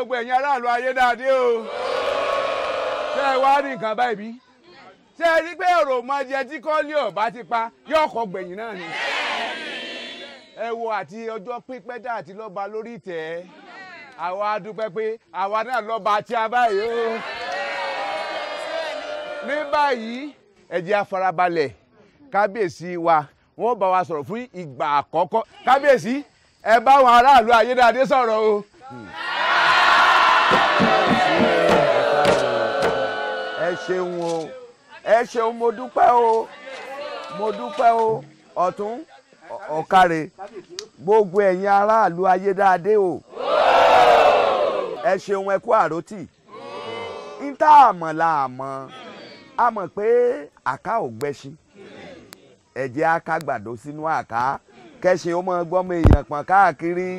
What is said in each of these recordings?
gbogbo ẹ̀yin aráàlú ayédáadé o ṣé ẹ wá rí nǹkan báyìí bí ṣé ẹ rí pé ọ̀rọ̀ mọ́jẹ tí kọ́lí ọ̀bá ti pa yóò kọ́ gbẹ̀yìn náà ni ẹ wo àti ọjọ́ pípẹ́ dà àti lọ́ba lórí ìtẹ́ àwa dúpẹ́ pé àwa náà lọ́ba tí a báyìí o ní báyìí ẹ jẹ́ kábíyèsí wa wọ́n bá wa sọ̀rọ̀ fún ìgbà àkọ́kọ́ kábíyèsí ẹ bá wọn aráàlú ayédáadé sọ̀rọ̀ o ẹ ṣeun o ẹ ṣeun mo dúpẹ́ o mo dúpẹ́ o ọ̀tún ọ̀kàrẹ̀ gbogbo ẹ̀yin aráàlú ayédáadé o ẹ ṣeun ẹ kú àròtì ń tá àmọ̀ la àmọ̀ a mọ̀ pé àká ò gbẹ́sìn ẹ̀jẹ̀ akágbàdo sínú àká kẹ́sìn ó mọ gbọ́mọ èèyàn pọ̀n káàkiri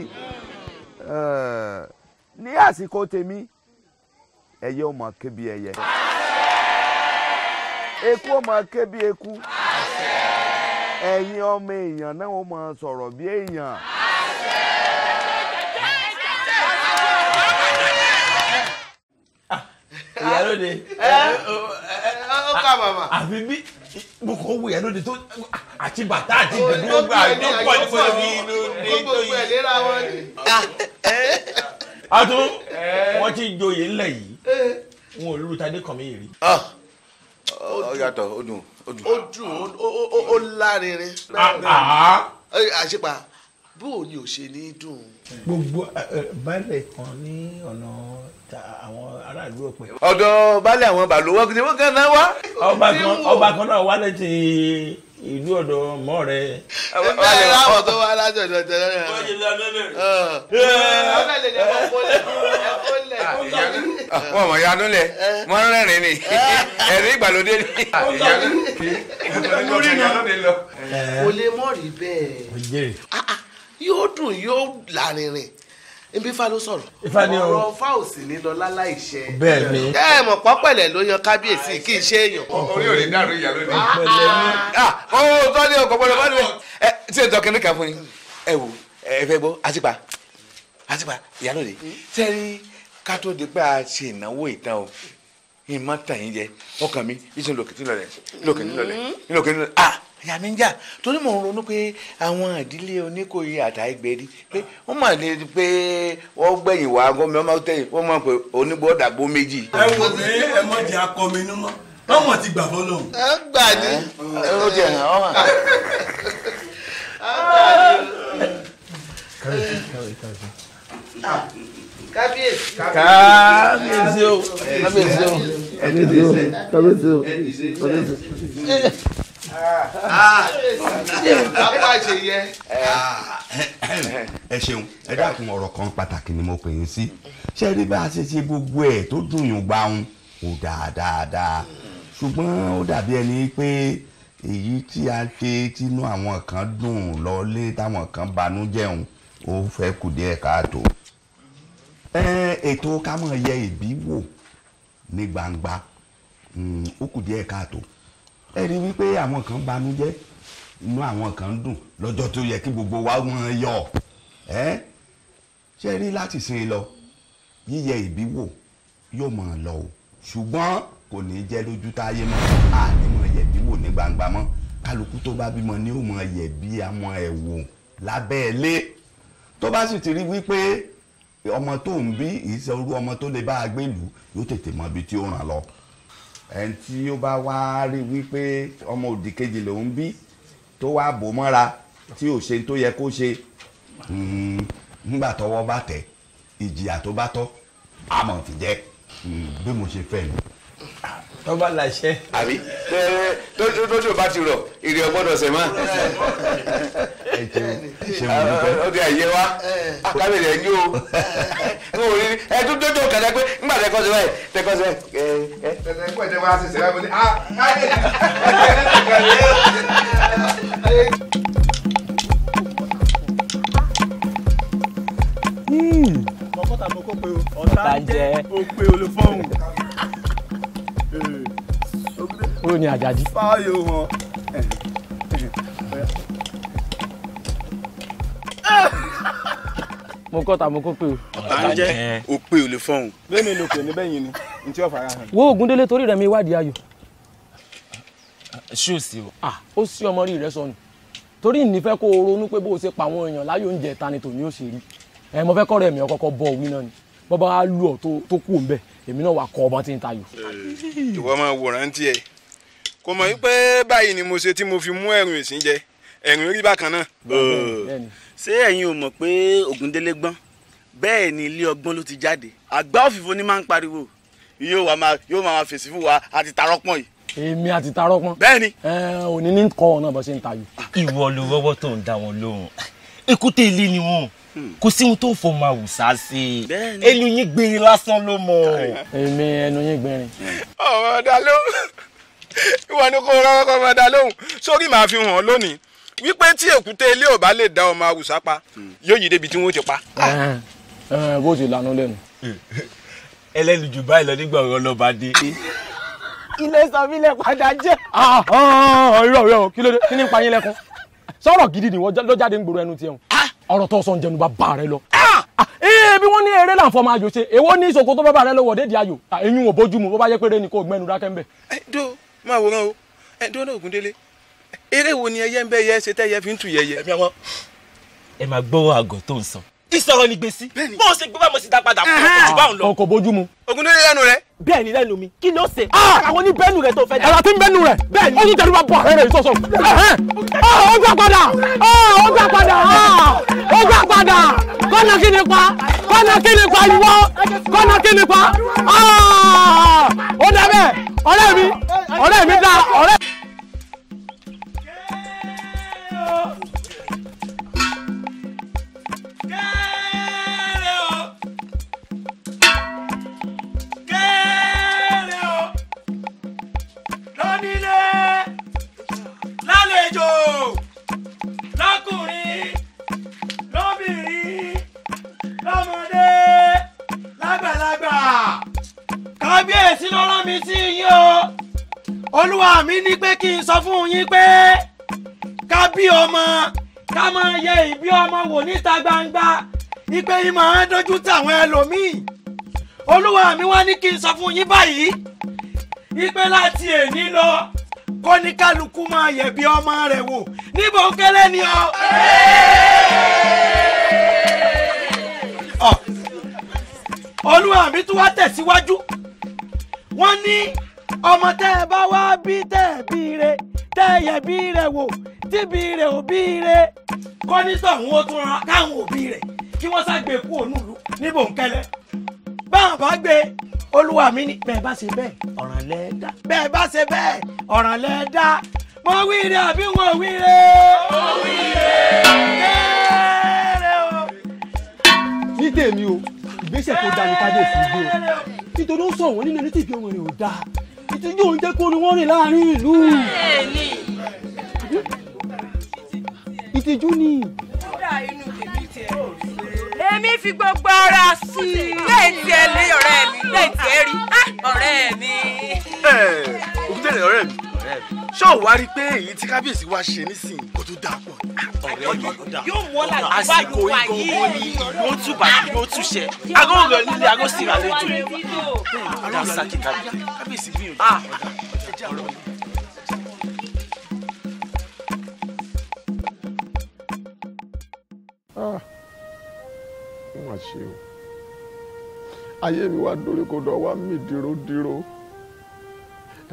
ní àsìkò tèmi ẹyẹ ò mọ kébi ẹyẹ eku ò mọ kébi eku ẹ̀yin ọmọ èèyàn náà ò mọ bí èèyàn. ìyálóde ó kà màmá. àfi bí mo kàn wò ìyálóde tó àti bàtà àti gbẹdúgbà ló pọ̀ ní ìlú ní ìtòyí àtún eh. wọ́n ti joyè ńlẹ̀ yìí eh. wọn ò lù tadé kàn mí rí. Ah. ó yàtọ̀ ó dùn ó dùn. ó dùn ó lárinrin. Ah, ah. eh, àṣepa bó o ní o ṣe ní dùn. gbogbo baálẹ̀ kan ní ọ̀nà àwọn aráàlú ọ̀pẹ. ọ̀dọ̀ baálẹ̀ àwọn bàlúwọ́ kìnìún kan náà wá. ọba kan náà wá lẹ́sìn ìlú ọ̀dọ̀ mọ́ rẹ. ẹgbẹ́ ẹ̀rọ àwọn tó wá látọ̀dọ̀ tẹ̀lé rẹ̀. wọ́n yẹ lábẹ́lẹ̀. ọ̀fẹ́ lè dẹ́ ẹ̀kọ́lẹ̀. Ah, wọ́n mọ̀ ìyanu lẹ̀ mọ́ rẹ́rìn ni ẹ̀rí ìgbàlódé ni. kò lè mọ̀ rí bẹ́ẹ̀. Ah, ah, yóò dùn yóò lárinrin nbí fa ló sọ̀rọ̀. ifá ni o ọ̀rọ̀ fa ò sì ní lọ láláì ṣe. bẹ́ẹ̀ ni. ẹ ẹ mọ̀ pọ́pẹ̀lẹ̀ ló yan kábíyèsí kì í ṣe èèyàn. orí ò lè dàrú ìyá lónìí. Ah, pẹ̀lẹ́ ni. ó ah, ah. oh, tọ́ ní ọkọ̀ gbọ́dọ̀ bọ́dọ̀ ẹ tí ètò ọkẹ́ nìkan fún yín. ẹ wò ẹ fẹ́ gbọ́ àtìpa àtìpa ìyá lónìí. sẹ́ni ká tó di pé a ṣe ìnáwó ìtàn o ìmọ̀tàn yín jẹ ọkàn mi ìṣ ìyá mi ń jà torí mò ń ronú pé àwọn ìdílé oníkòyí àtàìgbèrí pé wọ́n mà lè rí pé wọ́n gbẹ̀yìn wá gómi ọmọ tẹ̀yìn wọ́n mọ̀ pé onígbọ́dàgbó méjì. ẹ wo pé ẹ mọ̀ jẹ́ akọmi inú mọ́ báwọn ti gbà fọlọ́. ẹ gbà ní. ẹ ló jẹ hàn ọ́n hàn. kábíyèsí kábíyèsí o kábíyèsí o kábíyèsí o kábíyèsí o apá ṣe yẹ. ẹ ṣeun ẹ dákun ọ̀rọ̀ kan pàtàkì ni mo pè é sí ṣé rí bá a ṣe ṣe gbogbo ẹ̀ tó dùn yùn gba òun kò dáadáa ṣùgbọ́n ó dàbí ẹni pé èyí tí a ṣe tínú àwọn kan dùn lọlé táwọn kan banú jẹun ó fẹ́ kù díẹ̀ káàtó. ètò ká yẹ ìbí wò ní gbangba hmm, ó kù díẹ̀ káàtó ẹ rí wípé àwọn kan banújẹ́ inú àwọn kan ń dùn lọ́jọ́ tó yẹ kí gbogbo wa wọn yọ̀ ẹ ṣe rí láti ṣe lọ yíyẹ ìbí wò yóò mọ̀ ọ́ lọ o ṣùgbọ́n kò ní jẹ́ lójú táyé mọ́ àní mọ̀ yẹ̀bí wò ní gbangba mọ́ kálukú tó bá bímọ ni ó mọ̀ yẹ̀bí àwọn ẹ̀ wò lábẹ́ ilé tó bá sì ti rí wípé ọmọ tó ń bí ìṣòro ọmọ tó lè bá a gbé lù yóò tètè mọ ibi tí ó ràn lọ ẹni tí ó bá wá rí wípé ọmọ òdì kejì lòún bí tó wá bò mọ́ra tí ò ṣe tó yẹ kó ṣe hmm, nígbà tọ́wọ́ bá tẹ̀ ìjìyà tó bá tọ́ àmọ̀ fìjẹ́ hmm, bí mo ṣe fẹ́ ni tọ́ba làṣẹ. àbí lójú bá ti rọ èrè ọgbọ́dọ̀ ṣẹ̀ mọ́. ọdẹ àyè wa akábẹ̀ rẹ̀ ní o ní orí ẹ tó dójú kàdá pé ńgbà tẹkọsí báyìí tẹkọsí báyìí. tẹ̀sẹ̀ ń pẹ̀jẹ̀ wá sí sẹ́wọ́n mo ní a káyé káyé káyé. ọkọ tàbí ọkọ pé ọ̀tá jẹ́ òpè olùfọ́hùn ó ní àjàdí. fáyọ wọn. mo kọ́ ta mo kó pé o. ọ̀tá ń jẹ́ òpè ò lè fọ́hùn. bẹ́ẹ̀ mi lò pé níbẹ̀ yìí ni n tí ò fara hàn. wo Ògúndélé torí rẹ mi wádìí ayò. ṣé o sí o. Ah, ó sí ọmọ rí rẹ sọnù torí ìnífẹ́ kó o ronú pé bó o ṣe pa àwọn èèyàn láyò oúnjẹ ta ni tòun yóò ṣe rí ẹ mo fẹ́ kọ́ rẹ̀ mi ọkọ̀ọ̀kọ̀ bọ̀ òwí náà ni bọ́ bá lù ọ́ tó kù ń bẹ̀ èmi náà wà kọ́ ọmọ tí ń tayò. ìwọ máa wòran tiẹ̀ kò mọ̀ wípé báyìí ni mo ṣe tí mo fi mú ẹ̀rùn ìsìn jẹ ẹ̀rùn rí bákan náà. ṣé ẹ̀yin ò mọ̀ pé Ògúndélé gbọ́n bẹ́ẹ̀ ni ilé ọgbọ́n ló ti jáde àgbá òfìfo ni máa ń pariwo yóò wá máa yóò máa fèsì fún wa àti tarọ́pọ̀n yìí. èmi àti tarọ́pọ̀n. bẹ́ẹ̀ni. òní ní kọ́ ọ̀nà bó ṣe ń ta yìí. ìwọ ló rọ́wọ́ tó ń dá wọn lóhùn èkúté ilé ni wọn hmm. kò sí ohun tó fọ máa wù sá sí i ẹnu yín gbẹ̀yìn lásán ló mọ. èmi ẹnu yín gbẹ̀yìn. ọ̀rọ̀ ọ̀dà ló ìwọ ni kò rọrọ kọ máa dá lóhùn sórí màá fi hàn lónìí wípé tí èkúté ilé ò lè dá ọmọ awùsá pa yóò yí débi tí wọn ti pa. Ah, ah, ah, bó ti lanu lẹ́nu. ẹlẹ́nu jù báyìí lọ nígbà ọ̀rọ̀ lọ́ba dé. ilé sọmílẹ̀ padà jẹ́. irọ́ rẹ kí ló dé kí ni pa yín lẹ́kún sọ̀rọ̀ gidi ni wọ́n ló jáde ń gbòòrò ẹnu tiẹ̀ ọ̀rọ̀ tó sọ ń jẹnu bá bá rẹ lọ eh, bí wọ́n ní eré làǹfọ̀ máa yò ṣe èwo ní ìṣòkò tó bá bàrẹ̀ lọ́wọ́ dédìí ayò ẹ̀yìn ò bójú mu bó bá yẹ pé rẹ ni kò gbẹ́nu dákẹ́ máa wòran o ẹ dúró náà Ògúndélé eré wo ni ẹyẹ ń bẹ ẹyẹ ṣe tẹyẹ fi ń tu yẹyẹ. ẹ máa gbọ́ àgọ́ tó ń sọ ìsọ̀rọ̀ ni gbèsè bó o ṣe gbé báwo sì dá padà fún ọkọ̀ jù báwọn lọ. ọkọ̀ bójú mu. ogun ló lé lẹ́nu rẹ. bẹ́ẹ̀ ni lẹ́nu mi kí ló ṣe. Ah! àwọn ní bẹ́ẹ̀nù rẹ tó fẹ́ dá. ẹ̀rọ tí ń bẹ́ẹ̀nù rẹ. bẹ́ẹ̀ni ó tún tẹ̀lé wa bọ̀ ẹ̀rẹ̀ ìsọ̀sọ̀. Ah! ó gbà padà ah! ó gbà padà ó gbà padà kọ́nà kí ni pa kọ́nà kí ni pa ìwọ kọ́nà kí ni pa ó dàbẹ̀ ọ̀rẹ́ mi ọ̀rẹ́ mi dá ọ̀rẹ́. àlejò lọ́kùnrin lóbìnrin lọ́mọdé lágbàlagbà kábíyèsí ló rán mi sí yín o olúwa mi ní pé kí n sọ fún yín pé ká bí ọmọ ká máa yẹ ìbí ọmọ wò níta gbangba ipe yìí máa ń dojú tàwọn ẹlòmíì olúwa mi wá ní kí n sọ fún yín báyìí ipe láti èní lọ kó ní kálukú máa yẹ̀bi ọmọ rẹ̀ wò níbo kéré ni ọ. olúwa mi tún wá tẹ̀síwájú wọ́n ní ọmọ tẹ́ ẹ bá wá bí tẹ́ ẹ bí re tẹ́ ẹ yẹ̀bi rẹ̀ wò tíbi rẹ̀ òbí rẹ̀ kọ́ nítọ̀hún ó tún rọra káwọn òbí rẹ̀ kí wọ́n sá gbé kú òun nílùú níbo kẹlẹ́ báwọn bá gbé olúwa mi ni bẹ́ẹ̀ bá ṣe bẹ́ẹ̀ ọ̀ràn lẹ́ẹ̀dá bẹ́ẹ̀ bá ṣe bẹ́ẹ̀ ọ̀ràn lẹ́ẹ̀dá mo wí rẹ àbí wọn ò wí rẹ. mo wí rẹ. ní tèmi o ìgbésẹ̀ tó dáa ní kábíyèsí gbé o nítorí ó sọ̀rọ̀ nínú ẹni tí ìgbé wọn rìn ò dáa ìtújú òun jẹ́ kó ni wọ́n rìn láàrin ìlú. ìtìjú ni inú tèmi tiẹ̀ ò rí. èmi fi gbogbo ara sí i. lẹ́yìn tí ẹ lé ọ̀rẹ́ mi lẹ́yìn tí ẹ rí ah, ọ̀rẹ́ mi. ẹ òkútẹ̀rẹ̀ ọ̀rẹ́ mi ṣé ò wá rí i pé èyí tí kábíyèsí wa ṣe nísìnyí kò tó dáa pọ̀. ọ̀rẹ́ mi yóò mú ọ̀la àsìkò ìgbòho ni yóò tún bá yóò tún ṣe agóògùn nílé agóòsì ìrànlẹ́jọ́ dá sákì kábíyèsí gbìyànjú. ó ah, mà ṣe o ayé mi wá dórí kodò wá mì dìrodìro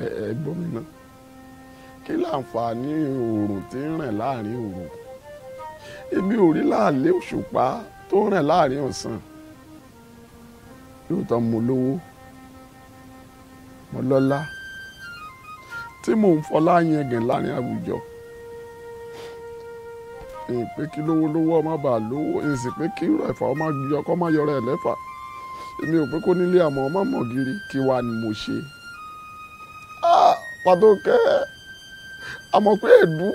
ẹ gbọ́ mi ná kí láǹfààní oòrùn tí ń rìn láàrin oòrùn èmi ò rí láàlẹ́ òṣùpá tó rìn láàrin ọ̀sán lóòótọ́ mo lówó mo lọ́lá tí mò ń fọlá yẹn gẹ̀ láàrin àwùjọ ìpè kí lówó lówó ọmọ bà lówó èsì pé kí irú ẹ̀fà ọmọ yọ kọ́ máa yọra ẹ̀ èmi ò pé kó nílé àmọ́ ọmọ mọ̀ gírí kí wàá ni mo ṣe. pàtó kẹ́ àmọ́ pé èdú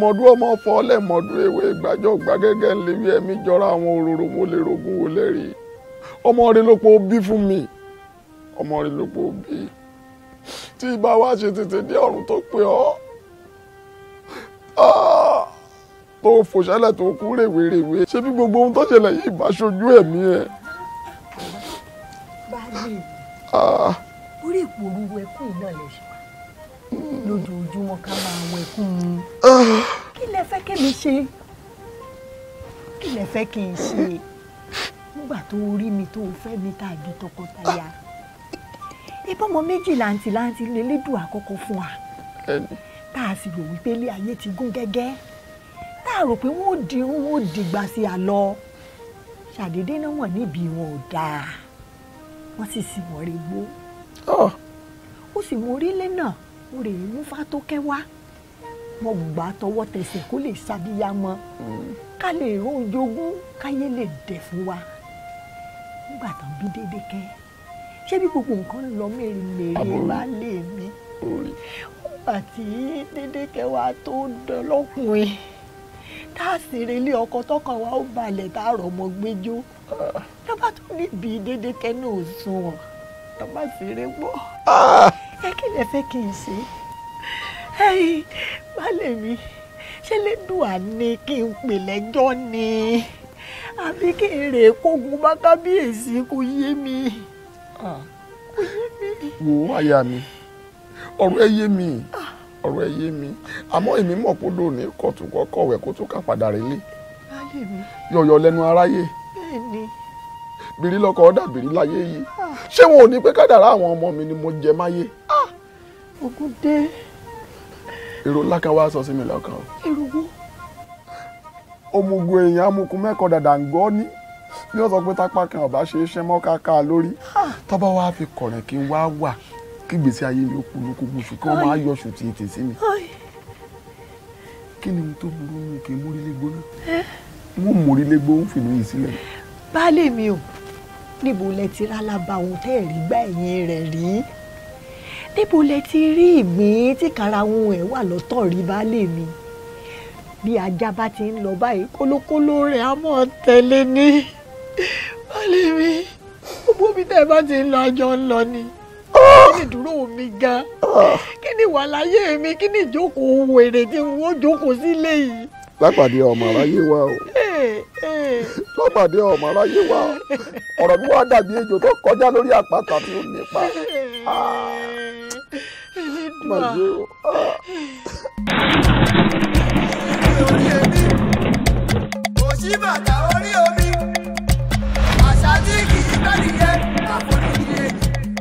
mọ̀dú ọmọ fọ́lẹ̀ mọ̀dú ewé ìgbàjọ́ gbàgẹ́gẹ́ ń léwé ẹ̀mí jọra àwọn òróró mo lè rogún wò lẹ́rí ọmọ rẹ ló pọ̀ bí fún mi ọmọ rẹ ló pọ̀ bí tí ibà wá ṣe tètè dé ọ̀run tó pé ọ́. Ah! tó fòṣálẹ̀ tó kú rèwerèwe ṣé bí gbogbo ohun tó ṣẹlẹ̀ yìí bá ṣojú ẹ̀mí ẹ̀. báyìí ah. orí ìpòrú ẹkún náà lè ṣe lójoojúmọ́ ká máa wọ ẹkún un ah. kí lẹ fẹ́ kí mi ṣe kí lẹ fẹ́ kí n ṣe nígbà tó rí mi tó fẹ́ mi tá a di tọkọtaya ìbọmọ méjì làǹtìlanti lélẹ́dùn àkọ́kọ́ fún wa tá a sì rò wípé ilé ayé ti gún gẹ́gẹ́ láàrò pé wọ́n ò dirú wọ́n ò dìgbà sí àlọ́ ṣàdédé náà wọ́n níbi wọn ò dáa wọ́n sì sì wọ́n rí gbó oh. ó sì mú orílẹ̀ náà ó rè é mú fátókẹ́ wá mo gbà á tọwọ́ tẹsẹ̀ kó lè ṣàbíyá mọ́ mm. ká lè rójogún káyé lè dẹ̀ fún wa nígbà tán bí dédé kẹ́ ṣé bí gbogbo nǹkan lọ mèremère bá lè mi nígbà dédé kẹ́ wa tó dán tá a sì relé ọkọ tọkàn wa ó balẹ̀ tá a rọ̀ ọmọ gbẹjọ́ lọ́ba tó níbi déédéé kẹ́nu ò sùn ọ̀ lọ́ba sì rẹ gbọ́ ẹ kí lè fẹ́ kí n ṣe ẹ̀yin balẹ̀ mi ṣé lẹ́dùá ni kí n pè lẹ́jọ́ ni àbí kí n rè kógun bá kábíyèsí kò yé mi ah. kò yé mi. wò ó àyà mi ọ̀rọ̀ ẹ yé mi. Ah ọ̀rọ̀ ẹ yé mi àmọ́ èmi mọ̀ pé lónìí kọ̀tún kọ́ kọ̀wé kó tún kà padà rélé. láyé mi. yọ̀yọ̀ lẹ́nu aráyé. bẹ́ẹ̀ni. bìrì lọkọ̀ ọ̀dà bìrì láyé yìí. Ah. ṣé wọn ò ní pé kádàrá àwọn ọmọ mi ni mo jẹ máyé. ogun ah. dé. èrò ńlá kan wá sọ sí mi lọ́kàn o. èrò wo. òmùgọ̀ èèyàn amukun mẹ́kọ̀ọ́ dàdà ń gbọ́ ní bí wọ́n sọ pé tápá kan ọ̀bá ṣe é ṣẹ́ mọ́ káká lórí. Ah. tọ́ba wa fi kọ̀rẹ̀ kí n wá wà kí gbèsè ayé mi ó kú lókùnkùn oṣù kí wọ́n máa yọ oṣù tí ètè sí mi kí ni mo tó burú mi kì í mórí lé gbóná mo mórí lé gbóná fìlú yìí sílẹ̀. baálé mi ò níbo lẹ ti rálábà ohun tẹ́ ẹ̀ rí gbá ẹ̀yìn rẹ̀ rí níbo lẹ ti rí ìgbín tí kara ohun ẹ̀ wà lọ́tọ̀ rí baálé mi bí ajá bá ti ń lọ báyìí kólókóló rẹ̀ á mọ̀ tẹ̀lé ní baálé mi gbogbo bí tẹ́ ẹ bá ti ń lọ àjọ ń lọ ni kí ni dúró mi gan kí ni wàláyé mi kí ni ìjókòó wèrè tí n ó jókòó sílé yìí. lápàdé ọmọ aráyé wa o lápàdé ọmọ aráyé wa ọ̀rọ̀ mi wá dàbí ejò tó kọjá lórí àpáta tí ó nípa. Màdúró. Ah. Ah. orí omi àṣà tí kì í bá nìyẹn àforíjì.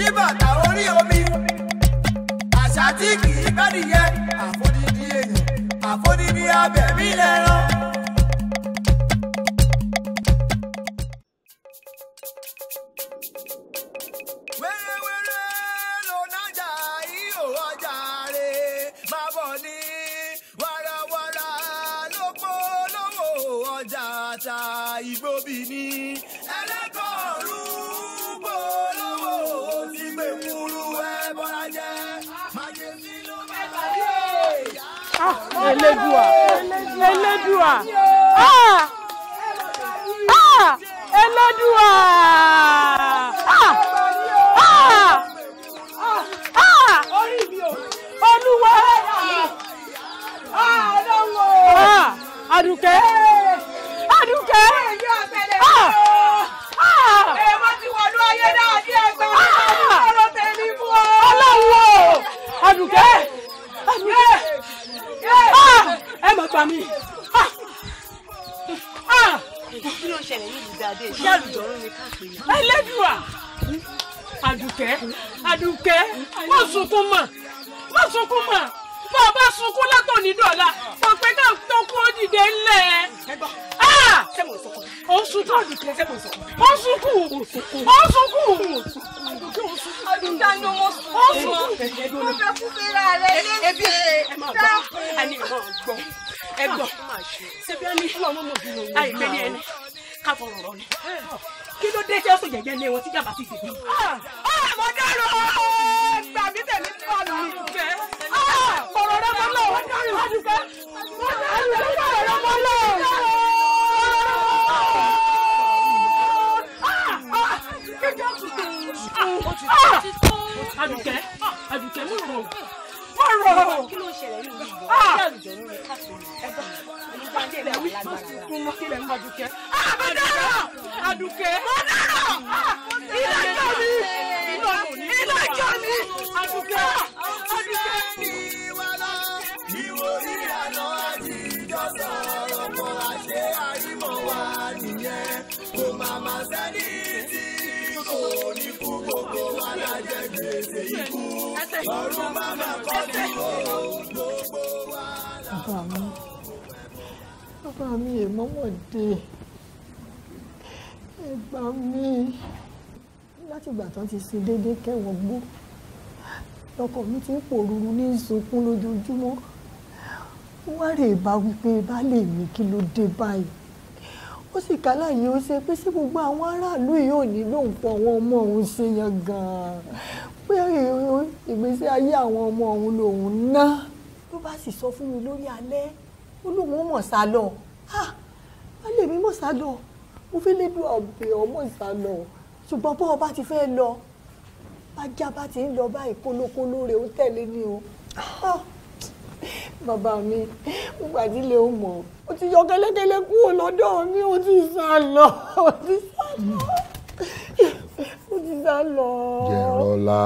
tí bàtà orí omi àṣà tí kì í bẹ́ẹ̀ nìyẹn àfodidi èèyàn àfodidi abẹ̀mí lẹ́rán. Elédùà Elédùà ah ah Elédùà ah ah ah Ah, Olúwa ah ah Àdùkẹ́ Àdùkẹ́ ah ah èèmọ̀ ah! ti wọ̀lú ayé náà ní ẹgbẹ́ ah! ọlọ́run tẹ̀lé ẹ mọ̀ gbà mí. kí ló ń ṣẹlẹ̀ ní ìlú dáadé ṣé àlùjọ̀rún ni ká pè ẹlẹ́dùà àdùkẹ́ àdùkẹ́ má sunkún mọ́ má sunkún mọ́ bọ́ ọ sunkún látò ní dọ̀la kò pé ká tó kú ó dìde ńlẹ̀. ó ah! sunkún ó sunkún ó sunkún ó sunkún. dání ọmọ ó sunkún ó fẹ́ kú fẹ́ra rẹ̀ lébi dákun. ẹni ẹ̀ máa gbọ́ ẹ gbọ́ ṣebí ẹni àìmẹ́ni ẹni ká fọ̀rọ̀ rọ ni kí ló dé tí ó sùn jẹ́jẹ́ lé wọn tí jàmbá sì ti dé. Ah, ah, mo dárò gbàgbé tèmi pọ̀lù mi. Ah, ọ̀rọ̀ rẹ mọ́ lọ wọ́n dárò wọ́n dùkẹ́. mo dárò ọ̀rọ̀ rẹ mọ́ lọ. Adùkẹ́ Adùkẹ́ mo rọ̀ mo rọ̀. kí ló ń ṣẹlẹ̀ yìí? kílẹ̀ wí má bàbá mi è mọ́mọ́ dé ẹgbà mi látìgbà tán ti sin déédéé kẹwọn gbó lọkọ mi ti ń pòrúurú ní sunkún lójoojúmọ́ wá rè bá wípé baálé mi kí ló dé báyìí ó sì kálá yìí ó ṣe pé sí gbogbo àwọn aráàlú yìí ò ní lóun fọ àwọn ọmọ òun ṣe yan gan-an pé ìgbésí ayé àwọn ọmọ òun lòun ná ló bá sì sọ fún mi lórí alẹ́ olóhùn mọ̀ sá lọ wọ́n lè mí mọ̀ sá lọ mo fi lédu ọ̀bẹ̀ ọmọ ìsá lọ ṣùgbọ́n bọ́ ọba ti fẹ́ lọ ajá bá ti ń lọ báyìí kólókóló rẹ̀ ó tẹ̀lé ni o bàbá mi nígbà tí ilé ó mọ̀ ó ti yọ kẹ́lẹ́kẹ́lẹ́ kúrò lọ́dọ̀ mi ó ti sá lọ ó ti sá lọ ó ti sá lọ. jẹ̀rọ̀lá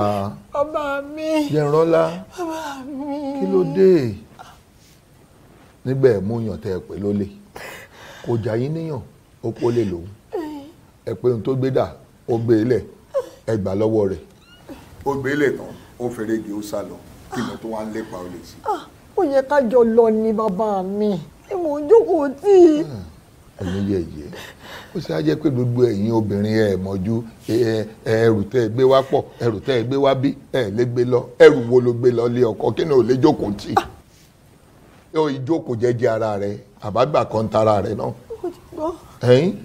bàbá mi jẹ̀rọ̀lá bàbá mi kí ló dé níbẹ̀ mú yàn tẹ́ ẹ pé ló lè kò jà yín níyàn ó kó lè lòun ẹ pé ohun tó gbé dà ó gbé lẹ̀ ẹ gbà lọ́wọ́ rẹ̀. ó gbé lẹ̀ tán ó fẹ́rẹ́ gé ó sá lọ kí ló tó wá ń lépa ó sí. Ah, ó yẹ ká jọ lọ ni bàbá mi ni mò ń jókòó tí. Hmm, ẹ̀yin yẹ yẹ ó ṣe á jẹ́ pé gbogbo ẹ̀yin obìnrin ẹ̀ mọ́jú ẹrù tẹ́ ẹ gbé wá pọ̀ ẹrù tẹ́ ẹ gbé wá bí ẹ lè gbé lọ ẹrù wo ló gbé lọ lé ọkọ kí ni ò lè jókòó tì í yóò ìjókòó jẹ́jẹ́ ara rẹ àbágbà kan tara rẹ náà. mo ti gbọ́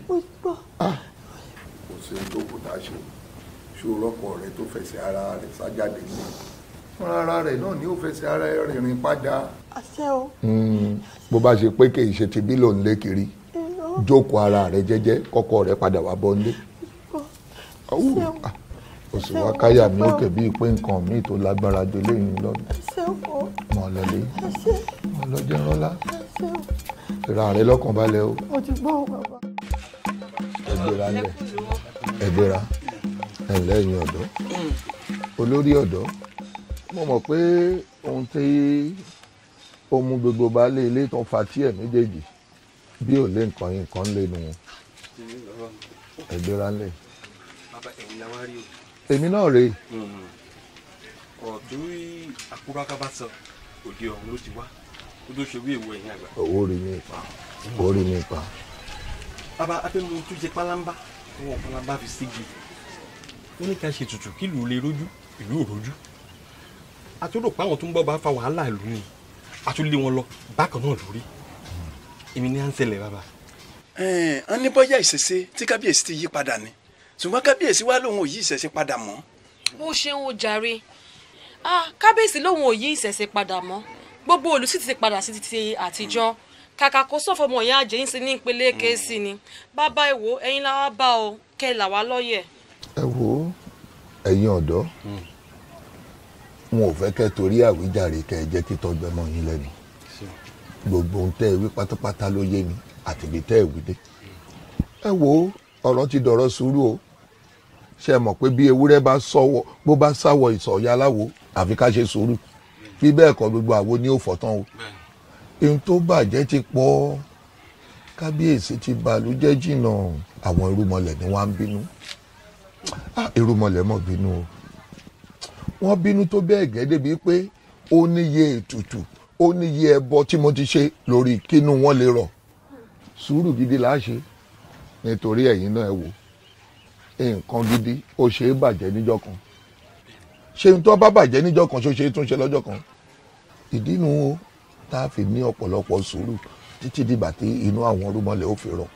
mo ti gbọ́. Ah. kò sí ìjókòó tá a ṣe ṣòrọ́kọ rẹ tó fẹsẹ̀ ara rẹ sájáde ní fúnra ara rẹ náà ni ó fẹsẹ̀ ara rẹ rìn padà. àṣẹ o. Hmm. bó bá ṣe pé kì í ṣe tìbí ló ń lé kiri jókòó ara rẹ jẹ́jẹ́ kọ́kọ́ rẹ padà wá bọ́ nílé. àṣẹ o. Ah o sì wá káyà mi ó kẹ̀bí pé nǹkan míì tó lágbára ju eléyìí lọ́dún mọ̀ lọ́lé mọ̀ lọ́jọ́ ńlọ́lá ìra rẹ lọ́kàn balẹ̀ o ẹgbẹ́ra lẹ̀ ẹgbẹ́ra ẹ̀lẹ́ ẹ̀yìn ọ̀dọ́ olórí ọ̀dọ́ mo mọ̀ pé ohun tí ó mú gbogbo baálé ilé tó ń fa tíẹ̀ méjèèjì bí ò lé nǹkan yìí nǹkan lé nu wọn ẹgbẹ́ra lẹ̀. bàbá ẹ̀yin la wá rí o èmi náà rèé. ọ̀dún àkúrákábá sọ òde ọ̀run ló ti wá kó tó ṣe wí èwo ẹ̀yìn àgbà. owó rí mi pa owó rí mi pa. bàbá abẹ́mu tún jẹ pálámbá owó pálámbá fi ségi ó ní ká ṣe tutù kí ìlú lè rójú ìlú ò rójú àtúrò pàwọn tó ń bọ́ bá fa wàhálà ìlú ni àtúlé wọn lọ bákan náà lórí èmi ní à ń ṣẹlẹ̀ bàbá. ẹ ẹ ní bọ́yá ìṣẹ̀ṣe tí kábíyèsí ti yí padà ni ṣùgbọ́n kábíyèsí wa lòun ò yí ìṣẹ̀ṣe padà mọ́. mo ṣeun o jàre ah kábíyèsí lòun ò yí ìṣẹ̀ṣe padà mọ́ gbogbo òlù sì ti padà sí ti àtijọ́ kàkà kó sọ̀fọ̀ ọmọ ìyá àjẹyìn sí ní ìpele hmm. kẹ́sì ni bàbá ẹ wo ẹ̀yin la wá bá o kẹ́ ẹ là wá lọ́yẹ̀. ẹ wo ẹ̀yin ọ̀dọ́ wọn hmm. ò fẹ́ kẹ́ torí àwíjàre kẹ́ ẹ jẹ́ kí tọ́gbẹ́ mọ́ yín lẹ́nu gbogbo ohun tẹ́ ẹ wí pátápátá ló yé mi àtìlẹ́tẹ́ ẹ wí dé hmm. ẹ wo ọ̀rọ̀ ti dọ̀rọ̀ sùúrù o ṣe mọ̀ pé bí ewúrẹ́ bá sọ̀wọ́ bó bá sáwọ̀ ìsọ̀yà aláwo àfi ká ṣe sùúrù bí bẹ́ẹ̀ kọ́ gbogbo àwo ni ó fọ̀tán o ohun tó bàjẹ́ ti pọ̀ kábíyèsí ti bàlújẹ́ jìnnà àwọn irúmọlẹ̀ ni wọ́n á ń bínú ah, irúmọlẹ̀ mọ̀ bínú o wọ́n bínú tó bẹ́ẹ̀ gẹ́ débi pé ó níye ètùtù ó níye ẹbọ tí mo ti ṣe lórí kínú wọn lè rọ̀ sùúrù gidi là á ṣe nítorí ẹ̀yin náà ẹ wò nǹkan gidi ó ṣe é bàjẹ́ níjọ́ kan ṣé n tó bá bàjẹ́ níjọ́ kan ṣó ṣe é tún ṣe lọ́jọ́ kan ìdí nu o tá a fi ní ọ̀pọ̀lọpọ̀ sùúrù títí dìgbà tí inú àwọn orúmọlẹ̀ ó fi rọ̀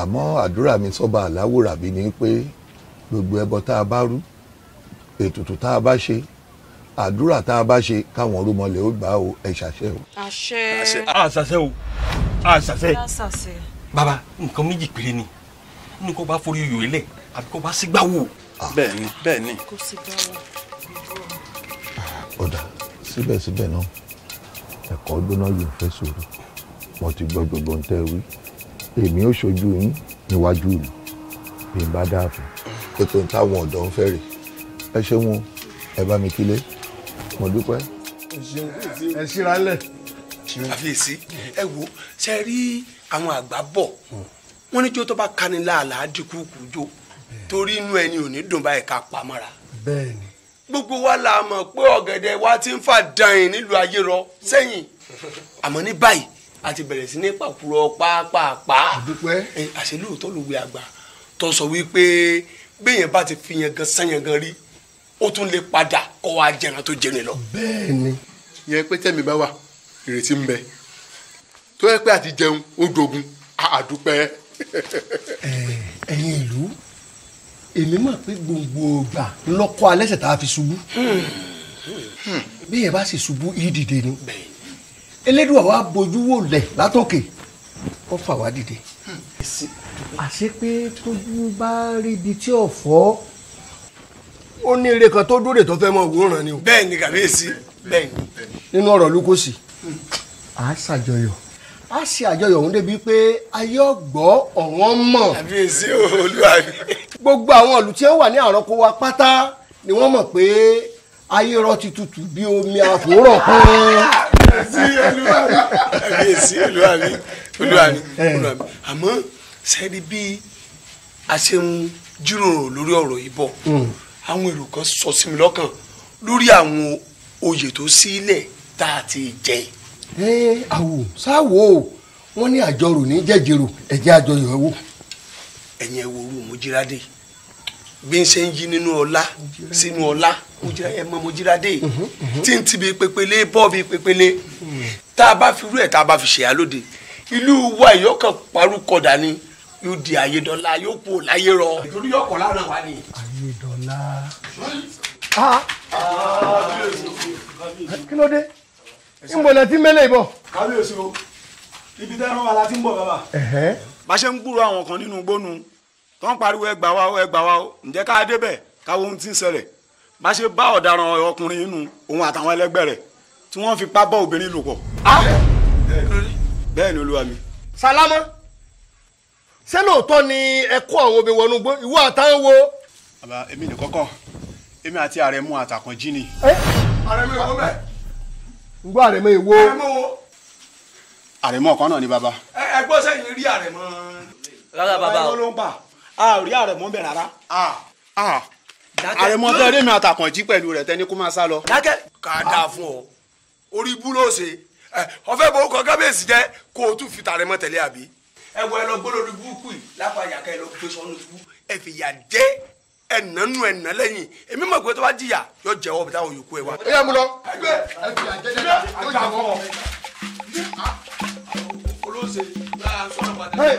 àmọ́ àdúrà mi sọ́ba àláwòrà bí ni pé gbogbo ẹbọ tá a bá rú ètùtù tá a bá ṣe àdúrà tá a bá ṣe káwọn orúmọlẹ̀ ó gbà ó ẹ ṣàṣẹ o. àṣẹ àṣàṣẹ o àṣàṣẹ bàbá nǹkan méjì péré ni nínú kó bá forí yòó lẹ̀ àbí kó bá sí gbáwò. Ah. bẹ́ẹ̀ ni bẹ́ẹ̀ ni. kò sí gbáwò. ọ̀dà síbẹ̀síbẹ̀ náà ẹ̀kọ́ gbóná yìí fẹ́ sọ̀rọ̀ mo ti gbọ́ gbogbo ohun tẹ́ ẹ wí èmi ò ṣojú yín níwájú ìlú bí n bá dáàfin pé tó ń táwọn ọ̀dọ́ ń fẹ́ rè ẹ ṣé wọn ẹ bá mi kílé mo dúpẹ́. ẹ ṣíra lẹ̀. àfiyèsí ẹ wo ṣe rí àwọn àgbà bọ̀ wọ́n ní jó tó bá kani láàlà á di kúkú jó torí inú ẹni ò ní dùn báyìí ká pa mọ́ra. bẹ́ẹ̀ni. gbogbo wa la mọ̀ pé ọ̀gẹ̀dẹ̀ wa ti ń fà dànù nílùú ayé rọ sẹ́yìn àmọ́ ní báyìí a ti bẹ̀rẹ̀ sí ní pàkúrọ̀ pàápàá. àdúpẹ́. àṣẹ lóòótọ́ ló wí àgbà tó sọ wípé béèyàn bá ti fi yangan sanyangan rí ó tún lè padà kọ́ wa jẹran tó jẹrin lọ. bẹ́ẹ̀ni. yẹ pé tẹ̀mí bá wà ìrètí ń bẹ tó yẹ pé àti jẹun ó dogun àdúpẹ́. ẹ̀yin èmi mọ̀ pé gbogbo ìgbà lọ́kọ́ alẹ́sẹ̀ tá a fi ṣubú bí yẹn bá sì ṣubú yìí dìde ni elédùn àwa bojú wò lẹ̀ látòkè ó fà wá dìde. àṣé pé tójú bá rí ibi tí ò fọ́. ó ní ire kan tó dúró tó fẹ́ mọ òwúrọ̀ ni o. bẹ́ẹ̀ ni kàbíyèsí bẹ́ẹ̀ ni. nínú ọ̀rọ̀ lukosi a ṣàjọyọ̀ a ṣe àjọyọ̀ òun débi pé ayé ọ̀gbọ́ ọ̀wọ́n mọ̀. kàbíyèsí olúwa mi gbogbo àwọn ìlú tí ó wà ní àrọ́kọ wa pátá ni wọ́n mọ̀ pé ayé rọ ti tutù bí omi àfòrọ̀ kan. sí olúwàmí kàbíyèsí olúwàmí olúwàmí olúwàmí àmọ́ sẹ́ni bí a ṣe ń jíròrò lórí ọ̀rọ̀ yìí bọ̀ hmm. àwọn èrò kan sọ sí mi lọ́kàn lórí àwọn oyè tó sílẹ̀ tá a ti jẹ. ẹ àwò sáwò wọn ní àjọrò ní jẹjẹrò ẹjẹ àjọyọ̀ wò ẹ̀yin ẹ wo orú bí n ṣe ń yí nínú ọlá sínú ọlá ẹ mọ Mojírádé mhm, mhm. tí n ti bi pépélé bọ́ọ̀bì pépélé tá a bá fi rú ẹ̀ tá a bá fi ṣèyá lóde ìlú wa yóò kàn parúkọ̀dà ni yóò di ayédọ́lá yóò kú láyé rọ. ìtòlú yóò kọ̀ lára wa ni. ayédọ́lá. Ah. Ah. kí ló dé n bọ̀lẹ̀ tí mẹ́lẹ̀ bọ̀. kábíyèsí o ibi tẹ́ran wa la ti ń bọ̀ bàbá. bá a ṣe ń gbúrò àwọn kan nínú gbónú tó ń pariwo ẹgbà wa o ẹgbà wa ó ǹjẹ́ ká débẹ̀ káwọ ohun tí ń ṣẹlẹ̀ bá ṣe bá ọ̀daràn ọkùnrin inú òun àtàwọn ẹlẹgbẹ́ rẹ̀ tí wọ́n fi pá bá obìnrin lò pọ̀. bẹ́ẹ̀ ni olúwa mi. salama ṣé lóòótọ́ ni ẹ kó àwọn obìnrin wọnú gbó ìwọ àtàwọn wo. bàbá èmi nìkan kọ́ èmi àti àrẹ̀mú àtàkàn jí ni. àrẹ̀mú ìwọ bẹ́ẹ̀. ń gbọ́ àrẹ̀mú ìwọ. àrẹ̀mú wo àrẹ̀mọ́ kan náà ni bàbá. ẹ gbọ́ sẹ́yìn rí àrẹ̀mọ́. rárá bàbá a ò rí àrẹ̀mọ bẹ̀ rárá. àrẹ̀mọ tẹ rémi àtàkànjí pẹ̀lú rẹ̀ tẹ́ni kó máa sá lọ. dákẹ́. ká dáa fún ọ orí búlọ̀ọ̀sẹ̀ ọfẹ́ bò ó kọ kábíyèsí jẹ́ kó o tún fi tàrẹ̀mọ tẹ̀lé àbí. ẹ wọ ẹ lọ gbọ́dọ̀ ní búkú yìí lápá yàká ẹ lọ gbé sọnù tú ẹ fi yà dé ẹnà nù ẹnà lẹ́yìn èmi mọ̀ pé tó bá jìyà yóò jẹ́ ọ bí táwọn yòókù ẹ wá. ẹ yà mú lọ. ẹ gbé ẹ fi yà jẹ́ jẹ́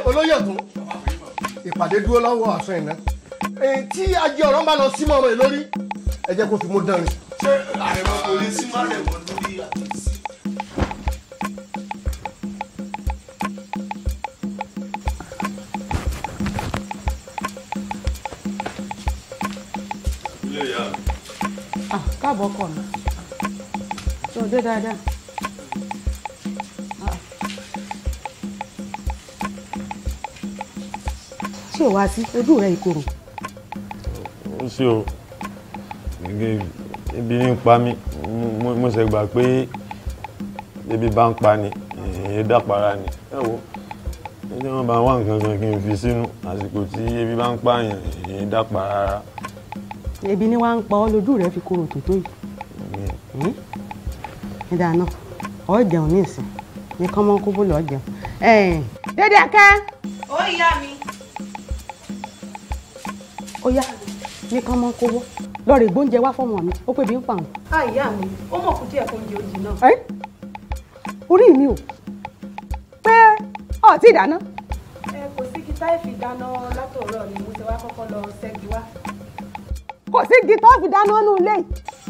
olóyè ọ̀tún ìpàdé dúró lọ́wọ́ àṣọ ìná tí ajé ọ̀rọ̀ bá lọ sí mọ́mọ́ ẹ lórí ẹ jẹ́ kó fi mú dán ni. ṣé àrẹ̀mọ kò lè sí márẹ̀mọ lórí àtẹ̀sí. Ah, káàbọ̀ kọ̀ mi ṣé o dé dáadáa. ṣé wàá sí ojú rẹ ìkorò. ó ṣe o ebi ń pa mí mo ṣe gbà pé ebi bá ń pa ni èyí dàpara ni ẹ wo ẹjẹ wọn bá wà nǹkan kan kí n fi sínú àsìkò tí ebi bá ń pààyàn èyí dàpara rárá. ebi ni wàá ń pa ọ lójú rẹ fi korò tó tó yìí nígbà náà ọ jẹun ní ìsìn ní kọ́mọ́kúbú lọ́ọ́ jẹun. dédé akẹ́. ó yá mi ó yá ní kán mọ́ kówó lọ́ọ̀rẹ́ gbóúnjẹ wá fọ́ọ̀mù àmì ó pè mí ń pa àwọn. àyà ah, mi ó mọ̀ kú díẹ̀ fóúnjẹ òjì náà. ẹ orí mi ò pé ọ ti dáná. ẹ kò sí gita ìfidáná látọ̀rọ̀ ni mo ti wá kọ́kọ́ lọ ṣẹ́gi wá. kò sí gita ìfidáná nù ilé.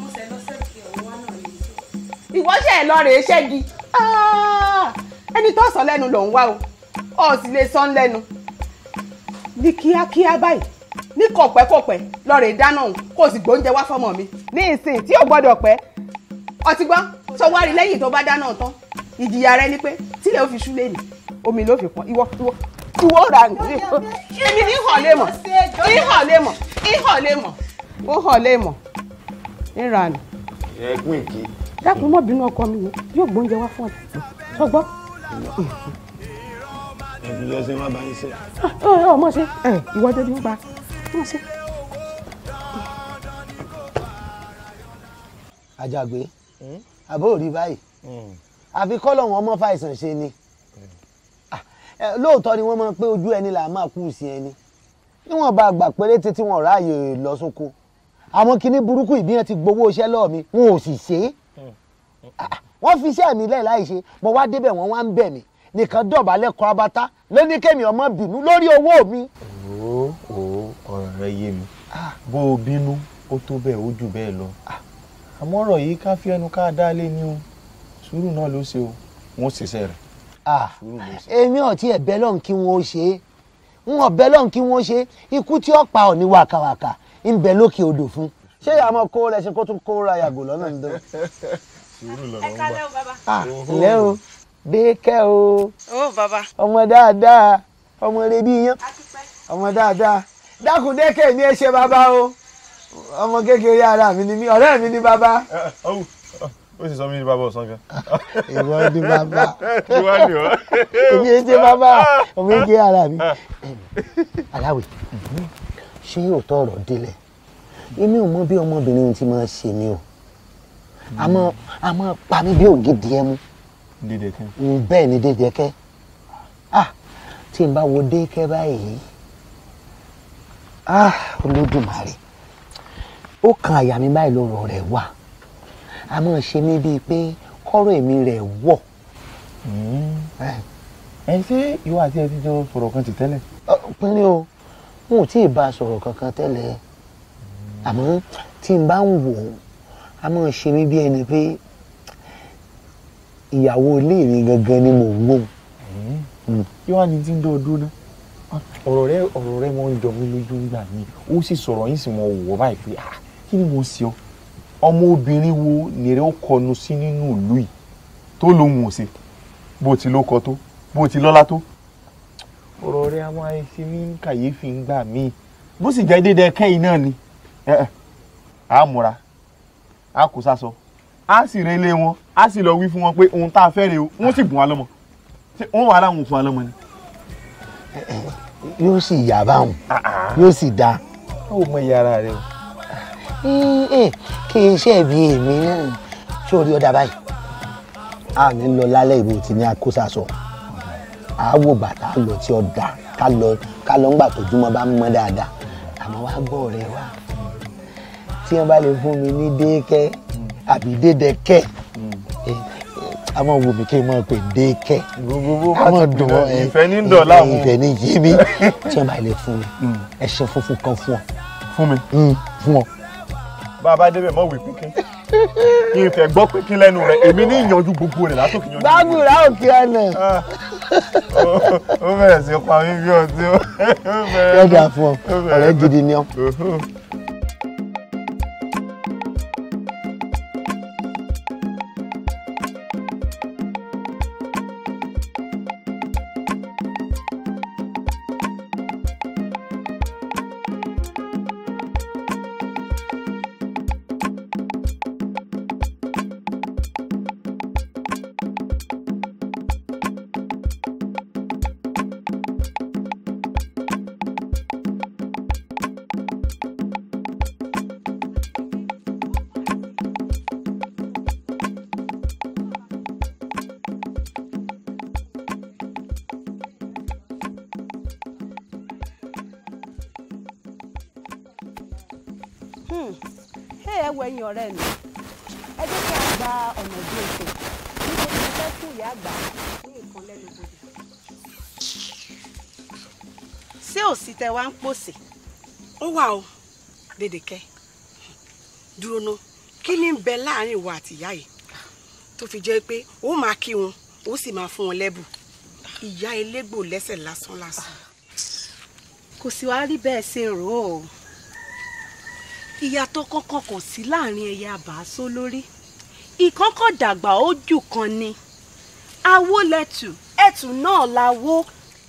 mo ṣe lọ ṣẹ́gi ọ̀hún wá náà yìí. ìwọ ṣe ẹ lọ rèé ṣẹ́gi ah, ẹni tó sọ lẹ́nu ló wá o ọ̀ sì lè sọ ń lẹ́nu. di kíákíá báyìí ní kọ̀pẹ́kọ̀pẹ́ lọ́ọ̀rẹ́ dáná òun kó o sì gbóúnjẹ wá fọmọ mi ní ìsìn tí ò gbọ́dọ̀ pẹ́ ọtí gbọ́ tó wá rí lẹ́yìn tó bá dáná tán ìjìyà rẹ ni pé tílẹ̀ ó fi ṣú lé ní omi ló fi pọ́n ìwọ ìwọ ìwọ ra nǹkan èmi ní hàn lè mọ̀ ní hàn lè mọ̀ ní hàn lè mọ̀ ó hàn lè mọ̀ ní ranù. ẹ̀gbọ́n èké. dákun mọ́ bínú ọkọ mi yóò gbóúnjẹ wá fún ọ sọgbọ́ ẹbí lọ sí má bá yín ṣe. Ah, ọmọ ṣe ìwọ jẹbi gba mọ̀ọ́sẹ́. àjàgbé hmm? àbó rí báyìí hmm. àfi kọ́lọ̀ wọn mọ́ fàìsàn ṣe ni hmm. ah, eh, lóòótọ́ ni wọ́n máa pé ojú ẹni là máa kú sí ẹni níwọ̀n bá gbà péréte tí wọ́n ráàyè lọ sóko àwọn kinní burúkú ìbíyàn ti gbowó iṣẹ́ lọ́ọ̀ mi wọn ò sì ṣe é ah, wọ́n fi iṣẹ́ mi lẹ́ẹ̀ láì ṣe mo wá débẹ̀ wọ́n wá ń bẹ̀ mí nìkan dọ̀bálẹ̀ kọ́ abata lóníkèmí ọmọ bínú lórí owó mi. ooo ọ̀rọ̀ rẹ yé mi ah, bó o bínú ó tó bẹ́ẹ̀ ó jù bẹ́ẹ̀ lọ ah, àmọ́ ọ̀rọ̀ yìí ká fi ẹnu ká dá lé ní o sùúrù náà ló ṣe o wọn ò ṣiṣẹ́ rẹ̀. Ah, èmi ò tiẹ̀ bẹ́ lọ́n kí wọ́n ó ṣe é ń wọ́n bẹ́ lọ́n kí wọ́n ó ṣe é ikú tí ó pa ọ̀ ní wàkàwàkà ń bẹ lókè odò fún. ṣé àmọ́ kó rẹ ṣe kó tún kó ra yàgò lọ́nà ń dán. sùúrù lọ́wọ́ ń gbà. ǹlẹ́ o dékẹ́ o oh, ọmọ dáadáa ọmọ rẹ bí yán ọmọ dáadáa dákúndẹ́kẹ̀ mi ẹ ṣe bàbá o ọmọ kékeré ara mi ni mí ọ̀rẹ́ mi ni bàbá. ó sì sọ mí ní bàbá ọ̀sán gan. ìwọ ni bàbá èmi ẹ ṣe bàbá ọmọ kékeré ara mi. Ah. aláwì ṣé òótọ́ ọ̀rọ̀ délẹ̀ èmi ò mọ bí ọmọbìnrin ti máa ṣe ni o àmọ́ àmọ́ pa mí bí ògidì ẹ mú. dídẹ̀kẹ́. ni dídẹ̀kẹ́ ah tí n bá wo dé kẹ́ báyìí. Ah, olódùmarè ó kan àyà mi báyìí lọ́rọ̀ rẹ̀ wà a máa ṣe mí bíi pé kọ́rọ̀ èmi rẹ̀ wọ̀. Hmm. Eh, ẹ ṣé ìwọ àti ẹ ti jọ sọ̀rọ̀ kan ti tẹ́lẹ̀. pínlẹ̀ o n ò tí ì bá a sọ̀rọ̀ kankan tẹ́lẹ̀ àmọ́ tí n bá ń wò ó a máa ṣe mí bí ẹni pé ìyàwó ilé mi gangan ni mò ń wò. Hmm. kí wàá ń dọ́ ọdún náà ọ̀rọ̀ rẹ ọ̀rọ̀ rẹ mọ́ ń jọ mí lójú gbà mí ó sì sọ̀rọ̀ yín sì mọ òwò báyìí pé ah kí ni mo ṣe ọ ọmọ obìnrin wo nìrẹ ó kọnu sí nínú ìlú yìí tó lóhùn òsè bó ti ló kọ tó bó ti lọ́lá tó ọ̀rọ̀ rẹ a máa ṣe mí kàyéfì ń gbà mí bó sì jẹ́ dédé kẹ́yìn náà ni a múra a kò sá sọ a sì relé wọn a sì lọ wí fún wọn pé ohun tá a fẹ́ rèé o wọ́n sì bùn wa lọ́mọ ṣé wọ́n wà láwọn òfin wa lọ́mọ ni yóò sì yà báwọn yóò sì da. ó mọ iye ara rẹ o. kí iṣẹ́ bí èmi náà ṣé o rí ọ̀dà báyìí a ní lọ lálẹ́ ìwé tí ní akóṣàṣọ a wò bàtà lọ tí ó da ká lọ ká lọ ńgbà tójúmọ́ bá mọ́ dáadáa àmọ́ wá gbọ́ ọ̀rẹ́ wa tí wọ́n bá lè fún mi ní déékẹ́ àbí dédẹ́kẹ́ a máa wò mí kí n máa pè dé kẹ́ a máa dùn ọ́ ẹ ìfẹ́ ní dọ̀là mu ìfẹ́ ní yí mi tí wọ́n bá lè fún mi hmm. ẹṣin funfun kan fún ọ. fún mi hmm, fún ọ. bá a bá débẹ̀ mọ̀ wí pínpín kí n fẹ́ gbọ́ pínpín lẹ́nu rẹ̀ èmi ní ìyanjú gbogbo rẹ̀ látòkè yanjú. gbàgùrà òkè ọ̀nà. Ah. ó bẹ̀rẹ̀ sí pa mí bí ọtí ó bẹ̀rẹ̀. yọ̀dà fún ọ ọ̀rẹ́ gidi ni ọ. Lédèkẹ́ dúró ná kí ni ń bẹ láàrin ìwà àtìyá yìí tó fi jẹ́ pé ó máa kí wọn ó sì máa fún wọn lẹ́bù ìyá elégbò lẹ́sẹ̀ lásán lásán. kò sí wàá rí bẹ́ẹ̀ ṣe rò ó ìyàtọ̀ kankan kò sí láàrin ẹyẹ àbáṣó lórí ìkọ́kọ̀ dàgbà ó kan ni awó ẹ̀tù náà la wó.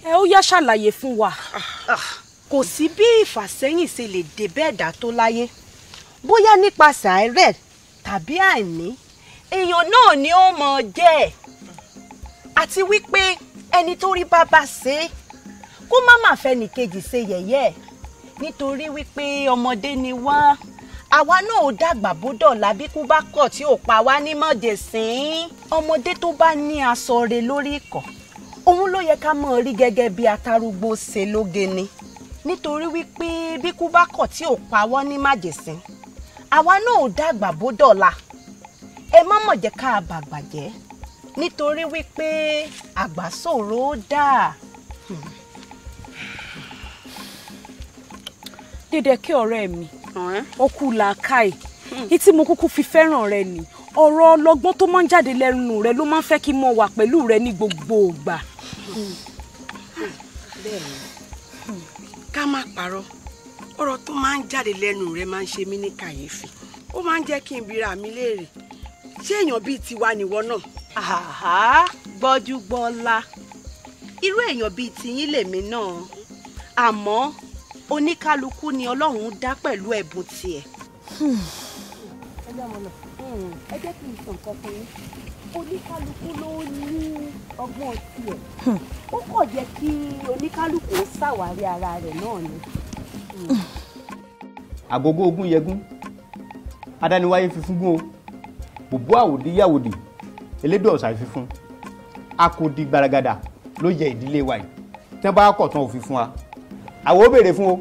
ẹ ó yá ṣàlàyé fún wa. Ah. Ah kò sí bí ìfàsẹ́yìn ṣe lè dé bẹ́ẹ̀ dá tó láyé bóyá nípasẹ̀ àìrẹ̀ tàbí àìní èèyàn náà ni ó mọ̀ jẹ́ ẹ̀ àti wípé ẹni tó rí bàbá ṣe é kó má má fẹ́ nìkejì ṣe yẹ̀yẹ́ ẹ̀ nítorí wípé ọmọdé ni wá àwa náà ò dàgbà bódò lábí kú bá kọ̀ tí ò pa wá ní mọ̀jẹ̀sìn ọmọdé tó bá ní aṣọ rẹ̀ lórí ikọ̀ òun ló yẹ ká mọ̀ rí gẹ́gẹ́ bí atarúgbó ṣe lóge ni nítorí wípé bí kú bá kọ̀ tí ò pawọ́ ní màjèṣín àwa náà ò dàgbà bó dọ̀la ẹ má mọ̀ jẹ́ ká bàgbà jẹ́ nítorí wípé àgbà ṣòro dà. Dédékẹ́ ọ̀rẹ́ mi ó kú làákàyè ìtí mo kúkú fi fẹ́ràn rẹ ni ọ̀rọ̀ ọlọ́gbọ́n tó máa ń jáde lẹ́nu rẹ ló máa ń fẹ́ kí n wà pẹ̀lú rẹ ní gbogbo ìgbà. bẹ́ẹ̀ ni ká má parọ́ ọ̀rọ̀ tó máa ń jáde lẹ́nu rẹ̀ máa ń ṣe mí ní kàyéfì ó máa ń jẹ́ kí n bira mi léèrè ṣé èèyàn bíi tiwa nìwọ náà. àhà gbọ́júgbọ́lá irú èèyàn bíi tiyín lèmi náà àmọ́ oníkálukú ni ọlọ́run dá pẹ̀lú ẹ̀bùn tiẹ̀. Hmm. ẹ jẹ́ ọmọ náà ọlọ́run ẹ jẹ́ kí n sọ nǹkan fún yín oníkálukú ló ní ọgbọ́n tiẹ̀ ó kàn jẹ́ kí oníkálukú ṣàwárí ara rẹ̀ náà ni. àgógó ogún yẹgún adániwáyé fífún gún o bùbú àwòdì yàwòdì elédò ọ̀sà fífún akòdì gbaragada ló yẹ ìdílé wa yìí tẹ́ bá kọ̀ tán òfin fún wa àwọn ò béèrè fún o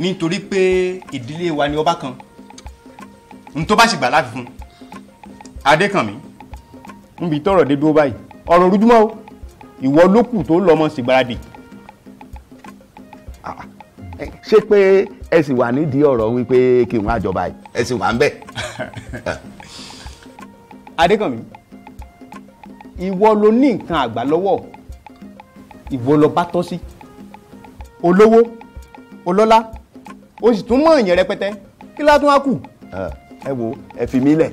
nítorí pé ìdílé wa ni ọba kan n tó bá sì gbà láfi fún un adékànmí níbi tọrọ dé dúró báyìí ọ̀rọ̀ rújúmọ́ o ìwọ ló kù tó lọ́mọ sìgbáradì. Ah, ah. eh, ṣé pé ẹ sì wà nídìí ọ̀rọ̀ wípé kí n wá jọba yìí ẹ sì wà ń bẹ̀. adékànmí ìwọ ló ní nǹkan àgbà lọ́wọ́ ìwọ ló bá tọ́ sí olówó ọlọ́lá o sì tún mọ̀ ìyẹn rẹpẹtẹ kí látún á kù. Ah, ẹ wo ẹ fi mí lẹ̀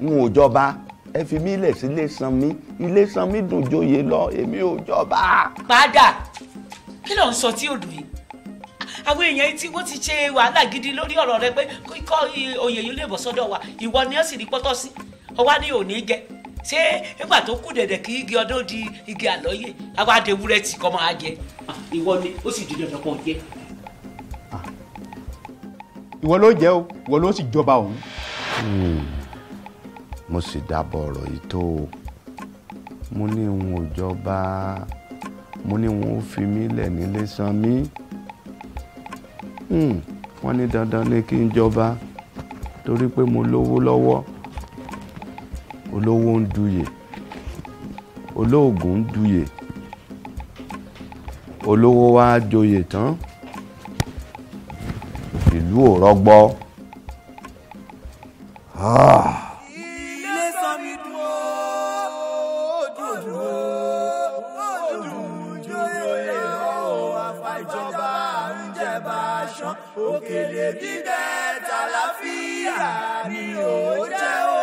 n ò jọba ẹ fi mí lẹ̀ sí ilé san mí ilé san mí dùn joyè lọ èmi ò jọba. padà kí ló ń sọ tí odò yìí àwọn èèyàn tí wọ́n ti ṣe wàhálà gidi lórí ọ̀rọ̀ rẹ pé kíkọ́ oyè yìí lè bọ̀ sọ́dọ̀ wa ìwọ ni ó sì rí pọ́tọ́ sí ọwá ni ò ní jẹ ṣé nígbà tó kù dẹ̀dẹ̀ kí igi ọdún di igi àlọ́yè àwa adéwúrẹ́ tì kọ́ máa jẹ ah, ìwọ ni ó sì di dandan kan jẹ. Ah. ìwọ ló jẹ o ìwọ ló sì jọba òun. Hmm mo sì dábọ̀ ọ̀rọ̀ yìí tó o mo ní òun ò mo ní wọn ò fi lẹ̀ nílé san mí hmm, wọ́n ní dandan ni kí n jọba torí pé mo lówó lọ́wọ́ olówó ń duyè olóògùn ń duyè olówó wa joyè tán ìlú ò rọgbọ. Ah. òkèlè bíbẹ̀ tàlàfíà ni ó jẹ́ o.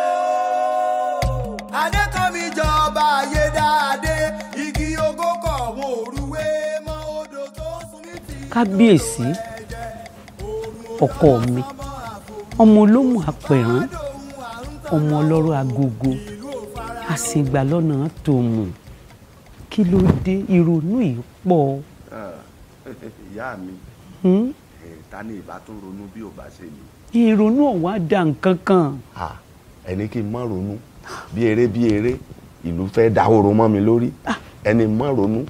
adékọ́mi jọba ayédáadé igi ogó kọ̀ wọn òrùwé mọ́ odò tó sun ní ti. kábíyèsí ọkọ mi ọmọ olóhùn apẹ̀rán ọmọ ọlọ́rọ̀ agogo àṣìgbà lọ́nà tó mọ̀ kí ló dé ìrònú yìí ah, ìyá mi hmm? ta ni ìbá tó ronú bí ò bá ṣe mi. ìrònú ò wá dà nǹkan kan. ẹni kí n má ronú bí eré bí eré ìlú fẹ́ dáhoro mọ́ mi lórí ẹni má ronú.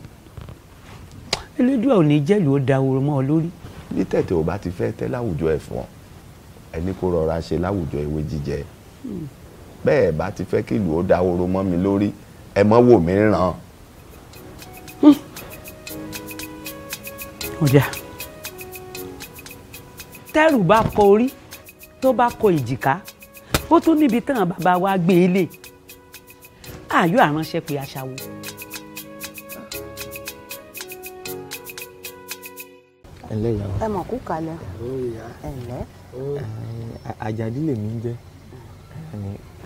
elédùà ò ní jẹ́lù ó dáhoro mọ́ ọ lórí. bí tẹ̀tẹ̀ ò bá ti fẹ́ tẹ́ láwùjọ ẹ̀fọn ẹni kó rọra ṣe láwùjọ ewé jíjẹ hmm. bẹ́ẹ̀ bá ti fẹ́ kí ìlú ó dáhoro mọ́ mi lórí ẹ mọ́ wò mí ràn. ọjà. Oh, yeah tẹ́rù bá kọ orí tó bá kọ ìjìká ó tún níbi tán bàbá wa gbé e lè ààyò àránṣẹ́ pé aṣáwo. ẹnlẹ́ ìyá wa ẹ mọ̀ kú kalẹ̀ ẹnlẹ́. àjàdí lèmi ń jẹ́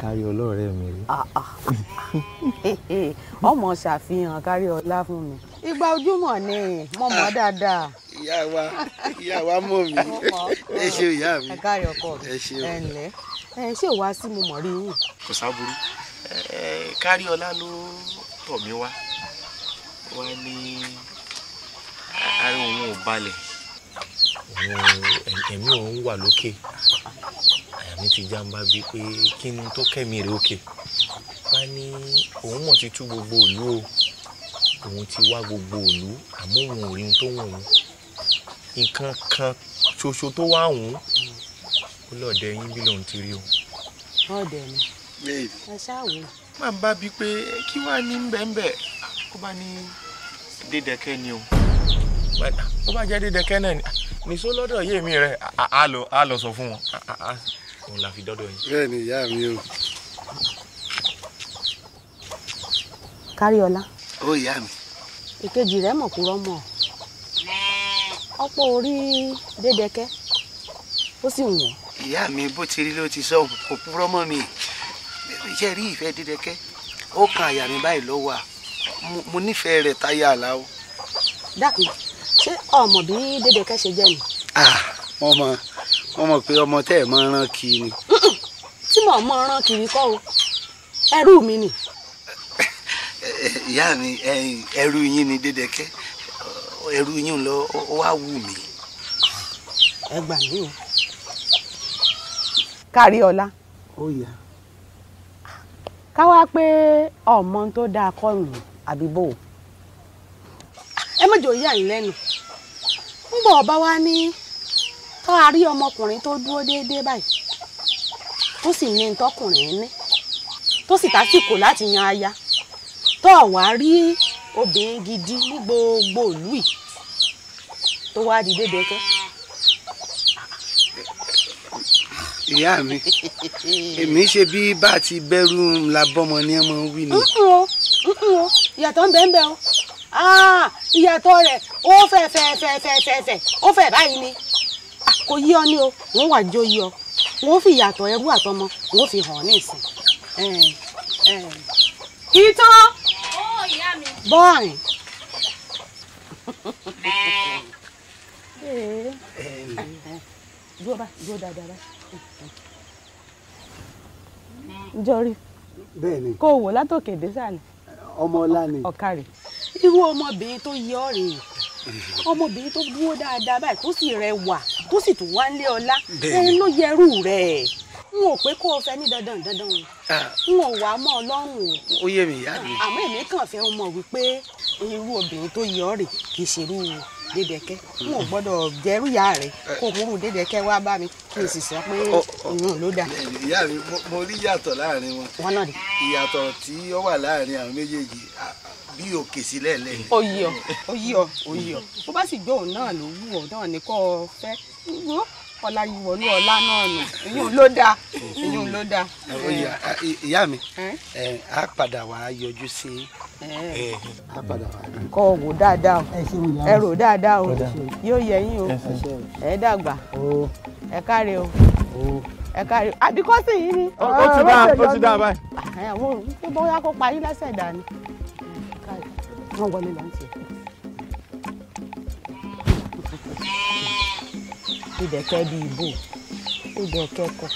kárí ọlọ́ọ̀rẹ́ mi rí. Ah, ah. ọmọ ṣàfihàn kárí ọlá fún mi ìgbà ojúmọ́ ni mo mọ̀ dáadáa. ìyá wa ìyá wa mọ̀ mí ẹ ṣe ìyá mi ẹ káàárọ̀ ọkọ mi ẹ ṣe ẹ ǹlẹ́ ẹ ṣé ò wá sí mo mọ̀ rí yín. kò sábúrú kárí ọlá ló tọ̀ mí wá wá ní ara òun ò balẹ̀ ẹ̀mí òun wà lókè àyà ti jàǹbá bí pé kí ni tó kẹ́mi rè ókè wá ní òun mọ̀ ti tú gbogbo ìlú o òun ti wá gbogbo ìlú àmọ́ òun ò rí ohun tó wù ú nǹkan kan ṣoṣo tó wà wù ú ó lọ́ọ̀dẹ yín bí lòun ti rí o. ọ̀dẹ mi ẹ ṣáàwó. máa bá bíi pé kí wàá ní bẹ́ẹ̀nbẹ́ẹ̀ kó bá ní dédẹ́kẹ́ ni o ó bá jẹ́ dédẹ́kẹ́ náà ni nìṣó lọ́dọ̀ yé mi rẹ̀ á lọ sọ fún wọn òun la fi dọ́dọ̀ yín. bẹ́ẹ̀ ni ìyá mi o. káríọlá ó ìyá mi. ìkejì rẹ mọ̀ kó rọ́mọ̀ ọ̀pọ̀ orí dédẹkẹ́ ó sì wọ̀n. ìyá mi bó ti rí ló ti sọ kò purọ́ mọ́ mi iṣẹ́ rí ìfẹ́ dédẹkẹ́ ó kan àyà mi báyìí lọ́wọ́ à mo nífẹ̀ẹ́ rẹ̀ táyà àlá o. dákun ṣé ọmọ bí dédẹkẹ́ ṣe jẹ́ ni. wọ́n mọ̀ wọ́n mọ̀ pé ọmọ tẹ́ ẹ̀ máa ń rán kiri ni. tí mo mọ̀ rán kiri kọ́ o ẹrú mi nì. ìyá ni ẹrú yín ni Dédékẹ́ ẹrú yín lọ ó wá wù mí. ẹ gbà mí o. kárí ọlá. ó yá. ká wá pé ọmọ tó dáa kọrùn àbíbò ẹ mọ̀jọ yà yín lẹ́nu ń bọ̀ ọba wa ní ká a rí ọmọkùnrin tó dúró déédéé báyìí tó sì ní ntọ́kùnrin ní tó sì tásìkò láti yan aya tó wá rí obìnrin gidi ní gbogbo ìlú yìí tó wá di Débẹ̀kẹ́. ìyá mi èmi ṣe bí bá a ti bẹ̀rù la bọ́mọ ní ọmọ wí ni. ìyàtọ̀ ń bẹ ń bẹ o ah, ìyàtọ̀ rẹ̀ ó fẹ́ fẹ́ fẹ́ fẹ́ fẹ́ fẹ́ ó fẹ́ báyìí ni ah, kò yí ọ ní o wọ́n wà jó yí ọ wọ́n fi ìyàtọ̀ ẹrú àtọmọ wọ́n fi hàn ní ìsìn. ìtàn Boing. Dúró bá dúró dáadáa bá. Jọrí. Bẹ́ẹ̀ni. Kó o wò látòkè dé sáà ni. Ọmọ ọlá ni. Ọ̀kàrì. Irú ọmọbìnrin tó yẹ ọ́ rèé ọmọbìnrin tó dúró dáadáa báyìí tó sì rẹwà tó sì tún wá ń lé ọlá ẹni ló yẹrù rẹ̀ n ò pé kó o fẹ́ ní dandan dandan o n ò wá mọ́ ọlọ́run o. ó yé mi ìyá mi. àmọ́ èmi kàn fẹ́ mọ̀ wípé irú obìnrin tó yẹ ọ́ rè kì í ṣerú dédèké n ò gbọ́dọ̀ jẹ́rú ìyá rẹ̀ kó o múrú dédèké wá bá mi kí n sì sọ pé ìyún ló dà. ìyá mi mo rí yàtọ̀ láàrin wọn. wọn náà rí. ìyàtọ̀ tí ó wà láàrin àwọn méjèèjì bí òkè sílẹ̀ lẹ̀. oyè ọ oyè ọ oyè ọ bó bá sì gbóhùn náà ló wù ọ náà ní kó fẹ́ wọ́n Fọláyíwọlú ọlá náà nù ìyún ló dáa ìyún ló dáa. ìyá mi a padà wá yọjú sí a padà wá. kọ́ ọ wò dáadáa o ẹ rò dáadáa o yóò yẹ yín o ẹ dàgbà ẹ káre o ẹ káre o àbíkọ́ sì yín ni. ó ti dáa ó ti dáa báyìí. àwọn òun bóyá kó pa yín lẹ́sẹ̀ dání. wọ́n wọlé lọ́n tiẹ̀ ìdẹ̀kẹ́ bí ibo ìdẹ̀kẹ́ kọ.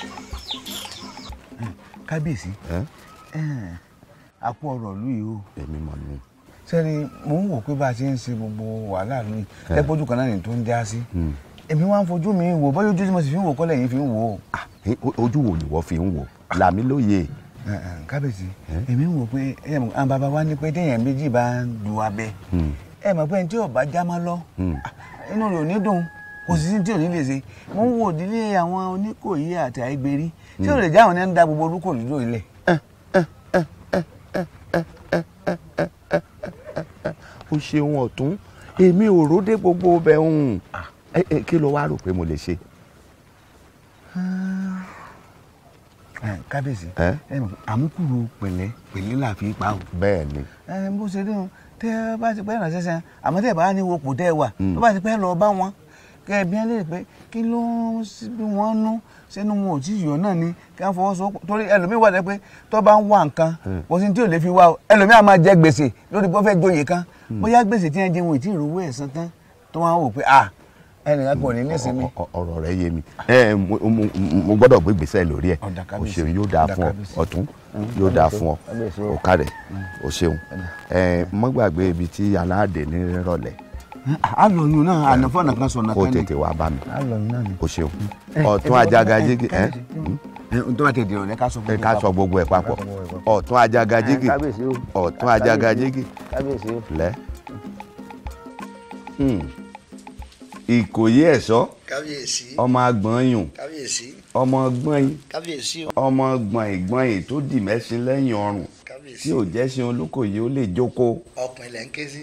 kábíyèsí àpò ọ̀rọ̀ ìlú yìí o. èmi mọ̀ ni. sẹ́ni mò ń wò pé bá a ṣe ń ṣe gbogbo wàhálà lóyún lẹ́gbọ́dù kan náà ní tó ń dá sí. Hmm. èmi wá ń fojú mi wò bọ́yá ojú tí mo sì fi ń wò kọ́lẹ̀ yìí fi ń wò. Ah, ojú wo ni wọ́n fi ń wò làmí lóye kábíyèsí èmi ń wò pé àwọn bàbá wa ní pé téèyàn méjì bá ń du abẹ hmm. ẹ mọ̀ pé ẹni tí ò bá já má lọ hmm. inú rẹ̀ ò ní dùn kò sí sí tí ò ní lè ṣe mo ń wo ìdílé àwọn oníkòyí àti àìgbèrí tí ò lè hmm. jáwọn ní ń da gbogbo orúkọ lílo ilẹ̀. o ṣeun ọ̀tún èmi ò róde gbogbo ọbẹ̀ ọ̀hún kí ló wá rò pé mo lè ṣe. kábíyèsí àmúkúrò pẹ̀lẹ́ pẹ̀lẹ́ là fi pa o. bẹ́ẹ̀ ni. bó ṣe rí o tẹ́ bá ti pẹ́ ìrànṣẹ́ sẹ́n àmọ́ tẹ́ bá ní wo kò tẹ́ wà hmm. tó bá ti pẹ́ lọ bá wọn kẹ́ẹ̀bí ẹ̀ lè pé kí ló ń bí wọ́n nú sẹ́nu wọn ò tí ì yọ náà ni kí wọ́n fọwọ́sowọ́pọ̀ torí ẹlòmíín wà lẹ́pẹ́ tó bá ń wá nǹkan hmm. kò sí tí ò lè fi wá o ẹlòmíín á máa jẹ gbèsè lórí bó fẹ́ joyè kan hmm. bóyá gbèsè tí wọ́n jẹun ò tí ì rówó ẹ̀san tán tó wọ́n á wò pé à ẹnìkan kò ní nísìnyí. ọ̀rọ̀ rẹ̀ yé mi mo gbọ́dọ̀ gbé gbèsè lórí ẹ̀ o ṣeun yóò dáa fún ọ ọ̀tún hmm. yóò dáa fún ọ òkàrẹ̀ o ṣeun mọ́gbàgbé ibi tí aláàdé nírọ̀lẹ́ alọyún náà ànáfọ́ nàkan sọ̀nà kan ni. kó tètè wá bá mi o ṣeun eh, ọ̀tún àjàgàjìgì ẹ̀ ntọ́ba tètè rẹ̀ ká sọ gbogbo ẹ̀ ká sọ gbogbo ẹ̀ papọ̀ ọ̀tún àjàgàjìgì eh, ọ̀tún àjàgàjìgì lẹ́ hmm. ìkòyí ẹ̀sọ́ ọmọ agbọ̀nyùn ọmọ gbọ̀nyìn ọmọ gbọ̀nyìn gbọ̀nyìn tó dì mẹ́sìn lẹ́yìn ọrùn tí ò jẹ́ ṣeun Olúkòyí ó lè jókòó. ọkùnrin lẹ́ ń ké sí.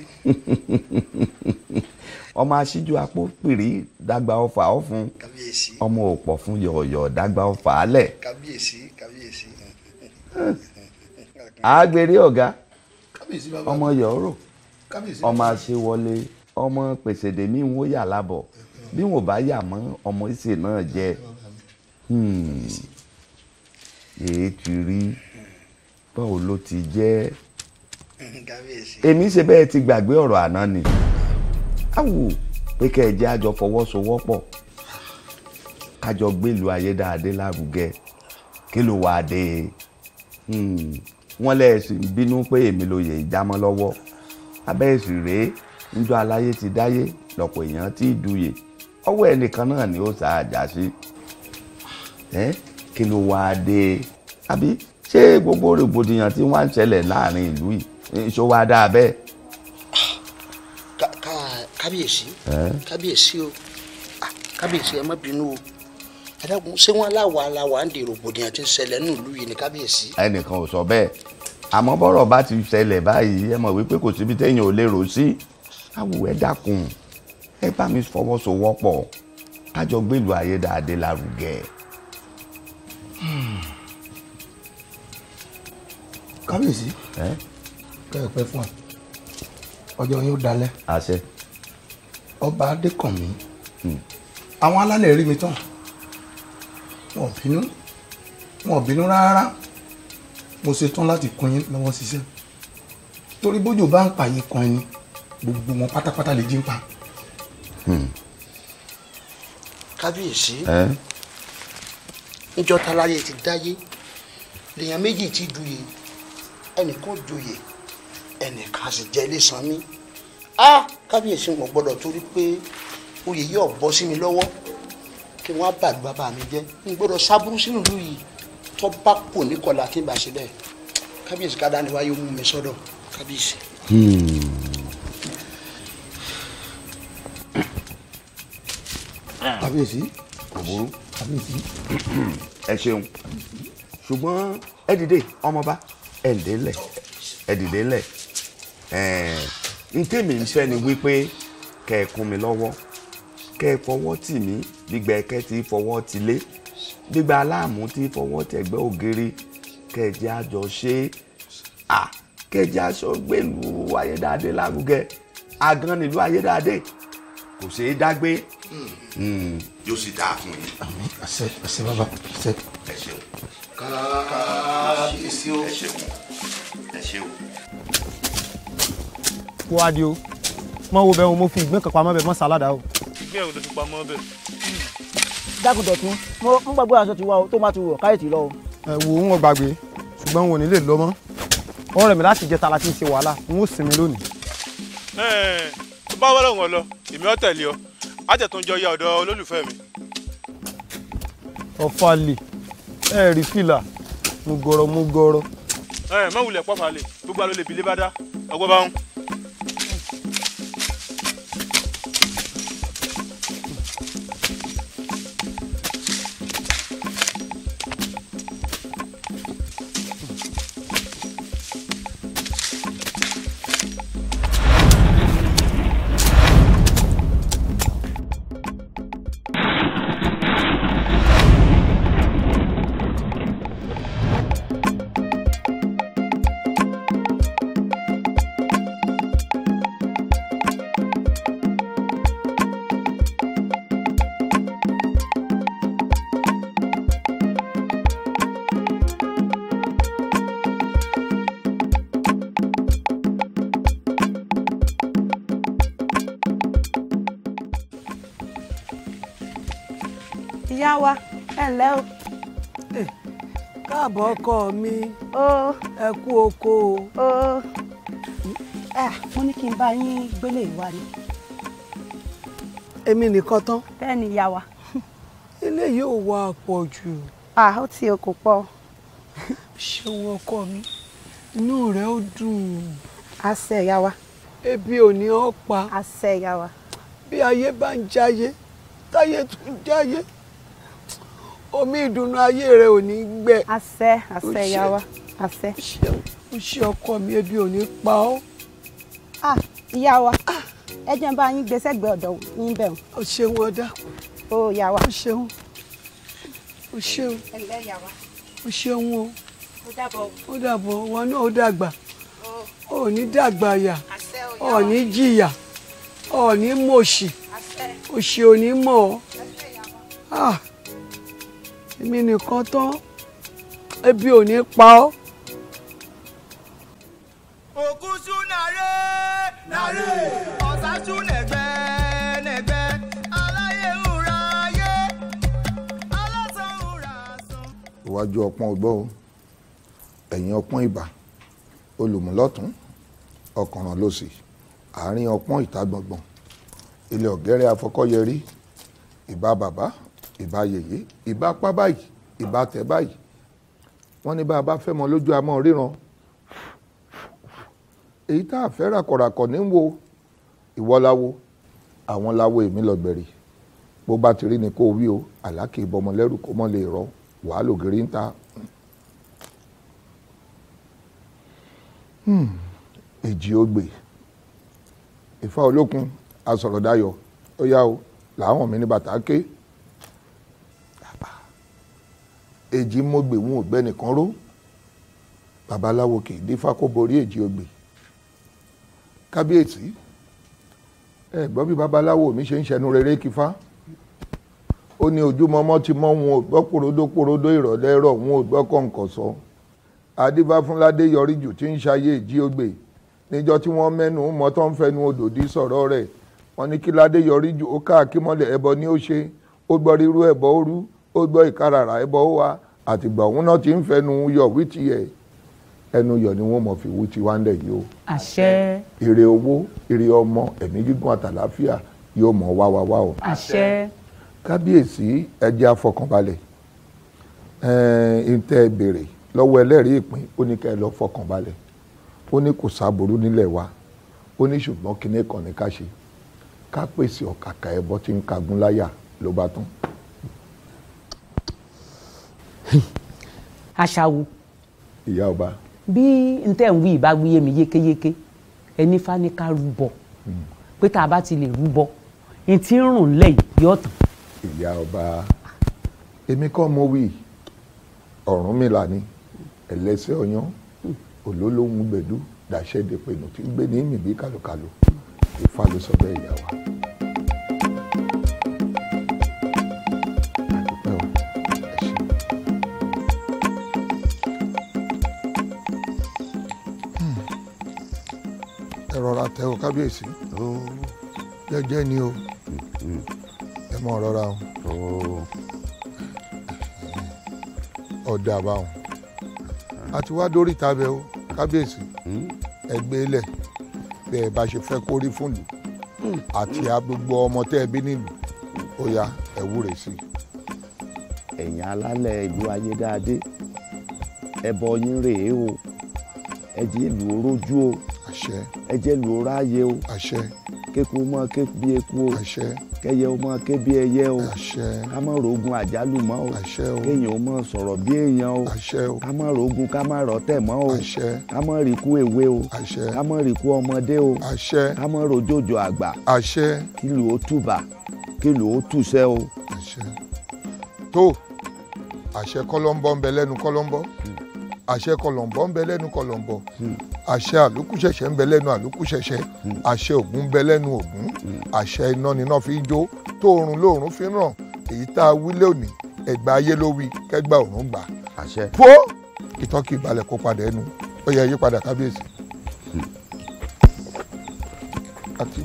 ọmọ aṣíjú apó pìrí dàgbà ọfà ọ̀fun ọmọ òpọ̀ fún yọ̀ọ̀yọ̀ dàgbà ọfà alẹ̀. kábíyèsí kábíyèsí. àgbèrè ọ̀gá ọmọ yọ̀ọ́rò ọmọ aṣèwọlé ọmọ pèsèdè mi ń wó yà lábọ̀ bí wọn ò bá yà mọ́ ọmọ ìsè náà jẹ hmm. èé ti rí báwo ló ti jẹ́ èmi ṣe bẹ́ẹ̀ ti gbàgbé ọ̀rọ̀ àná ni àwò pé kẹ́ ẹ jẹ́ àjọ fọwọ́sowọ́pọ̀ kájọ gbèlú ayédáadé lárugẹ kí ló wàá dé hmm, wọ́n lẹ́ẹ̀sì ń bínú pé èmi ló yẹ ìjámọ́ lọ́wọ́ abẹ́ẹ̀sì rèé njọ́ aláyé ti dáyé lọ́pọ̀ èèyàn tí ì duyè ọwọ́ ẹnìkan náà ni ó ṣàjà sí kí ló wàá dé àbí ṣé gbogbo rògbòdìyàn tí wọ́n ń ṣẹlẹ̀ láàrin ìlú yìí ṣó wá dáa bẹ́ẹ̀. kábíyèsí kábíyèsí o ah, kábíyèsí ẹ má bínú o adágún ṣé wọn aláwọ aláwọ à ń di rògbòdìyàn tí ń ṣẹlẹ̀ ní ìlú yìí ní kábíyèsí. ẹnìkan ò sọ bẹ́ẹ̀ àmọ́ bọ́rọ̀ bá ti ṣẹlẹ̀ báyìí ẹ mọ̀ wípé kò síbi téèyàn ò lè rò sí àwùwẹ dákun ẹ bá mi fọwọ́sowọ́pọ̀ kájọ gbèlú ayédáadé lárugẹ. Hmm kábíyèsí kẹ́ẹ̀pẹ́ fún ẹ ọjọ́ yóò dalẹ̀ àṣẹ ọba adékànmí hmm. àwọn alálẹ̀ rí mi tán wọn ò bínú wọn ò bínú rárá mo ṣetán láti kún yín lọ́wọ́ ṣiṣẹ́ torí bójú bá ń pààyàn kan ẹni gbogbo wọn pátápátá lè jí ń pa. Hmm. kábíyèsí níjọ́ taláyé ti dáyé lèèyàn méjì ti duyè ẹnìkan joyè ẹnìkan sì jẹ́ ilé sanmi á kábíyèsí wọn gbọ́dọ̀ torí pé oyè yóò bọ́ sí mi lọ́wọ́ kí wọ́n á bàlú bàbá mi jẹ́ n gbọ́dọ̀ sábúrú sínú ìlú yìí tó bá kò ní kọlà kí n bá ṣe bẹ́ẹ̀ kábíyèsí ká dáni wáyé mú mi sọ́dọ̀ kábíyèsí. kábíyèsí kò burú kábíyèsí ẹ ṣeun ṣùgbọ́n ẹ dìde ọmọba ẹ̀ ń délẹ̀ ẹ̀ dìde lẹ̀ ntẹ́mi ń fẹ́ ni wípé kẹ́ ẹ kún mi lọ́wọ́ kẹ́ ẹ fọwọ́ tì mí gbígbà ẹ̀kẹ́ tí fọwọ́ ti lé gbígbà aláàmú tí fọwọ́ tẹ̀gbẹ́ ògiri kẹ́ ẹ jẹ́ àjọ ṣe à kẹ́ ẹ jẹ́ aṣọ gbèlú ayédáadé lárugẹ agan nílùú ayédáadé kò ṣeé dágbé. yóò sì dáa fún yín. àṣẹ àṣẹ bàbá àṣẹ. ẹ ṣeun máa fi sí o. ẹ ṣeun ẹ ṣeun. kó wá di o mọ wo bẹ́ẹ̀ o mo fi ìgbín kan pamọ́ bẹ́ẹ̀ mọ́ sàládà o. ìgbín ẹ̀ ò lè fi pamọ́ bẹ́ẹ̀. dákùtọ̀ tún mo ń gbàgbé aṣọ ti wá o tó máa ti wọ̀ káyọ̀tì lọ o. ẹ wo ń wọ gbàgbé ṣùgbọ́n wọn ò ní lè lọ mọ́ wọn rẹ̀ mí láti jẹta láti ṣe wàhálà n ó sinmi lónìí. ẹ ẹ tó bá wọlé wọn lọ èmi ọ tẹ̀lé ọ àjẹtúnjọ ya ọ̀dọ̀ olólùfẹ́ mi. ọ̀fàlì ẹ̀ẹ́rì fìlà mú gọrọ mú gọrọ. ẹ má wulẹ̀ pọ́fà lè gbogbo àlọ́ le bi lé bá dá bá ń. káàbọ̀ ọkọ mi ẹ kú oko o. mo ní kí n bá yín gbélé ìwà ni. èmi nìkan tán. bẹ́ẹ̀ ni ìyá wa. ilé yóò wá pọ̀ jù. à ó ti o kò pọ̀. ṣeun ọkọ mi inú rẹ ó dùn. àṣẹ ìyá wa. ebi ò ní ọ pa. àṣẹ ìyá wa. bí ayé bá ń jayé táyé tún jayé omi ìdùnnú ayé rẹ ò ní gbẹ. àṣẹ àṣẹ wa àṣẹ. ó ṣe ọkọ mi ebi ò ní pa ọ. ah ìyá wa ẹ jẹ́ bá yín gbèsè gbé ọ̀dọ̀ yín ṣeun wa. ṣeun o ṣeun. o. ó dàbọ̀. dàbọ̀ wọn náà ó dàgbà. O. ò ní dàgbà yà. ó ò ní jìyà. ó ò ó ṣe ah. èmi nìkan tán ebi ò ní pa ọ́. òkun sún nàré nàré ọ̀sá sún nẹ̀gbẹ́ nẹ̀gbẹ́ aláyé òra ayé alásán òra sàn. iwájú ọpọ́n ọgbọ́ o ẹ̀yìn ọpọ́n ìbà olùmúlọ́tún ọkànràn lòsì àárín ọpọ́n ìta gbọ̀ngbọ̀n ilé ọ̀gẹ́rẹ́ afọkọ́yẹrí ìbá bàbá ìbá yèyé ìbá pa báyìí ìbá tẹ báyìí wọ́n ní bá a bá fẹ́ mọ lójú amọ́ ríran èyí tá a fẹ́ ràkọ̀ràkọ̀ ní wo ìwọ láwo àwọn láwo èmi lọ́gbẹ̀rì bó bá ti rí ni kó wí o àlákè ìbọmọ lẹ́rù kó mọ́ lè rọ wàá lògiri ń ta. Hmm, èjì ogbè Ifá olókun asọ̀rọ̀dáyọ̀ ó yá o làwọn mi ní bàtà ké. èjì mọ́gbè wọn ò gbẹ́ nìkan ró babaláwo kì í dífá kó borí èjì ogbè kábíyèsí ẹ gbọ́ bí babaláwo mi ṣe ń ṣẹnu rere kífá ó ní ojúmọmọ ti mọ wọn ò gbọ́ porodó porodó ìrọ̀lẹ́ rọ̀ wọn ò gbọ́ kọ̀ǹkọ̀ sọ adífáfúnládé yọríjù tí ń ṣayé èjì ogbè níjọ́ tí wọ́n mẹ́nu mọ́ tó ń fẹnu odòdì sọ̀rọ̀ rẹ̀ wọ́n ní kí ládé yọríjù ó káàkiri mọ́lẹ̀ ẹbọ ni ó ṣe ó gbọ́ rírú ẹbọ ó rú ó gbọ́ ìkarara ẹbọ ó wa àtìgbà òun náà ti ń fẹnu yọ wí tiẹ̀ ẹnu yọ ni wọ́n mọ̀ fi wú tiwa ńlẹ̀ yìí o. àṣẹ. èrè owó èrè ọmọ ẹ̀mí gígùn àtàlàáfíà yóò mọ̀ wá wá wá o. àṣẹ. kábíyèsí ẹ jẹ́ afọkànbalẹ̀ ẹ̀ẹ́n tẹ́ ẹ béèrè lọ́wọ́ ẹlẹ́rìí ìpín ó ní ká ẹ lọ fọkànbalẹ̀ ó ní kò sábòrú nílẹ̀ wa ó ní ṣùgbọ́n kinní kan ní ká ṣe ká pèsè ọ̀kàkà ẹbọ tí ń kagún láyà ló bá tán. aṣáwo. ìyá ọba. bí n tẹ́ ń wí ìbá wí yémi yékéyéké ẹni fáníkà rúbọ hmm. pé tá a bá ti lè rúbọ n ti ń rùn lẹ́yìn yóò tán. ìyá ọba èmi kọ́ mo wí Ọ̀rúnmìlà ni ẹlẹ́sẹ̀ ọ̀yán olólóhùn gbẹ̀dú dàṣẹ́ dèpẹ̀nù tí ń gbé ní mìbí kálukàlù Ifá bẹ́ẹ̀ ìyá wa. rọra tẹ o kábíyèsí jẹ́jẹ́ ni o ẹ mọ rọra o ọ̀dà àbáwọn a ti wá dórí tabẹ o kábíyèsí hmm? ẹgbẹ́ ilẹ̀ e bẹ́ ẹ bá ṣe fẹ́ kórí fún lù àti gbogbo ọmọ tẹ́ ẹ bí nílùú ó yá ẹ wúre sí i. ẹ̀yin alálẹ̀ ìlú ayédáadé ẹbọ yín rèé o ẹ jẹ́ ìlú orójú o àṣẹ ẹ̀jẹ̀ lù ó ráàyè o àṣẹ kéku ó máa ké bí eku o àṣẹ kẹyẹ ó máa ké bí ẹyẹ o àṣẹ ká má rogun àjálù mọ́ o àṣẹ o kéèyàn ó máa sọ̀rọ̀ bí èèyàn o àṣẹ o ká má rogun ká má rọ̀tẹ̀ mọ́ o àṣẹ ká má rìkú o àṣẹ ká má ọmọdé o àṣẹ ká má àgbà àṣẹ kí lù ó túbà kí lù o. àṣẹ tó àṣẹ kọ́lọ́ńbọ́ bẹ lẹ́nu kọ́lọ́ńbọ́. Mm àṣẹ kọlọ̀ǹbọ̀ ń bẹ lẹ́nu kọlọ̀ǹbọ̀ hmm. àṣẹ àlùkùṣẹ̀ṣẹ̀ ń bẹ lẹ́nu àlùkùṣẹ̀ṣẹ̀ hmm. àṣẹ ògún ń bẹ lẹ́nu ògún hmm. àṣẹ iná níná fi jó tóorun lóorun fi ràn èyí tá a wí lónìí ẹgbà ayé ló wí kẹgbà òrùn gbà. àṣẹ. fó ìtọ́kì ìbalẹ̀ kó padà ẹnu ó yẹ yípadà kábíyèsí. àti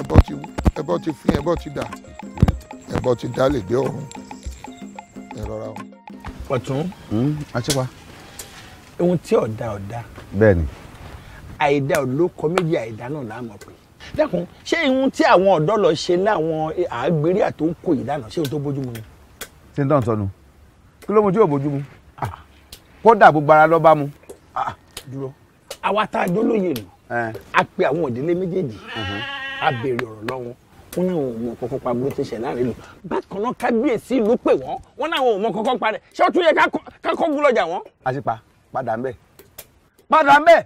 ẹbọ ti ẹbọ ti fín ẹbọ ti dà ẹbọ ti dá lè dé ọ̀run ẹ rọra o ọ̀tún. Hmm, àtiwá. ohun tí ọ̀dà ọ̀dà. bẹ́ẹ̀ni. àìdá olóko méjì àìdá náà là á mọ̀ pé. dákun ṣé ohun tí àwọn ọ̀dọ́ lọ ṣe láwọn eh, àgbèrè àti òkò ìdáná ṣé ohun tó bójúmu ni. ṣé n tán sọnù kí ló mu tí ò bójúmu kódà gbogbo ara lọ bá mu. Ah, dúró àwa tá a jólóye lò eh. a pe àwọn òdílé méjèèjì uh-huh. a béèrè ọ̀rọ̀ lọ́wọ́ wọn náà ò mọ kankan pa bó ti ṣe láàrin lò bákan náà kábíyèsí ló pè wọn wọn náà ò mọ kankan pa rẹ ṣé ó tún yẹ kákọ́ gún lọ́jà wọn. àṣìpa padà ń bẹ padà ń bẹ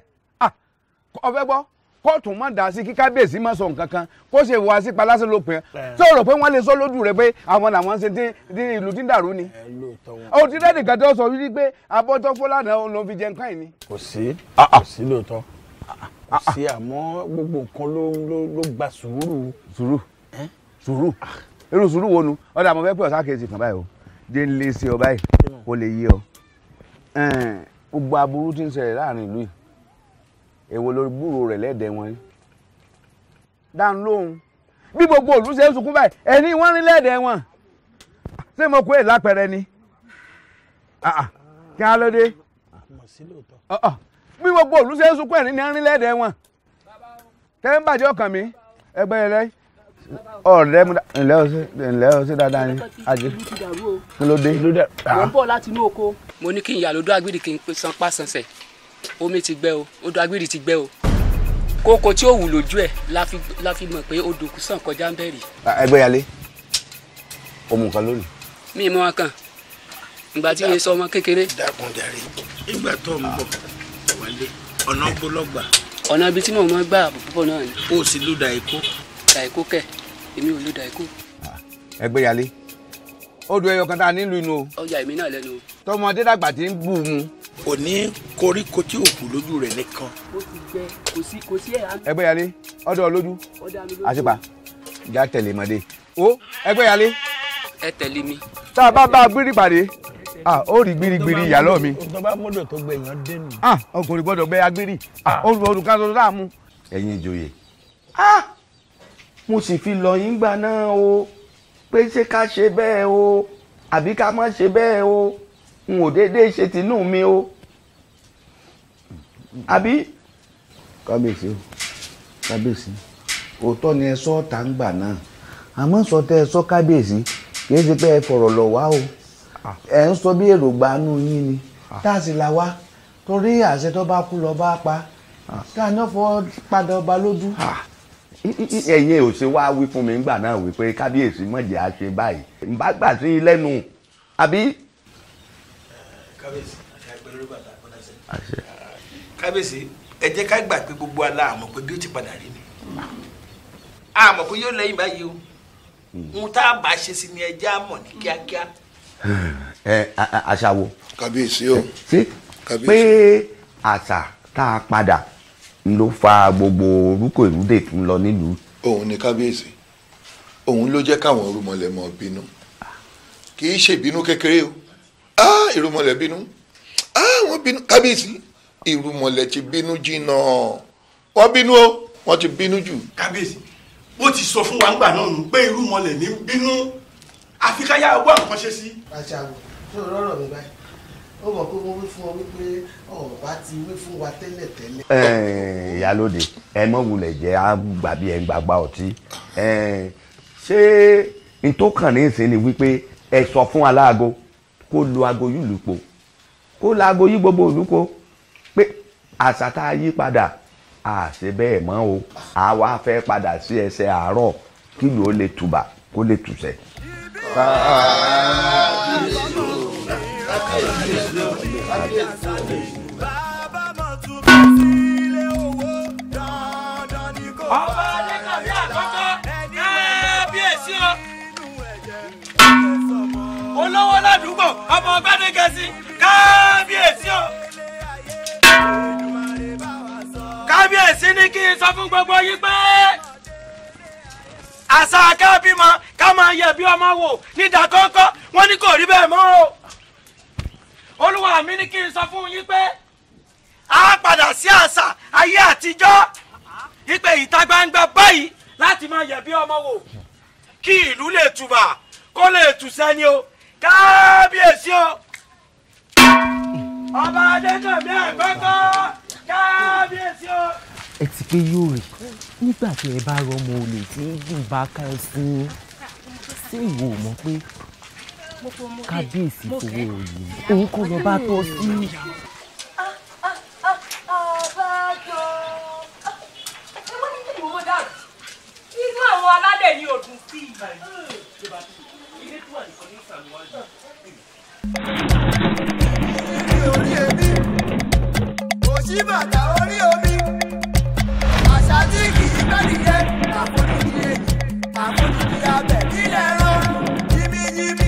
ọfẹ ah, gbọ́ kóòtù mọ dà sí kí kábíyèsí má sọ nǹkan kan kó ṣe wá sí palásí ló pè é tó rò pé wọn lè sọ lójú rẹ pé àwọn làwọn ṣe ti ìlú tí ń dàrú ni eh, ó ti rẹ́ẹ̀dì kan tó sọ wí pé abọ́tọ́ fúlàní ọ̀hún ló fi jẹ nǹkan yìí ni. kò sí ah, ah. kò sí lóòótọ́ kò sí àmọ́ gbogbo nǹkan ló gba sùúrù. sùúrù sùúrù irú sùúrù wo nu ọ̀dà mo fẹ́ pé ọ̀sá kejì kan báyìí o dé ń lé sí ọ báyìí kó lè yé ọ gbogbo aburú tí ń ṣẹlẹ̀ láàrin ìlú yìí èwo ló gbúrò rẹ̀ lẹ́ẹ̀dẹ̀ wọn yìí dáhùn lóhùn bí gbogbo òlú ṣe ń sunkún báyìí ẹni wọ́n rí lẹ́ẹ̀dẹ̀ wọn ṣé mo kó èlà pẹ̀rẹ̀ ni kí á ló dé bí gbogbo òlú ṣe ń sunkún ẹ̀rín ni ẹ̀rín lẹ́ẹ̀dẹ̀ wọn tẹ́ ń bàjẹ́ ọkàn mi ẹgbẹ́ rẹ ọ̀rẹ́ mu ǹlẹ́ ọ̀sẹ̀ ǹlẹ́ ọ̀sẹ̀ dáadáa ni àjẹ kí ló dé. mo ń bọ̀ láti inú oko. mo ní kí n yà lódó agbèrè kí n pe sanpa sansẹ̀ omi ti gbẹ o odò agbèrè ti gbẹ o kókó tí ó wù lójú ẹ̀ la fi mọ̀ pé odò kù sàn kọjá ń ẹgbẹ́ yàlé o mú nǹkan lónìí. mi ì mọ wọn kàn ìgbà tí yẹn sọ ọmọ kékeré. dákun jàre ìgbà tó ń bọ̀ wálé ọ̀nà gbólọ́gbà. ọ̀nà ibi tí mò ń gbà púpọ̀ náà ni. o sì lùdà èkó. dàìkú kẹ̀ èmi ò lo dàìkú. ẹgbẹ́ Ó odò ẹyọ kan tá a nílùú inú o. ọjà èmi náà lẹ́nu. Tọmọ dàgbà tí ń bù mu. kò ní koríko tí lójú rẹ̀ nìkan. ó ti jẹ, kò sí kò sí ẹgbẹ́ ọdọ lójú ìjà tẹ̀lé o ẹgbẹ́ ẹ tẹ̀lé mi. tá a bá bá a pàdé ó rí mi. ọkùnrin gbọ́dọ̀ gbẹ mo sì fi lọ yín gbà náà o pé ṣé ká ṣe bẹ́ẹ̀ o àbí ká má ṣe bẹ́ẹ̀ o n ò déédéé ṣe tinú mi o àbí. kábíyèsí o kábíyèsí òótọ́ ni ẹ sọ ọ̀tá ń gbà náà àmọ́ sọ tẹ́ ẹ sọ kábíyèsí kì í ṣe pé ẹ fọ̀rọ̀ lọ̀ wá o ẹ ń sọ bí èròǹgbà inú yín ni tá a sì là wá torí àṣẹ tó bá kú lọ bá pa tá a ní ọ̀fọ̀ padà ọba lójú ẹ̀yin ò ṣe wáá wí fún mi ńgbà náà wípé kábíyèsí mọ̀jẹ̀ á ṣe báyìí ǹbá gbà sí i lẹ́nu àbí. kábíyèsí àti àgbẹ̀rẹ̀ ló bàtà àgbọ̀dá sẹ́yìn. kábíyèsí ẹ jẹ́ ká gbà pé gbogbo alá àmọ̀ pé bí ó ti padà rí mi àmọ̀ pé yóò lẹ́yìn báyìí o hmm. ohun tá a bá ṣe sí ni ẹjẹ́ àmọ̀ ní kíákíá. ẹ àṣà wo. kábíyèsí o. pé àṣà tá a padà ló fa gbogbo orúkọ ìrúdè tó ń lọ nílùú. òun ni kábíyèsí òun ló jẹ́ káwọn irúmọlẹ̀ mọ̀ bínú kì í ṣe ìbínú kékeré o ah irúmọlẹ̀ bínú ah wọ́n bínú kábíyèsí irúmọlẹ̀ ti bínú jìnnà wọ́n bínú o wọ́n ti bínú jù. kábíyèsí bó ti sọ fún wa ńgbà náà nù pé irúmọlẹ̀ ní bínú àfi ká yá sí. àṣà àwọn tó rọrọ mi báyìí ó mọ̀ pé mo wí fún ọ wípé ọ̀bá ti wí fún wa tẹ́lẹ̀ tẹ́lẹ̀. ìyálóde ẹ mọ̀ wulẹ̀ jẹ́ àgbà bíi ẹ̀ ń gbàgbà ọtí ṣé n tó kàn ní ìsìn ni wípé ẹ sọ fún aláago kó lu aago yìí lùpọ̀ kó lu aago yìí gbogbo olùkọ́ pé àṣà tá a yí padà àṣẹ bẹ́ẹ̀ mọ́ o àwa fẹ́ padà sí ẹsẹ̀ àárọ̀ kí ló lè tùbà kó lè tùsẹ̀. káàkiri. ọba adékàbí àkọ́kọ́ kábíyèsí o olówó ládùúgbò ọmọ gbadégẹsí kábíyèsí o kábíyèsí ní kí n sọ fún gbogbo yín pé àṣà kábímọ ká máa yẹ bí ọmọ wò nídàkọ́kọ́ wọ́n ní kò rí bẹ́ẹ̀ mọ́ o olúwa mi ní kí n sọ fún yín pé a padà sí àṣà ayé àtijọ́ ìpè ìta gbangba báyìí láti máa yẹ̀ bí ọmọ wò kí ìlú lè tùbà kó lè tù sẹ́ni o kábíyèsí o ọba adétòmí àgbẹ̀kọ́ kábíyèsí o. ẹ ti pé yóò rí nígbà tí ẹ bá rọmọ olè tí gùn bá ká ẹ sí i ṣé ìwọ mọ̀ pé kábíyèsí fowó òyìn òun kò lọ bá tọ́ sí i. ẹnu aládé ni òdùn sí i. ilé tó wà nìkan ní ìsàlù wájú. ìrìn orí ebí kò sí bàtà orí omi àṣà tí kì í bá nìyẹn àfojúdi èyí àfojúdi abẹ nílẹ̀ rán yími yími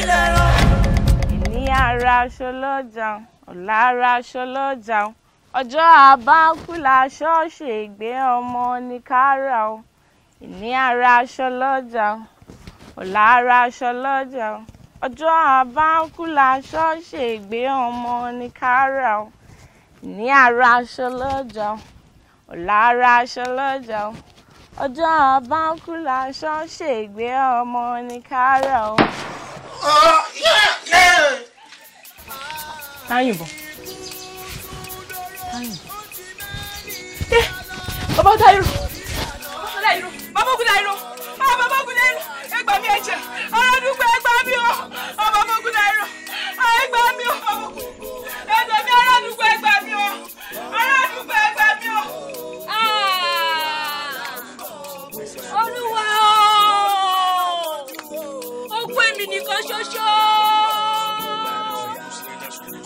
orí ẹ̀yin ara aṣọ lọ́jà ọ̀la ara aṣọ lọ́jà ọjọ́ àbákú làṣọ ṣègbè ọmọ ní kára o ìní ara aṣọ lọ́jà ọ̀la ara aṣọ lọ́jà ọjọ́ àbákú làṣọ ṣègbè ọmọ ní kára o ìní ara aṣọ lọ́jà ọ̀la ara aṣọ lọ́jà ọjọ́ àbákú làṣọ ṣègbè ọmọ ní kára o. Oh, yeah, yeah táyìnbọn táyìnbọn ẹ eh, bàbá táyìrò bàbá táyìrò bàbá ògùn táyìrò ah, bàbá ògùn táyìrò ẹ gbà mí ẹ̀jẹ̀ ọ̀rọ̀ ah, dúpẹ́ ẹ gbà mí o ah, bàbá ògùn táyìrò ẹ gbà mí o ẹ gbà mí ọ̀rọ̀ dúpẹ́ ẹ gbà mí o ọ̀rọ̀ dúpẹ́ ẹ gbà mí o. olúwa o ó pè mí nìkan ṣoṣo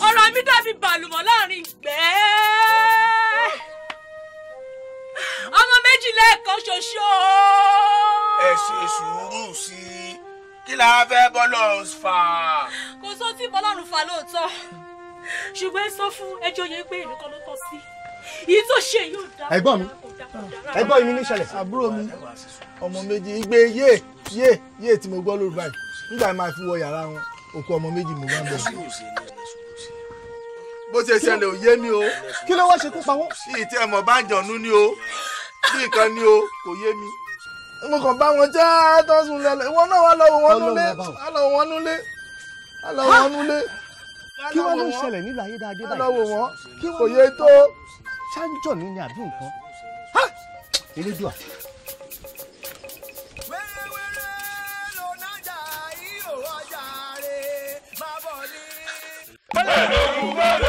ọ̀rọ̀ mi dàbí bàlùmọ̀ láàrin ìgbẹ́. ọmọ méjì lẹ́ẹ̀kan ṣoṣo. ẹ ṣe sùúrù sí i kí la fẹ́ bọ́lọ̀ fà. kò sóhun tí bọ́lọ́run fà lóòótọ́ ṣùgbọ́n ẹ sọ fún ẹjọ́ yẹn pé èmi kan ló tọ́ sí èyí tó ṣe yóò dá. ẹ̀gbọ́n mi ẹ̀gbọ́n mi ní ìṣẹ̀lẹ̀ àbúrò mi ọmọ méjì igbe yé yé yé tí mo gbọ́ lórí báyìí nígbà máa fi wọ yàrá wọn òkú ọmọ méjì mo bá ń bọ̀ bó ṣe ṣẹlẹ̀ ò yé mi o. kí ló wá ṣe kó pa wọ́n. ìtì ẹ̀mọ̀ bá jọ̀nú ni o bí nǹkan ni o kò yé mi. mo kàn bá wọn já tó lẹ́lẹ̀ ìwọ náà wà lọ́wọ́ wọn nulẹ̀ alọ́wọ́ wọn nulẹ̀ alọ́wọ́ wọn nulẹ̀. kí wọ́n ló ń ṣẹlẹ̀ nílùú ayédáadé báyìí. alọ́wọ́ wọn kò yé tó. ṣáńjọ ni ni àbí nǹkan. elédùà. Hello, brother.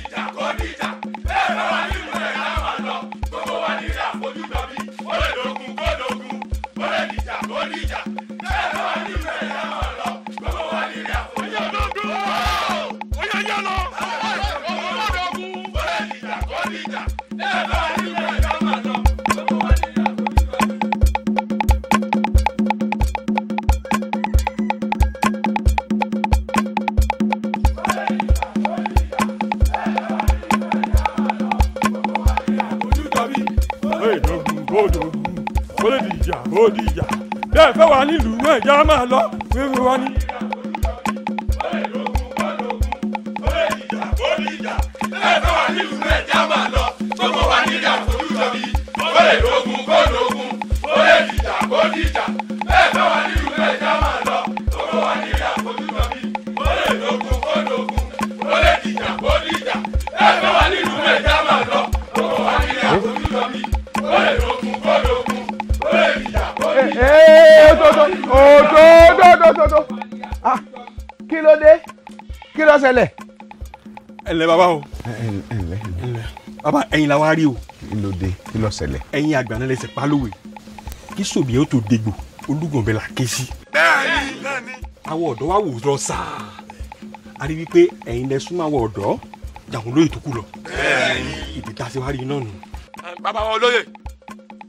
ẹ̀já máa lọ wíwí Baba, o. ẹ ǹlẹ́ ǹlẹ́ bàbá ẹ̀yin la wá rí o. kí ló dé kí ló ṣẹlẹ̀. ẹ̀yin àgbà náà lẹsẹ̀ pálówè kí sòbí yẹn ó tó dégbò olúgbọ̀nbẹ la ké sí. bẹ́ẹ̀ni bẹ́ẹ̀ni. àwọn ọ̀dọ́ wa wò lọ sáà a rí wípé ẹ̀yin lẹ súnmọ́ àwọn ọ̀dọ́ jàǹkó lóye tó kù lọ. bẹ́ẹ̀ni. ìdí tá a ṣe wá rí iná nù. bàbá wa olóye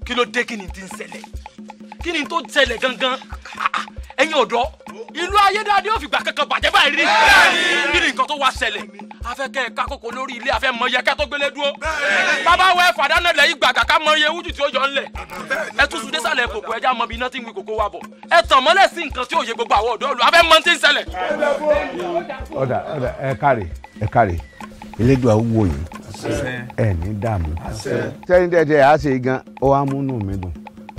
kí ló dé kí ni ti ń ṣẹlẹ̀ kí ni tó ṣẹlẹ̀ gangan ẹ̀yin ọ̀dọ́ ìlú ayédáadé ò fìgbà kankan bàjẹ́ báyìí rí kí ni nǹkan tó wá ṣẹlẹ̀ afẹ́kẹ́ kakoko lórí ilé afẹ́ mọ iye kẹ́tọ́ gbélé dúró bàbá wẹ fàdánà lẹ́yìn gbàgà ká mọ iye wújù tí ó yọ ńlẹ̀ ẹ tún sùn désàlẹ̀ kòkó ẹja mọ bí iná tí ń wí kòkó wa bọ̀ ẹ tàn mọ́lẹ̀ sí nǹkan tí òye gbogbo àwọn ọ̀dọ́ olù afẹ́ mọ tí ń ṣẹlẹ̀. ọ̀dà ọ̀dà ẹ káre ẹ káre elédùà wò yìí ẹ ní dààmú sẹ́yìn dẹ́dẹ́ á ṣe gan ó wá múnú mi dùn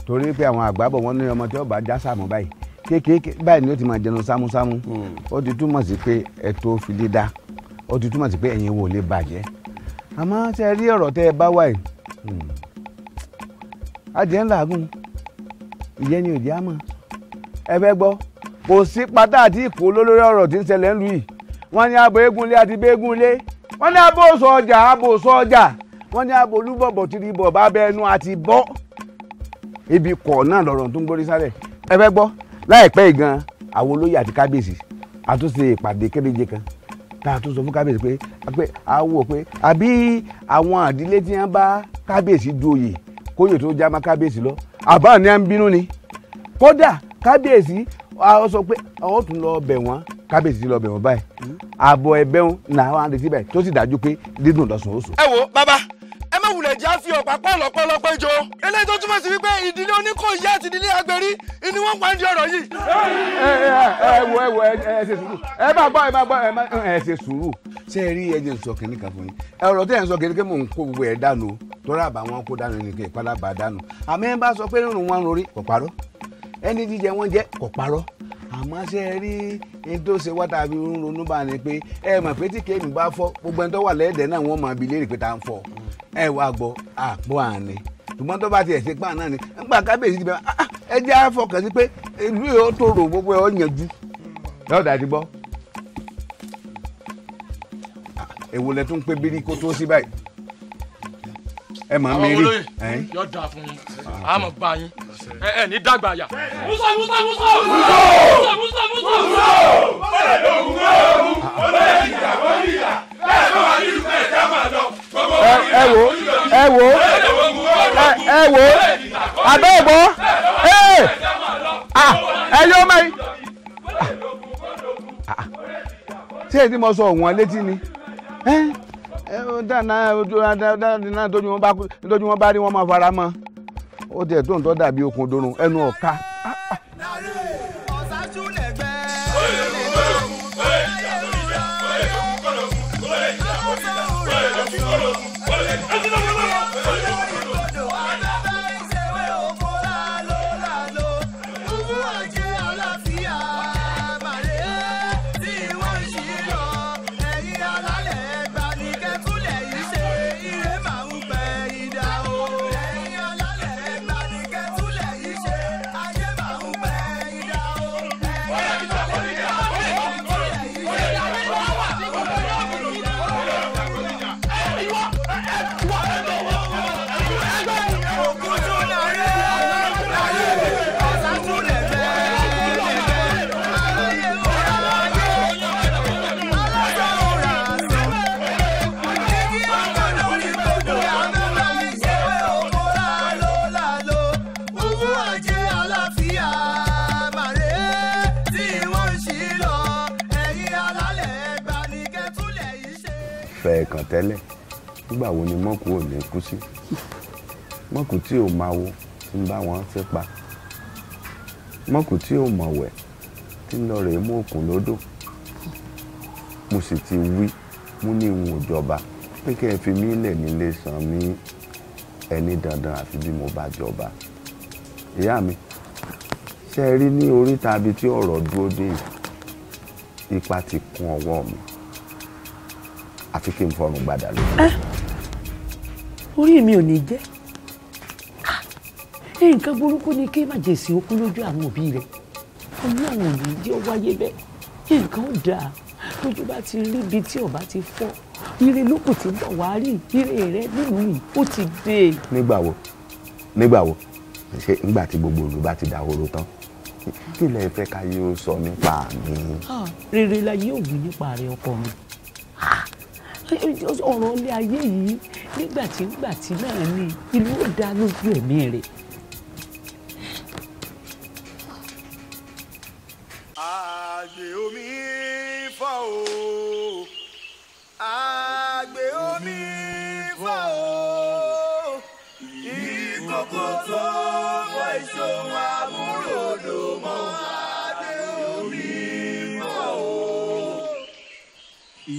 torí pé àwọn àgbàbọ̀ wọn ní ọmọ tí ó bá já sàmú báyìí kékeré báyìí ni ó ti máa jẹun sámúsámú hmm. ó ti túmọ̀ sí pé ẹ fi lé dá ó ti túmọ̀ sí pé ẹ̀yin wo lè bàjẹ́ àmọ́ ṣe rí ọ̀rọ̀ tẹ́ ẹ bá wà yìí hmm. adìẹ ń làágùn ìyẹn ni òjì á mọ̀ ẹ fẹ́ gbọ́ kò sí pátá àti ìkó lólórí ọ̀rọ̀ tí ń ṣẹlẹ̀ ń lù yìí wọ́n ní abo eégúnlé àti béégúnlé wọ́n ní abo sọ ọjà abo sọ ọjà wọ́n ní abo olúbọ̀bọ̀ tìrì bọ̀ bá bẹ àti bọ́ ibi kọ̀ náà lọ̀rọ̀ tó ń gbórí sálẹ̀ ẹ fẹ́ gbọ́ láìpẹ́ ìgan àwọn olóyè àti kábíyèsí àtúnṣe ìpàdé kéréje kan tá a sọ fún kábíyèsí pé pé a wò pé àbí àwọn àdílé tí wọ́n bá kábíyèsí du kóyè tó já má kábíyèsí lọ àbá ni à ń bínú ni kódà kábíyèsí ọ sọ pé ọ tún lọ bẹ̀ wọ́n kábíyèsí lọ bẹ̀ wọ́n báyìí àbọ̀ ẹ̀bẹ̀ wọn làwọn àdètí báyìí tó sì dájú pé dídùn lọ́sùn ó sùn. ẹ wo bàbá má wulẹ̀ jẹ́ àfi ọ̀pá pọ̀ lọ́pọ̀lọpọ̀ jọ. eléyìí tó túmọ̀ sí wípé ìdílé Oníkòyí àti ìdílé Agbẹ̀rí ni wọ́n pa ń di ọ̀rọ̀ yìí. ẹ wo ẹ wo ẹ ṣe sùúrù ẹ bá gbọ́ ẹ bá gbọ́ ẹ ṣe sùúrù. ṣé ẹ rí ẹjẹ sọ kìnìún kan fún yín ọ̀rọ̀ tẹ́ ẹ̀ ń sọ kìnìún kí mò ń kó gbogbo ẹ̀ dànù torí àbá wọn kó dànù ní kí ìpadàbà dànù àmì ẹ bá sọ pé rírun wọn rorí kò parọ́ ẹni jíjẹ wọn jẹ kò parọ́ àmọ́ ṣe ẹ rí ní tó ṣe wá tàbí ronú bá ní pé ẹ mọ̀ pé tí kéèmì bá fọ́ gbogbo ẹni tó wà lẹ́ẹ̀dẹ̀ náà wọ́n máa bi léèrè pé ta ń fọ́ ọ ẹ wá gbọ́ àpò àní ṣùgbọ́n tó bá ni kábíyèsí ti bẹ̀ ẹ jẹ́ àfọkàn sí pé ìlú yóò tòrò gbogbo ẹ̀ ọ́ yanjú lọ́dà ti gbọ́ èwo lẹ tún pé bírí kó tó sí báyìí ẹ máa mi rí. yóò fún yín ẹ wò ẹ wò ẹ wò abẹ́ ẹ̀gbọ́n ẹ ẹyọ ọmọ yìí tí èyí mo sọ òun létí ni dáná tójú wọn bá rí wọn máa fara mọ́ ó tiẹ̀ tó dàbí okùn dorun ẹnu ọ̀ka. tẹ́lẹ̀ nígbà wo ni mọ́kù ò ní kú sí mọ́kù tí ò máa wo tí ń bá wọn ṣe pa mọ́kù tí ò mọ̀wẹ̀ tí ń lọ rèé mú òkun lódò mo sì ti wí mú ní ìwọ̀n ìjọba pé kẹ́ ẹ fi mí lẹ̀ nílé sàn mí ẹni dandan àfi bí mo bá jọba ìyá mi ṣe rí ní oríta ibi tí ọ̀rọ̀ dúró dé ipa ti kún ọwọ́ mi àfi kí n fọrùn gbàdà lọ. orí mi ò ní jẹ́ nǹkan burúkú ni kí má jèsì okú lójú àwọn òbí rẹ̀ ọlọ́run ò ní jẹ́ ó wáyé bẹ́ẹ̀ nǹkan ò dáa lójú bá ti rí ibi tí ọba ti fọ́ ire lókù tí bọ̀ wá rí ire rẹ nínú yìí ó ti dé. nígbà wo nígbà wo ṣé nígbà tí gbogbo olùbá ti dàhoro tán kí lẹ fẹ́ ká yóò sọ nípa mi. rere la yóò wí nípa rẹ ọkọ mi ọ̀rọ̀ ilé ayé yìí nígbàtí nígbàtí náà ni ìlú ò dá lójú ẹ̀mí rẹ̀. àgbè omi fà o àgbè omi fà o ìkòkò tó wọ ìṣòwò àmúròdò mọ́.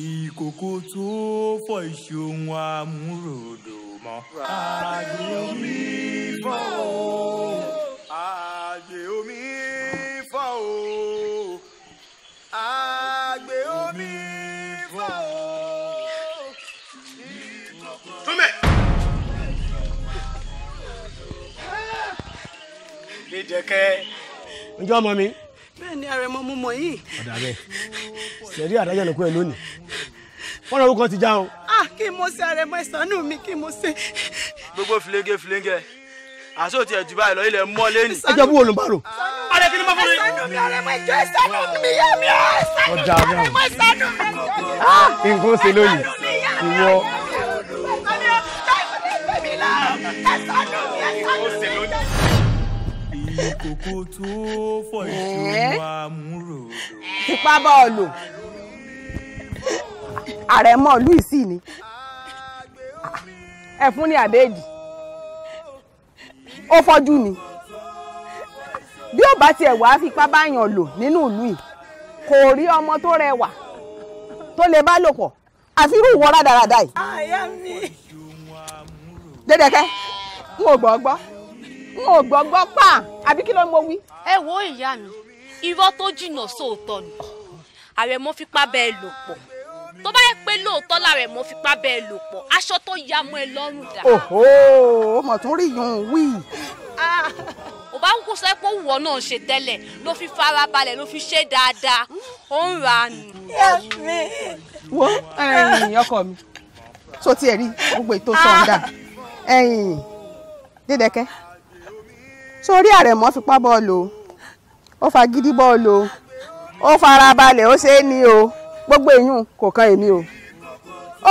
ìkòkò tó fọ ìṣòwò amúròdò mọ́. àjè omi fọ́ o àjè omi fọ́ o àgbè omi fọ́ o. Dédékẹ́. ǹjọ́ mọ mi. bẹ́ẹ̀ ni àrẹ̀mọ mo mọ̀ yìí. ọ̀dà bẹ́ẹ̀ sẹ̀rí àdájọ́ ló kú ẹ lónìí wọn lọ orúkọ ti já o. a kí mo ṣe àrẹ̀mọ ìsànú mi kí mo ṣe. gbogbo filenge filenge àṣọ tiẹ̀ jù báyìí lọ ilẹ̀ mọ́ lẹ́nu. ẹ jẹ́ bú wo ló ń bá rò. alẹ́ kí ni mo fún mi. ìsànú mi àrẹ̀mọ ìjọ ìsànú mi yá mi ó ìsànú mi àrẹ̀mọ ìsànú mi. nǹkan ó ṣe lónìí ìwọ. ìkòkò tó fọ ìṣòro àmúrò. tipa bọ́ọ̀lù àrẹ̀mọ ìlú ìsì ni ẹ̀fún ní àbẹ́ẹ̀dì ó fọ́jú ni bí ó bá tiẹ̀ wá fipá báyàn lò nínú ìlú yìí kò rí ọmọ tó rẹwà tó lè bá lò àfi irú ìwọ rádaràda yìí. dédèké n ò gbọ́ n ò gbọ́ pa àbí kí ló ń mo wí. ẹ wo ìyá mi irọ́ tó jìnnà sóòótọ́ ni àrẹ̀mọ fipá bẹ́ẹ̀ lò pọ̀ tó bá yẹ pé lóòótọ́ lára ẹ̀ mo fipá bẹ́ẹ̀ lò pọ̀ aṣọ tó ya mọ́ ẹ lọ́rùn dà. òhò ọmọ tó rí yun wí. Ah, ò bá ń kó sọ pé òwò náà ṣe tẹ́lẹ̀ ló fi fara balẹ̀ ló fi ṣe dáadáa ó ń ra nù. wo ọkọ mi tó tiẹ̀ rí gbogbo ètò sọ̀ǹda ah. ẹyin sórí àrẹ̀mọ́ fipá bọ́ọ̀lù ó fagídí bọ́ọ̀lù ó farabalẹ̀ ó ṣe é ní o. gbogbo èyún kò ká èmi o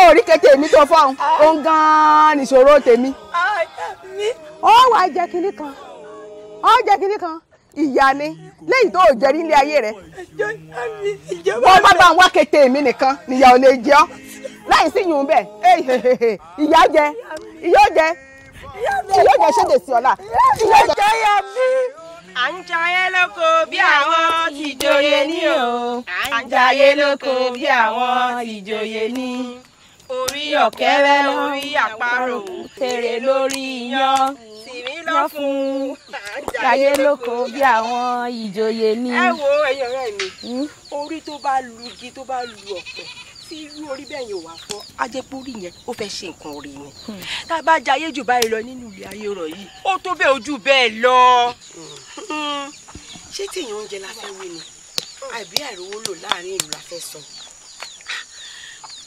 orí kékeré mi tó o òun gan-an nìṣòro tèmi ó wà jẹ́ kinní kan ó jẹ́ kinní kan ìyá ni lẹ́yìn tó jẹ́ nílé ayé rẹ̀ wọ́n bá bá wá kété mi nìkan nìyá ò lè jẹ́ ọ́ láì sí yùn bẹ́ẹ̀ ìyá jẹ ìyá jẹ ìyá à ń jayé lóko bí àwọn ti joyè ní o à ń jayé lóko bí àwọn ti joyè ní. orí ọ̀kẹ́rẹ́ orí àparò tèrè lórí iyán tìrí lọ fún jayé lóko bí àwọn ìjòyè ní. ẹ wo ẹyọ mi hmm? orí tó bá lu igi tó bá lu ọ̀pẹ tí irú orí bẹ́ẹ̀ yẹn ò wá fọ́ ajẹ́pórí yẹn ó fẹ́ ṣe nǹkan rí ni hmm. tá a bá jayé jù báyìí lọ nínú ilé ayé rọ̀ yìí ó tó bẹ́ẹ̀ ojú bẹ́ẹ̀ lọ. Hmm. ṣé tèèyàn oúnjẹ la fẹ́ wí ni àbí àìrówó lò láàrin ìlú la fẹ́ sọ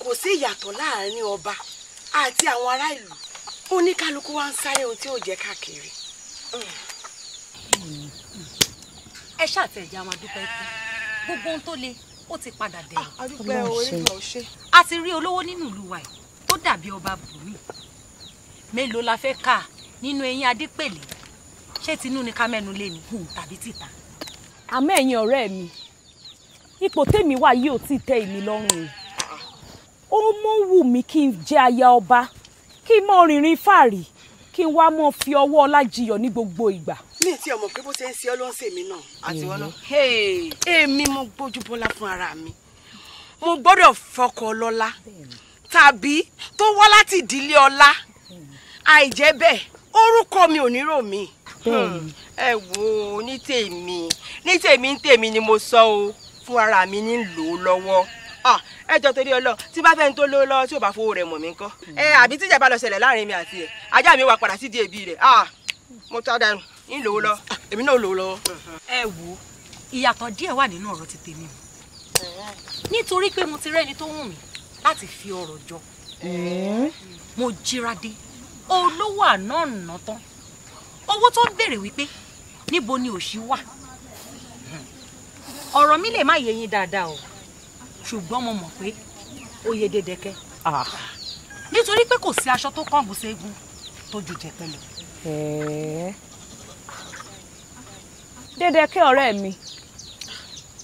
kò sí ìyàtọ̀ láàrin ọba àti àwọn ará ìlú oníkálukú wa ń sáré ohun tí ò hmm. jẹ́ káàkiri. ẹ ṣàtẹ̀jẹ́ àwọn adúpẹ́ gbogbo ohun tó le ó ti padà dẹ̀ ah, a ti rí olówó nínú ìlú wa yìí tó dàbí ọba bùnmi mélòó la fẹ́ kà nínú eyín adépèlé ṣé tinú ni ká mẹ́nu lé ni tàbí tìta. àmọ́ ẹ̀yin ọ̀rẹ́ mi ipò tèmi wà yìí ò tí ì tẹ́ èmi lọ́rùn o ó mú wù mí kí n jẹ́ aya ọba kí n mọ rìnrìn fàárì kí n wá mọ fi ọwọ́ ọlá jiyọ̀ ní gbogbo ìgbà mi ti ọmọ pé bó ṣe ń ṣe ọ ló ń ṣe mí náà. àti mm-hmm. wọn náà. èmi mo gbójú bọ́lá fún ara mi mo gbọ́dọ̀ fọkọ lọ́lá tàbí tó wá láti ìdílé ọlá àìjẹ́ bẹ́ẹ̀ orúkọ mi ò ní rò mí. Hmm. ẹ wo ní tèmi ní tèmi ní tèmi ni mo sọ o fún ara mi ní lò ó lọ́wọ́ ẹ jọ torí ọlọ tí bá fẹ́ ń tó lówó lọ́wọ́ tí ò bá fowó rẹ̀ mọ̀ mí kọ́ ẹ àbí tíjà bá lọ ṣẹlẹ̀ láàrin mi àti ẹ̀ ajá mi wà padà sídìí ẹbí rẹ̀ mo tá dànù ń lò ó lọ èmi náà lò ó lọ. ẹ wo ìyàtọ̀ díẹ̀ wà nínú ọ̀rọ̀ ti tèmi o nítorí pé mo ti rẹ́ni tó wù mí láti fi ọ̀rọ̀ jọ mo jíra dé olówó àná ọ̀nà tán owó tó ń béèrè wípé níbo ni òṣì wà ọ̀rọ̀ mi lè má yé yín dáadáa o ṣùgbọ́n mo mọ̀ pé ó yé dédékẹ́ nítorí pé kò sí aṣọ tó kángun ségun tó ju jẹ̀pẹ̀ lọ. Dédékẹ́ ọ̀rẹ́ mi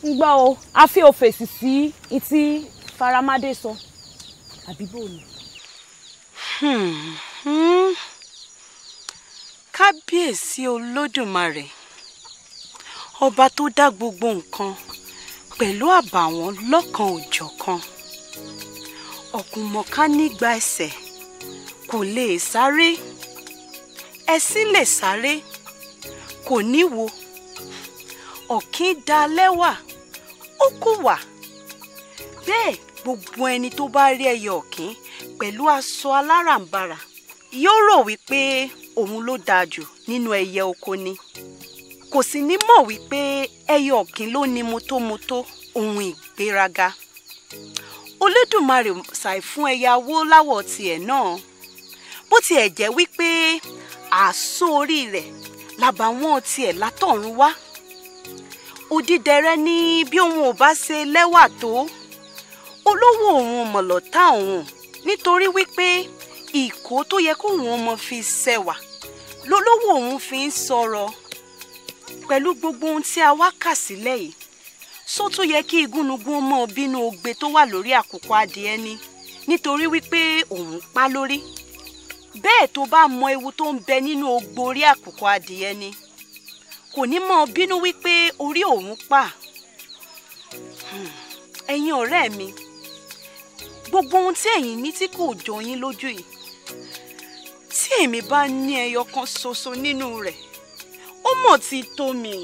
ń gbọ́ o a fi òfèsì sí etí Faramadé sọ àbí bò ni. Hmm, kábíyèsí olódùmarè ọba tó dá gbogbo nǹkan pẹ̀lú àbàwọ́n lọ́kan òjọ̀kan ọ̀kùnmọ̀ká nígbà ẹsẹ̀ kò lè sáré ẹṣin lè sáré kò níwo ọ̀kíndalẹ́wà ó kù wà bẹ́ẹ̀ gbogbo ẹni tó bá rí ẹyẹ ọ̀kín pẹ̀lú aṣọ aláràǹbarà yóò rò wípé òun ló dáa jù nínú ẹyẹ oko ni kò sì ní mọ̀ wípé ẹyẹ ọ̀kín ló ní mutómutó ohun ìgbéraga olódùmarè ṣàì fún ẹyẹ awó láwọ̀ tiẹ̀ náà bó tiẹ̀ jẹ́ wípé àásó orí rẹ̀ làbàwọ́n tiẹ̀ látọ̀run wá odídẹrẹ́ ní bí òun ò bá ṣe lẹ́wà tó olówó òun mọ̀lọ́ tá òun nítorí wípé ìkó tó yẹ kóun ọmọ fi ṣẹwà lolówó òun fi ń sọ̀rọ̀ pẹ̀lú gbogbo ohun tí a wá kà sílẹ̀ yìí só tó yẹ kí igúnnugún ọmọ bínú ogbe tó wà lórí àkùkọ adìẹ ni nítorí wípé òun pa lórí bẹ́ẹ̀ tó bá mọ ewu tó ń bẹ nínú ogbó orí àkùkọ adìẹ ni kò ní mọ bínú wípé orí òun pa hmm. ẹ̀yin ọ̀rẹ́ mi gbogbo ohun tí ẹ̀yin ní tí kò jọ yín lójú yìí tí èmi bá ní ẹyọ kan ṣoṣo nínú rẹ̀ ó mọ̀ ti tó mi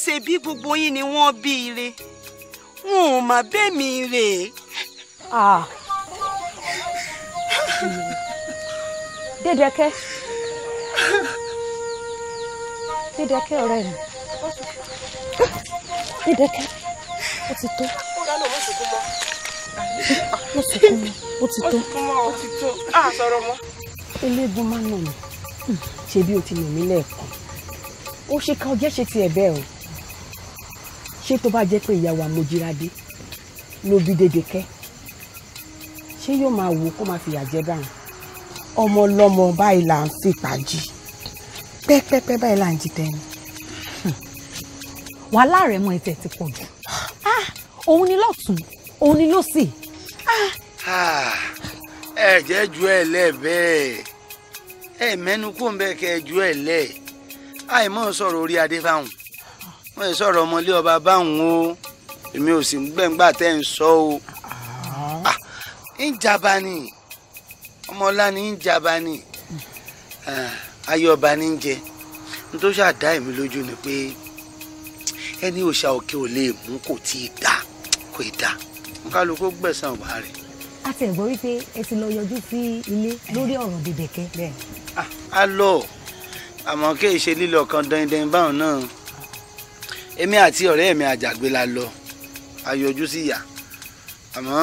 ṣebí gbogbo yín ni wọ́n bí ire wọn ò má bẹ́ẹ̀ mi rè é. Dédékẹ́. Bídẹ́kẹ́ ọ̀rẹ́ mi. Bídẹ́kẹ́ ó ti tó. o ló mọ̀ o mọ́. Mo sùkú mọ́ ó ti tó. Ó sùkú mọ́ ó ti tó. À ah, sọ̀rọ̀ mọ́. Eléegun máa ń nà mí. bí o ti nà mí lẹ́ẹ̀kan? Ó ṣe ká ọjẹ́ ṣe ti ẹ̀ bẹ́ẹ̀ o. Ṣé tó bá jẹ́ pé ìyàwó àmójúradé ló bí Dédékẹ́? Ṣé yóò máa wò kó máa fìyà jẹ báwọn? Ọmọ lọ́mọ báyìí là ń fìpá jí pẹ́pẹ́pẹ́ báyìí là ń jí tẹ́ni. wàhálà rẹ̀ mọ ètò ẹ̀ ti pọ̀ jù ah, òun ni lọ́tún òun ni lọ́sì. Ah, ẹ jẹ́ ju ẹ lẹ́ẹ̀bẹ́ẹ̀ ẹ mẹ́nu kó bẹ́ẹ̀ kẹ́ ẹ ju ẹ lẹ́ẹ̀ àìmọ̀ sọ̀rọ̀ orí adé fáwọn wọ́n yẹ sọ̀rọ̀ ọmọlé ọba báwọn o èmi ò sì ń gbẹ̀ngbà tẹ́ ń sọ o ah, ń jaba ni ọmọlá ni ń jaba ni ayé ọba ní ń jẹ n tó ṣàdá èmi lójú ni pé ẹni òòṣà òkè ò lè mú kò tí ì dá kò ì dá kálukú gbẹ̀sán ọ̀bà rẹ̀. a ti ẹ̀gbọ́n wípé ẹ ti lọ yọjú sí ilé lórí ọ̀rọ̀ bìbẹ̀kẹ́. a lọ àmọ́ kí n ṣe lílọ kan dandan báwọn náà èmi àti ọ̀rẹ́ mi àjàgbé la lọ a yọjú sí ìyá àmọ́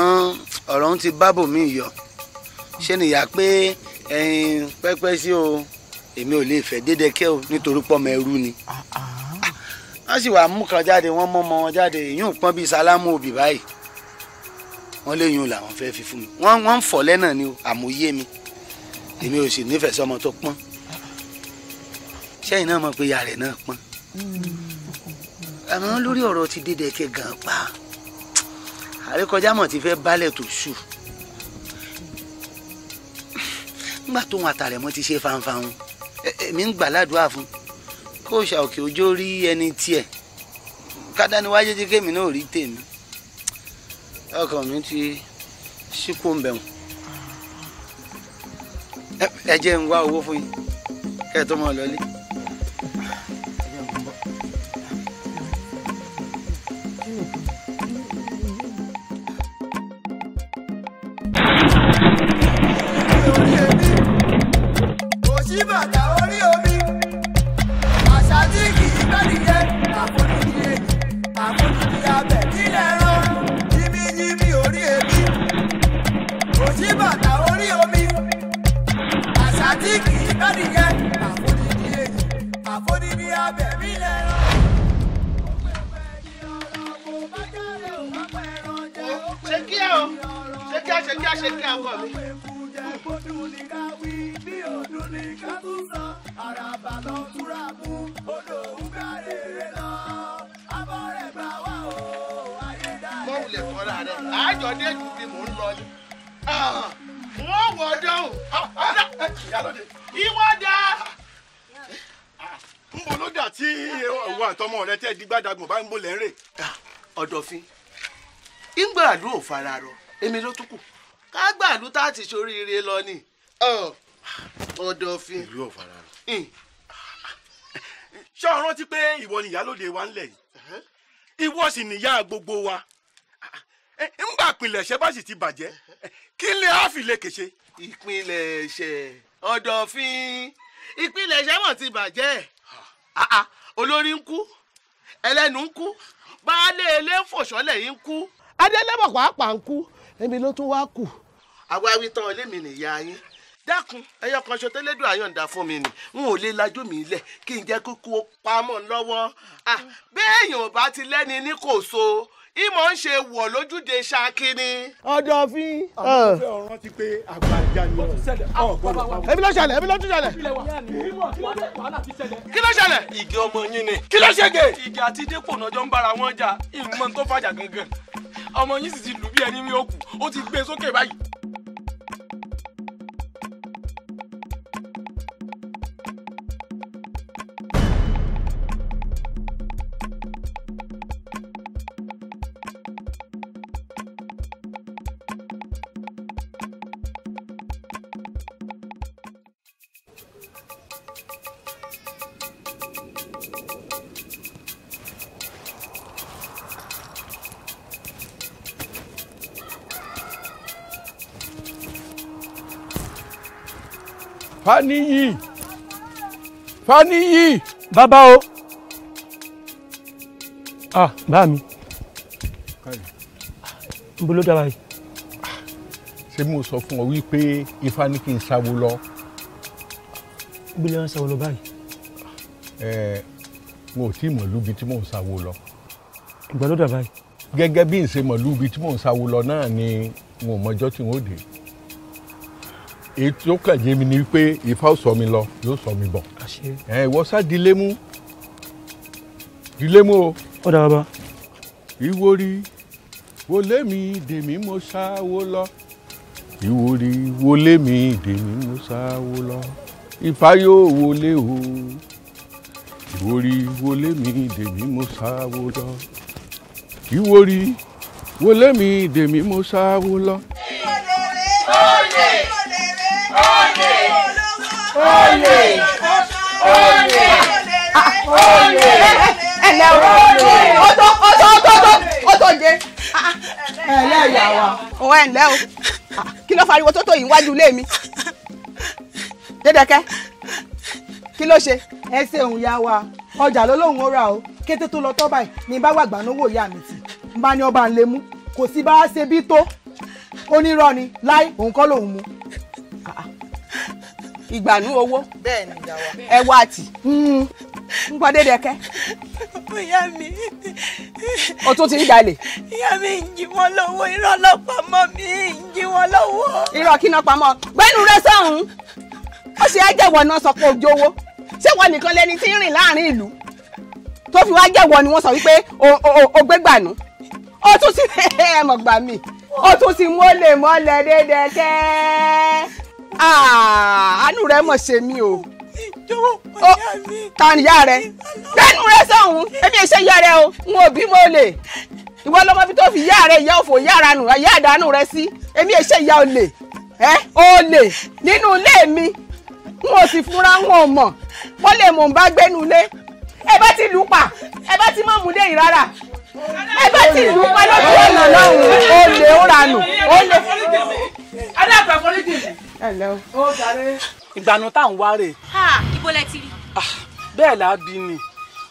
ọ̀rọ̀ ń ti bábò mí yọ ṣé nìyá pé ẹ̀yin pẹ́pẹ́ sí o èmi ò lè fẹ́ Dédékẹ́ o nítorí pọ́mọ ẹrú ni wọ́n ah, ah. ah, sì wà mú kan jáde wọ́n mọ́ ọmọ wọn jáde èyún pọ́n bíi sálámù òbí báyìí wọ́n léyìn làwọn fẹ́ fi fún mi wọ́n wọ́n ń fọ̀ lẹ́nà ni o àmúyé mi èmi ò sì nífẹ̀ẹ́ sọmọ tó pọ́n sẹ́yìn náà mọ̀ pé ìyá rẹ̀ náà pọ́n àmọ́ lórí ọ̀rọ̀ ti Dédékẹ́ gan pa àríkọjá mọ̀ ti fẹ́ balẹ̀ tó ṣù nígbà tóun àtàrẹ̀mọ́ ti ṣe fanfan wọn èmi ń gbà ládùúrà fún kó ṣàòkè òjò rí ẹni tiẹ̀ kádániwájú jẹ́ kémi náà rí tèmi ọkàn mi ti ṣíkú ń bẹ̀wọ̀n ẹ jẹ́ ń wá owó fún yín kẹ́ ẹ tó mọ̀ lọ́lé. sí bàtà orí omi àṣà tí kì í bẹ́ẹ̀ nìyẹn àforíjì èyí àforíjì abẹ nílẹ̀ omi àṣà tí kì í bẹ́ẹ̀ nìyẹn àforíjì èyí àforíjì abẹ nílẹ̀ rán. ṣé kí ẹ o ṣé kí jẹ́ kó dùn ní ká wí bí òdùn ní ká tún sọ àràbà lọ túra mú odò ńgbàre rẹ lọ abọ́ rẹ̀ gbà wá o ayé dáadé. mo wulẹ̀ fọ́ra rẹ̀ àjọ̀dé jù ni mò ń lọ ni wọ́n wọ̀ dán o ìwọ dá n bò ló dà tí ìwọ àtọmọ rẹ tẹ dígbàdàgùn bá ń bò lẹ́rìn. ọ̀dọ̀fin ń ò fara rọ èmi ló tún kù ká gbàlú tá a ti ṣoríire lọ ni ọdọọfin. ìlú ọ̀fara rẹ̀. ṣé o rántí pé ìwọ ni ìyálòde wa ń lẹ̀ yìí ìwọ sì nìyá gbogbo wa ńgbà pinlẹ̀ ṣẹ́ bá sì ti bàjẹ́ kí lè á fi lè kèṣe. ìpínlẹ̀ ṣẹ̀ ọ̀dọ̀fin ìpínlẹ̀ ṣẹ́ mọ̀ ti bàjẹ́ ah, ah, olórí ń kú ẹlẹ́nu ń kú baálé ilé ń fòṣọ́lẹ̀ yìí ń kú. adélẹ́bọ̀ pàápàá ń kú èmi ló tún wá kù àwa wí tán ọlẹ́mì nìyá yín dákun ẹyọ kan ṣo tẹ́lẹ́dùn àyọ̀ǹda fún mi nì n ò lè lajú mi lẹ̀ kí n jẹ́ kókó pamọ́ lọ́wọ́ béèyàn bá ti lẹ́ni ní kò so ìmọ̀ ń ṣe wọ̀ lójúde ṣáàkì ni. ọ̀dọ̀ fi. àwọn ọ̀fẹ́ ọ̀ràn ti pé àgbàjá ni ọ̀gbọ́n. ẹbí ló ṣẹlẹ̀ ẹbí ló tún ṣẹlẹ̀. kí ló ṣẹlẹ̀. ìgè ọmọ yín ni. kí ló ṣègè. ìgè àti dépò nàjọ ń bára wọn jà ìmọ̀ tó fàjà gangan ọmọ yín sì ti lù bí ẹni mi ó ó ti gbé e sókè báyìí. Fáníyì Fáníyì. bàbá o ah bá mi ah, n bolo dábàá yìí. ṣé mo sọ fún ọ wípé ifá ní kí n sáwo lọ. bílẹ̀ ń sáwo lọ báyìí. ẹ n ò tí ì mọ̀ lúbi tí mò ń sáwo lọ. ìgbà ló gẹ́gẹ́ bí n ṣe mọ̀ lúbi tí mò ń sáwo lọ náà ni n ò mọjọ́ tí n ó dé èyí tí ó kàn yé mi ni pé Ifá ò sọ mi lọ yóò sọ mi bọ̀ ẹ ìwọ sá dilé mú dilé mú o. ó dára bá. ìwòrì wo lémi dèmí mo ṣáwó lọ ìwòrì wo lémi dèmí mo ṣáwó lọ Ifá yóò wọlé o ìwòrì wo lémi dèmí mo ṣáwó lọ ìwòrì wo lémi dèmí mo ṣáwó lọ. olè olè olè ẹlẹ olè ọtọ ọtọ ọtọ ọtọ jẹ ẹlẹ ìyá wa. ọwọ ẹ ǹlẹ́ o kí ló fariwo tó tó yìí wájú ilé mi dédèké kí ló ṣe. ẹ ṣe òun ya wa ọjà ló lóun ó ra o kété tó lọ tọ́ báyìí ni bá wàgbà náwó ìyá mi tì ń bá ní ọba ń lè mú kò sí bá a ṣe bí tó onírọ́ ni láì òun kọ́ lòun mú ìgbànú owó ẹwà àti ń hmm. gbọ́ dédékẹ́. ìyá mi. o tún ti ń jalè. ìyá mi ń jí wọn lọ́wọ́ irọ́ lọ́pàá mọ́ mi ń jí wọn lọ́wọ́. irọ́ kí náà pamọ́ gbẹ́nu rẹ sọ̀hún ó ṣe é jẹ́wọ́ náà sọ pé ó jówó ṣé wọn nìkan lẹni tí ń rìn láàrin ìlú tó fi wá jẹ́wọ́ ni wọ́n sọ wípé o gbégbànú o tún ti ẹ̀ mọ̀ gbà mí o tún ti mọ́lẹ̀ mọ́lẹ̀ dédékẹ́ àánú ah, rẹ mọ̀ ṣe mí o. jọ̀wọ́ ọ̀yá mi. ta ni ìyá rẹ gbẹ́nu rẹ sọ̀hún èmi ìṣe ìyá rẹ o n ò bí mo lè ìwọ lọmọ fi tó fi ìyá rẹ ìyá òfò ìyá ara nù ìyá àdánù rẹ sí èmi ìṣe ìyá olè ẹ olè nínú ilé mi n ò sì fura n ò mọ̀ wọ́n lè mò ń bá gbẹ́nu ilé ẹ bá ti lù pa ẹ bá ti mọ̀ mú lẹ́yìn rárá ẹ bá ti mú pẹ̀lú ojú ọ̀nà lọ́hùn ó lè ó ranù ó lè. adáàbà foríjì mi. ẹ lẹ o. ó darí. ìgbàanu tá à ń wá rè. ibo lẹ ti rí. Ah, bẹ́ẹ̀ la bí ni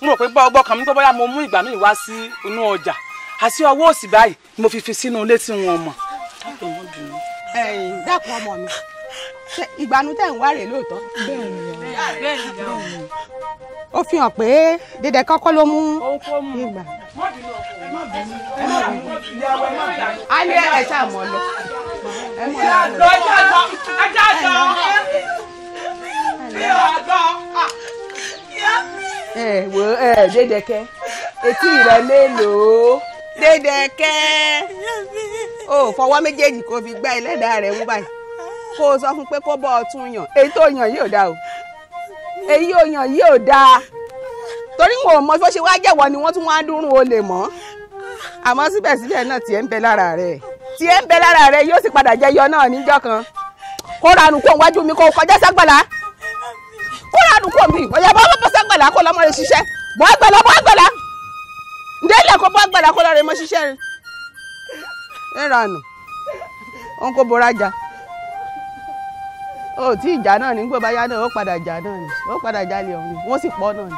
mo rò pé bá ọgbọ́n kan mi gbọ́ bóyá mo mú ìgbàanu yìí wá sí inú ọjà àti ọwọ́ òsì báyìí mo fi fi sínú ilé tí wọ́n mọ̀. dákun ọmọ mi ìgbanu tẹ̀ ń wá rèé lóòótọ́. bẹ́ẹ̀ni bẹ́ẹ̀ni. ó fi hàn pé dédé kọ́kọ́ ló mú ìgbà. alẹ́ ẹ̀ ṣàmọ́ lọ. ìyá àgbọ̀ ẹja àgbọ̀ ẹja àgbọ̀ ìyá àgbọ̀ ìyá mi. ẹ wo ẹ dédékẹ etí rẹ mélòó dédékẹ o fọwọ́ méjèèjì kò fi gbá ẹlẹ́dàá rẹ wú báyìí kó o sọ fún pé kó bọ́ ọ tún yàn èyí tó yàn yìí ò dáa o èyí ò yàn yìí ò dáa torí wọn ò mọ bó wá jẹ̀wọ́ ni wọ́n tún wá dúró o lè mọ́ àmọ́ síbẹ̀síbẹ̀ náà tiẹ̀ ń bẹ lára rẹ̀ tiẹ̀ ń bẹ lára rẹ̀ yóò sì padà jẹyọ náà níjọ́ kan kó ranù kó wájú mi kó kọjá ságbàlá kó ranù kó mi ọ̀yà bá bọ́ ságbàlá kó lọ́mọ rẹ̀ ṣiṣẹ́ bọ́ àgbàlá bọ́ àgbàlá ǹdẹ́lẹ̀ kó bọ́ àgbàlá kó lọ́ọ́ rẹ̀ ṣiṣẹ́ rẹ̀ ń ranù ó kó bora jà ó tí ìjà náà ní gbọ́ bá yá náà ó padà jà náà ni ó padà jalè ọ̀hún wọ́n sì pọ̀ náà ni.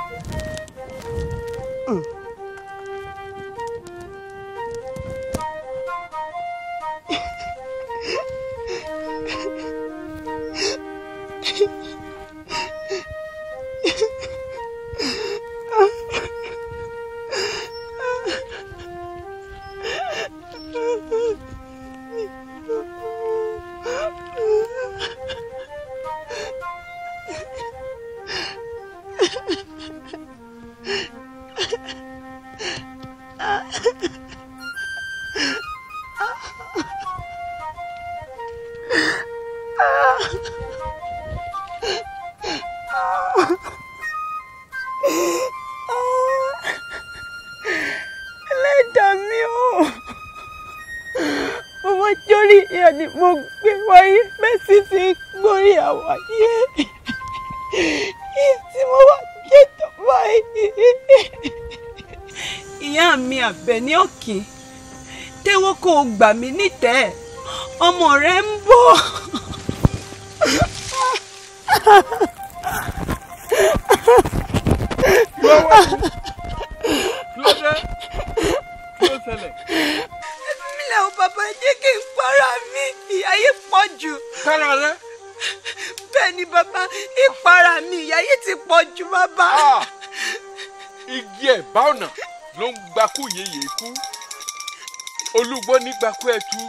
akin tẹ́wọ́ kò gbà mí nítẹ̀ẹ́ ọmọ rẹ ń bọ̀. arúgbó nígbàkú ẹ tú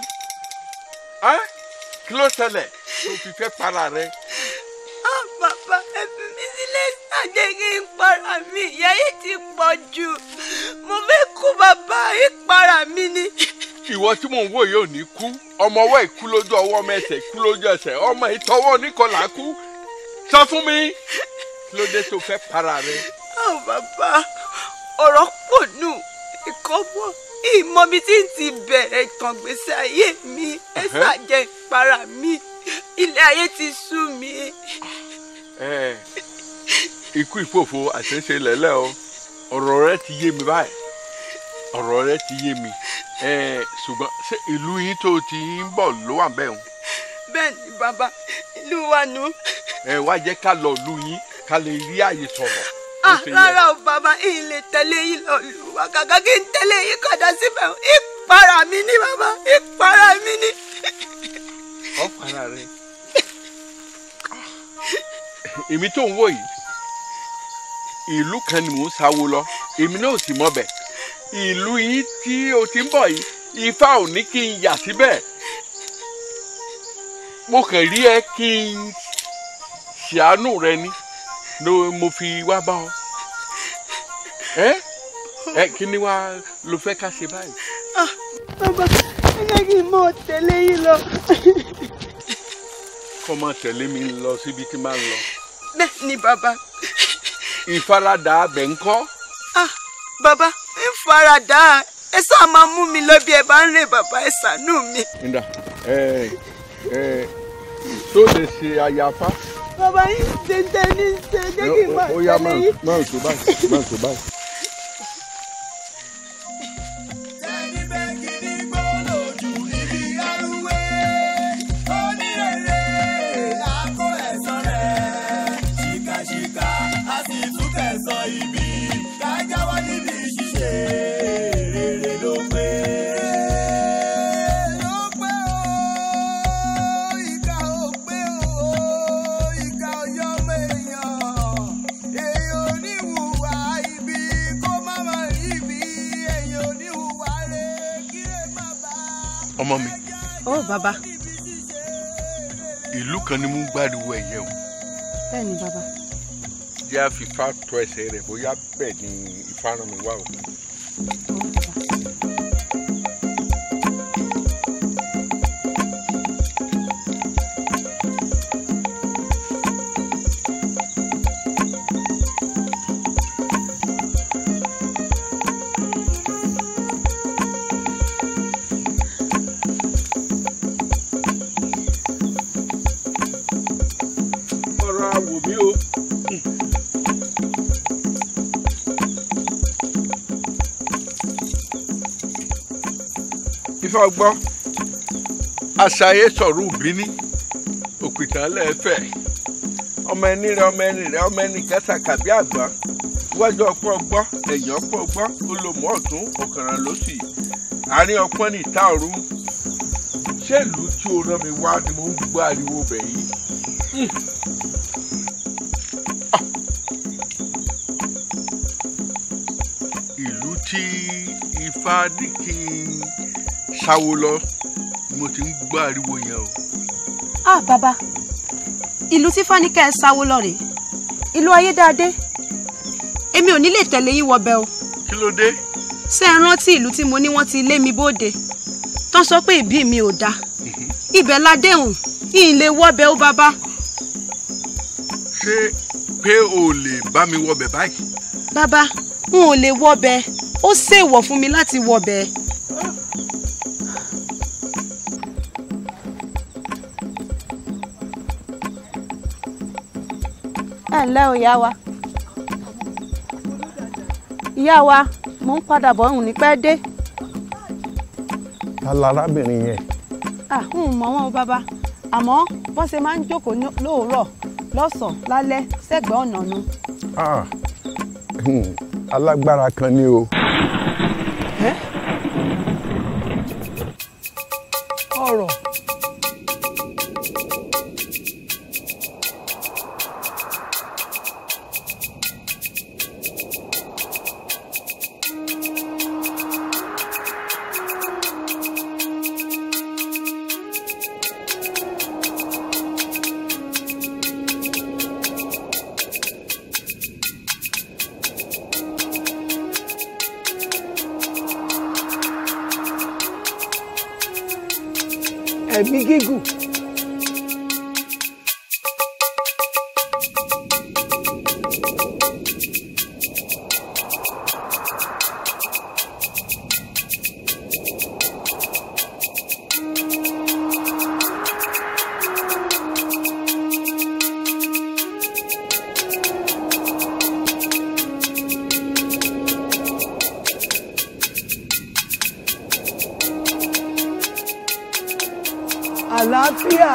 kí ló ṣẹlẹ̀ tó fi fẹ́ para rẹ. a bàbá ẹbí mi sílẹ̀ ṣàjẹ́ kí n para mi ìyá yìí ti pọ̀ jù mo fẹ́ kú bàbá para mi ni. ìwọ tí mò ń wò yóò ní kú ọmọ ọwọ́ ìkú lójú ọwọ́ ọmọ ẹsẹ̀ kú lójú ẹsẹ̀ ọmọ ìtọ́wọ́ nìkọlà kú sọ fún mi lóde tó fẹ́ para rẹ. a bàbá ọ̀rọ̀ pọ̀ nù ìkọ́ bọ̀ ìmọ̀ mi tí ń ti bẹ̀rẹ̀ kàn gbèsè ayé mi ẹ ṣàjẹ́ ìpara mi ilé ayé ti sú mi. ikú ìfòfò àṣeṣe lẹ́lẹ́ o ọ̀rọ̀ rẹ ti yé mi báyìí ọ̀rọ̀ rẹ ti yé mi ṣùgbọ́n ṣé ìlú yín tó ti ń bọ̀ ló wà bẹ́ẹ̀ o. bẹ́ẹ̀ ni bàbá ìlú wa nù. ẹ wá jẹ́ ká lọ ìlú yín ká lè rí àyè sọ̀rọ̀. Ah, rárá o bàbá yìí lè tẹ̀lé yìí lọ lù wá kàkà kí n tẹ̀lé yìí kọjá síbẹ̀ o ìpara mi ni bàbá ìpara mi ni. ọ̀pára rẹ èmi tó ń wò yìí ìlú kan ni mò ń sáwó lọ èmi náà sì mọ̀ bẹ̀ ìlú yìí tí o ti ń bọ̀ yìí ifá ò ní kí n yà síbẹ̀ mo kàn rí ẹ kí n ṣàánú rẹ ni ló mo fi wá bá ọ ẹ ẹ kí ni wàá lo fẹ́ ká ṣe báyìí. Ah, bàbá ẹgbẹ́ kí n mọ̀ tẹ̀lé yín lọ. kọ́ máa tẹ̀lé mi lọ síbi tí máa ń lọ. bẹ́ẹ̀ ni bàbá. ìfaradà abẹ ń kọ́. Ah, bàbá ń faradà ẹ sáà máa mú mi lọ bí ẹ bá ń rè bàbá ẹ ṣàánú mi. ẹ ẹ tó lè ṣe àyàfá bàbá yìí ṣe ń tẹ́ ní ṣe jẹ́ kí n máa tẹ̀lé yìí. bàbá. ìlú kan ni mo ń gbàdúrà ẹ̀yẹ o. bẹ́ẹ̀ ni bàbá. jẹ́ àfifá tọ́ ẹsẹ̀ rẹ̀ bóyá bẹ́ẹ̀ ni ìfarahàn mi wà o. sọ gbọ́ àṣàyè sọ̀rọ̀ òbíní òpìtàn lẹ́ẹ̀fẹ̀ ọmọ ẹni rẹ ọmọ ẹni rẹ ọmọ ẹni kẹta kàbí àgbà iwájú ọpọ gbọ́ ẹ̀yìn ọpọ gbọ́ olómọ ọ̀tún ọ̀kàrà lọ́sì àárín ọpọ́n ní ìta ọ̀run ṣèlú tí o rán mi wá ni mo ń gbọ́ ariwo bẹ̀ yìí. ìlú tí ifá ní sáwó lọ ni mo ti ń gbọ́ ariwo yẹn o. a ah, bàbá ìlú tí fáníkẹ́ ẹ sáwó lọ rèé ìlú ayédáadé èmi ò ní lè tẹ̀lé yín wọbẹ̀ o. kí ló dé. ṣé ẹ rántí ìlú tí mo ní wọ́n ti lé mi bóde tán sọ pé ìbí mi ò dáa mhm. ibẹ̀ la déhùn yìí lè wọbẹ̀ ó bàbá. ṣé pé o lè bá mi wọbẹ̀ báyìí. bàbá n ò lè wọbẹ̀ ó ṣèwọ̀ fún mi láti wọbẹ̀. ǹlẹ́ o ìyá wa ìyá wa mò ń padà bọ̀ ọ̀hún ní pẹ́ dé. ta larábìnrin yẹn. ah n mọ wọn o bàbá àmọ́ wọn ṣe máa ń jókòó lóòrọ̀ lọ́sàn-án lálẹ́ sẹ́gbẹ̀ẹ́ nu. ah alágbára kan ni o. àlàáfíà.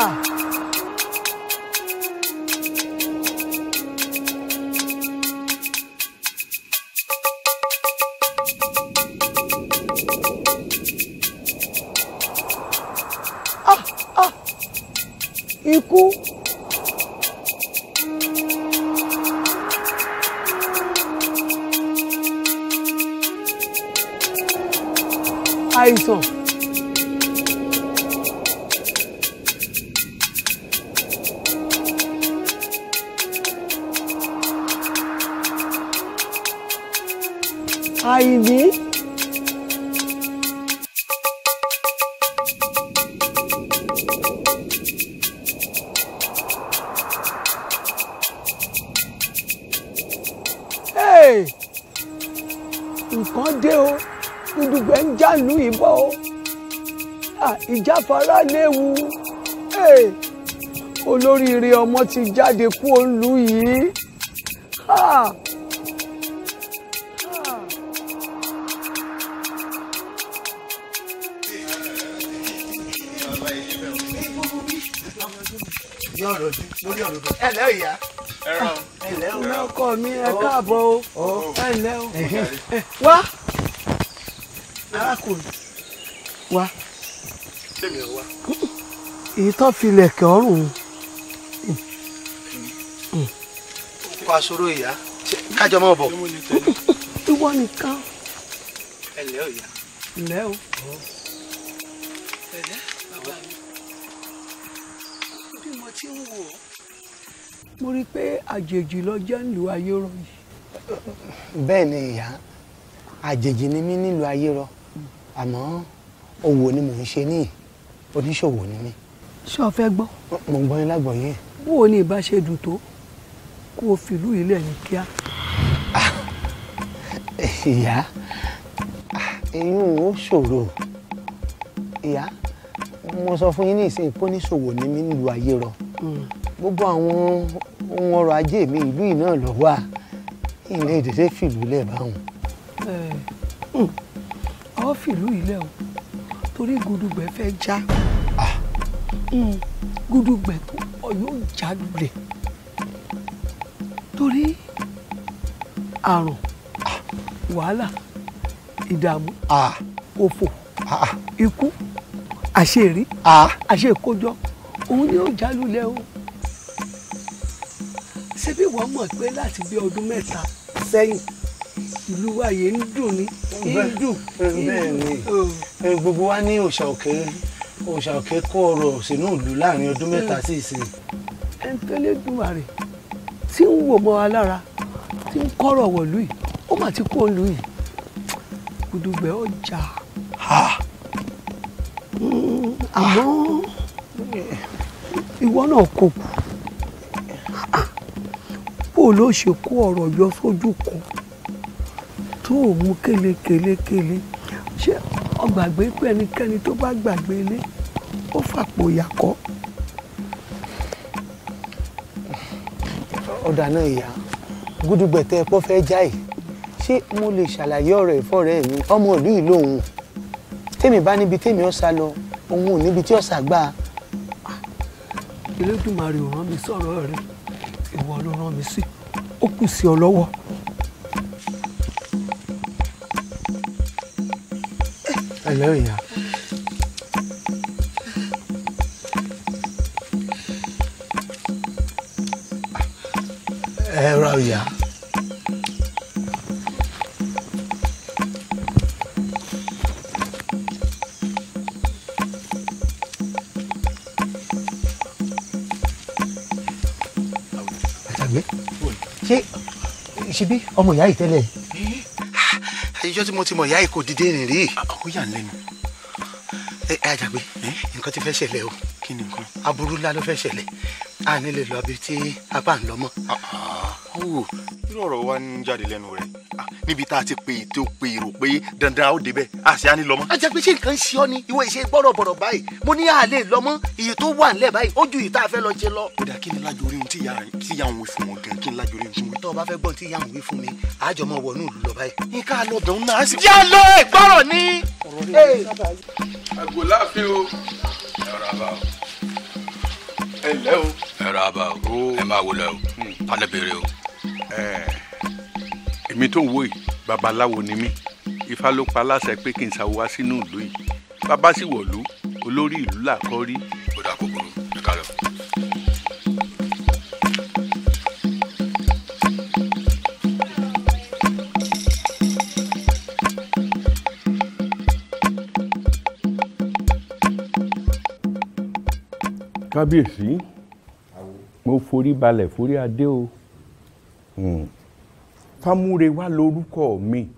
láti jáde kú olú yìí. Ah. ẹlẹ́ ọkọ mi ẹ káàbọ̀ o ẹlẹ́ o wá arákùnrin wá èyí tó filẹ̀ kẹ́ ọ̀rùn. fa sóró ìyá kájọ mọ bọ. ìwọ nìkan. ẹ lẹ́ o ìyá. lẹ́ o. ẹ lẹ́ bàbá mi bí mo ti ń wò ó. mo rí i pé àjèjì lọ jẹ́ nílùú ayérọ yìí. bẹ́ẹ̀ ni ìyá àjèjì ni mí nílùú ayérọ àmọ́ òwò ni mò ń ṣe níyì oníṣòwò ni mí. ṣé o fẹ́ gbọ́. mo gbọ́ yín lágbọ̀ọ́yé. bó o ní ìbá ṣe dùn tó kó o fìlú ilé ní kíá. Ah, ìyá ìyún ah, ó ṣòro ìyá mo sọ fún yín ní ìsìn ìpóníṣòwò ní mi nílùú ayé rọ hmm. gbogbo àwọn ohun ọrọ̀ ajé mi ìlú yìí náà lọ wà ilé ìdèdè fìlú lẹ̀ báwọn. ọ eh, hmm. fìlú ilé o torí gudugbẹ fẹ́ já ah. hmm. gudugbẹ yóò já lulẹ̀ torí àrùn wàhálà ìdààmú òfò ikú àṣeèrí àṣeèkójọ òun ni ó jálulẹ̀ o ṣé bí wọ́n mọ̀ pé láti bí ọdún mẹ́ta sẹ́yìn ìlú wa yìí ń dùn ní ìdù bẹ́ẹ̀ni gbogbo wa ní òòṣà òkè òòṣà òkè kó ọrọ̀ sínú ìlú láàrin ọdún mẹ́ta sí ìsìn. ẹnikẹ́ni dùn wà rè tí ń wò mọ́ wa lára tí ń kọ́rọ̀ wọ̀lú yìí ó mà ti kó lu yìí gudugbẹ ọjà àmọ́ ìwọ náà kò kù bó ló ṣe kó ọ̀rọ̀ yọ sójú kan tó ò mú kélekélékélé ṣé ọgbàgbé pé ẹnikẹ́ni tó bá gbàgbé ilé ó fàpò ìyàkọ́. ọ̀dà náà ìyá gúdúgbẹ̀tẹ̀ pọ́ fẹ́ jáì ṣé mo lè ṣàlàyé ọ̀rọ̀ ìfọ̀rẹ́ mi ọmọ ìlú yìí lòun tèmi bá níbi tèmi ọ̀sà lọ òun ò níbi tí ọ̀sà gbà. Elédùmarè ò rán mi sọ̀rọ̀ rẹ̀ ìwọ ló rán mi sí ó kù sí ọ lọ́wọ́. ẹ lẹ́yìn ìyá. Zaria. ṣé ṣebí ọmọ ìyá yìí tẹ́lẹ̀. àyíjọ́ eh, tí mo ti mọ̀ ìyá yìí kò dìde rìn rí. ó yà ń lẹ́nu. ẹ eh, ẹ eh, àjàgbé nǹkan ti fẹ́ ṣẹlẹ̀ o. kí ni nǹkan. aburú ńlá ló fẹ́ ṣẹlẹ̀ a ní lè lọ tí a ń lọ mọ́ kúrò irú ọ̀rọ̀ wa ń jáde lẹ́nu rẹ̀ níbi tá a ti pè tó pè rò pé dandan ó débẹ̀ a sì á ní lọ́mọ. a jẹ pé ṣé nǹkan ṣe ọ ni ìwọ ìṣe bọ̀rọ̀bọ̀rọ̀ báyìí mo ní a lè iye tó wà nílẹ̀ báyìí ó ju ìta àfẹ́ lọ ṣe lọ. ó dà kí ni lájọ orí ohun tí ìyá òun fún wọn gan kí ni lájọ orí ohun tí wọn. tọ́ ọ bá fẹ́ gbọ́ tí ìyá òun wí fún mi àjọ máa wọnú ìlú lọ báyìí. ní ká lọ dán náà sí. yá lọ ẹ gbọ́rọ̀ ni. ẹ Eh, èmi tó ń wo yìí babaláwo ni mí ifá ló pa láṣẹ pé kí n ṣàwọ́ wá sínú ìlú yìí bàbá sì wọ̀lú olórí ìlú làkọ́ rí. kábíyèsí mo forí balẹ̀ forí adé o. Hmm. Fámúrewá lorúkọ mi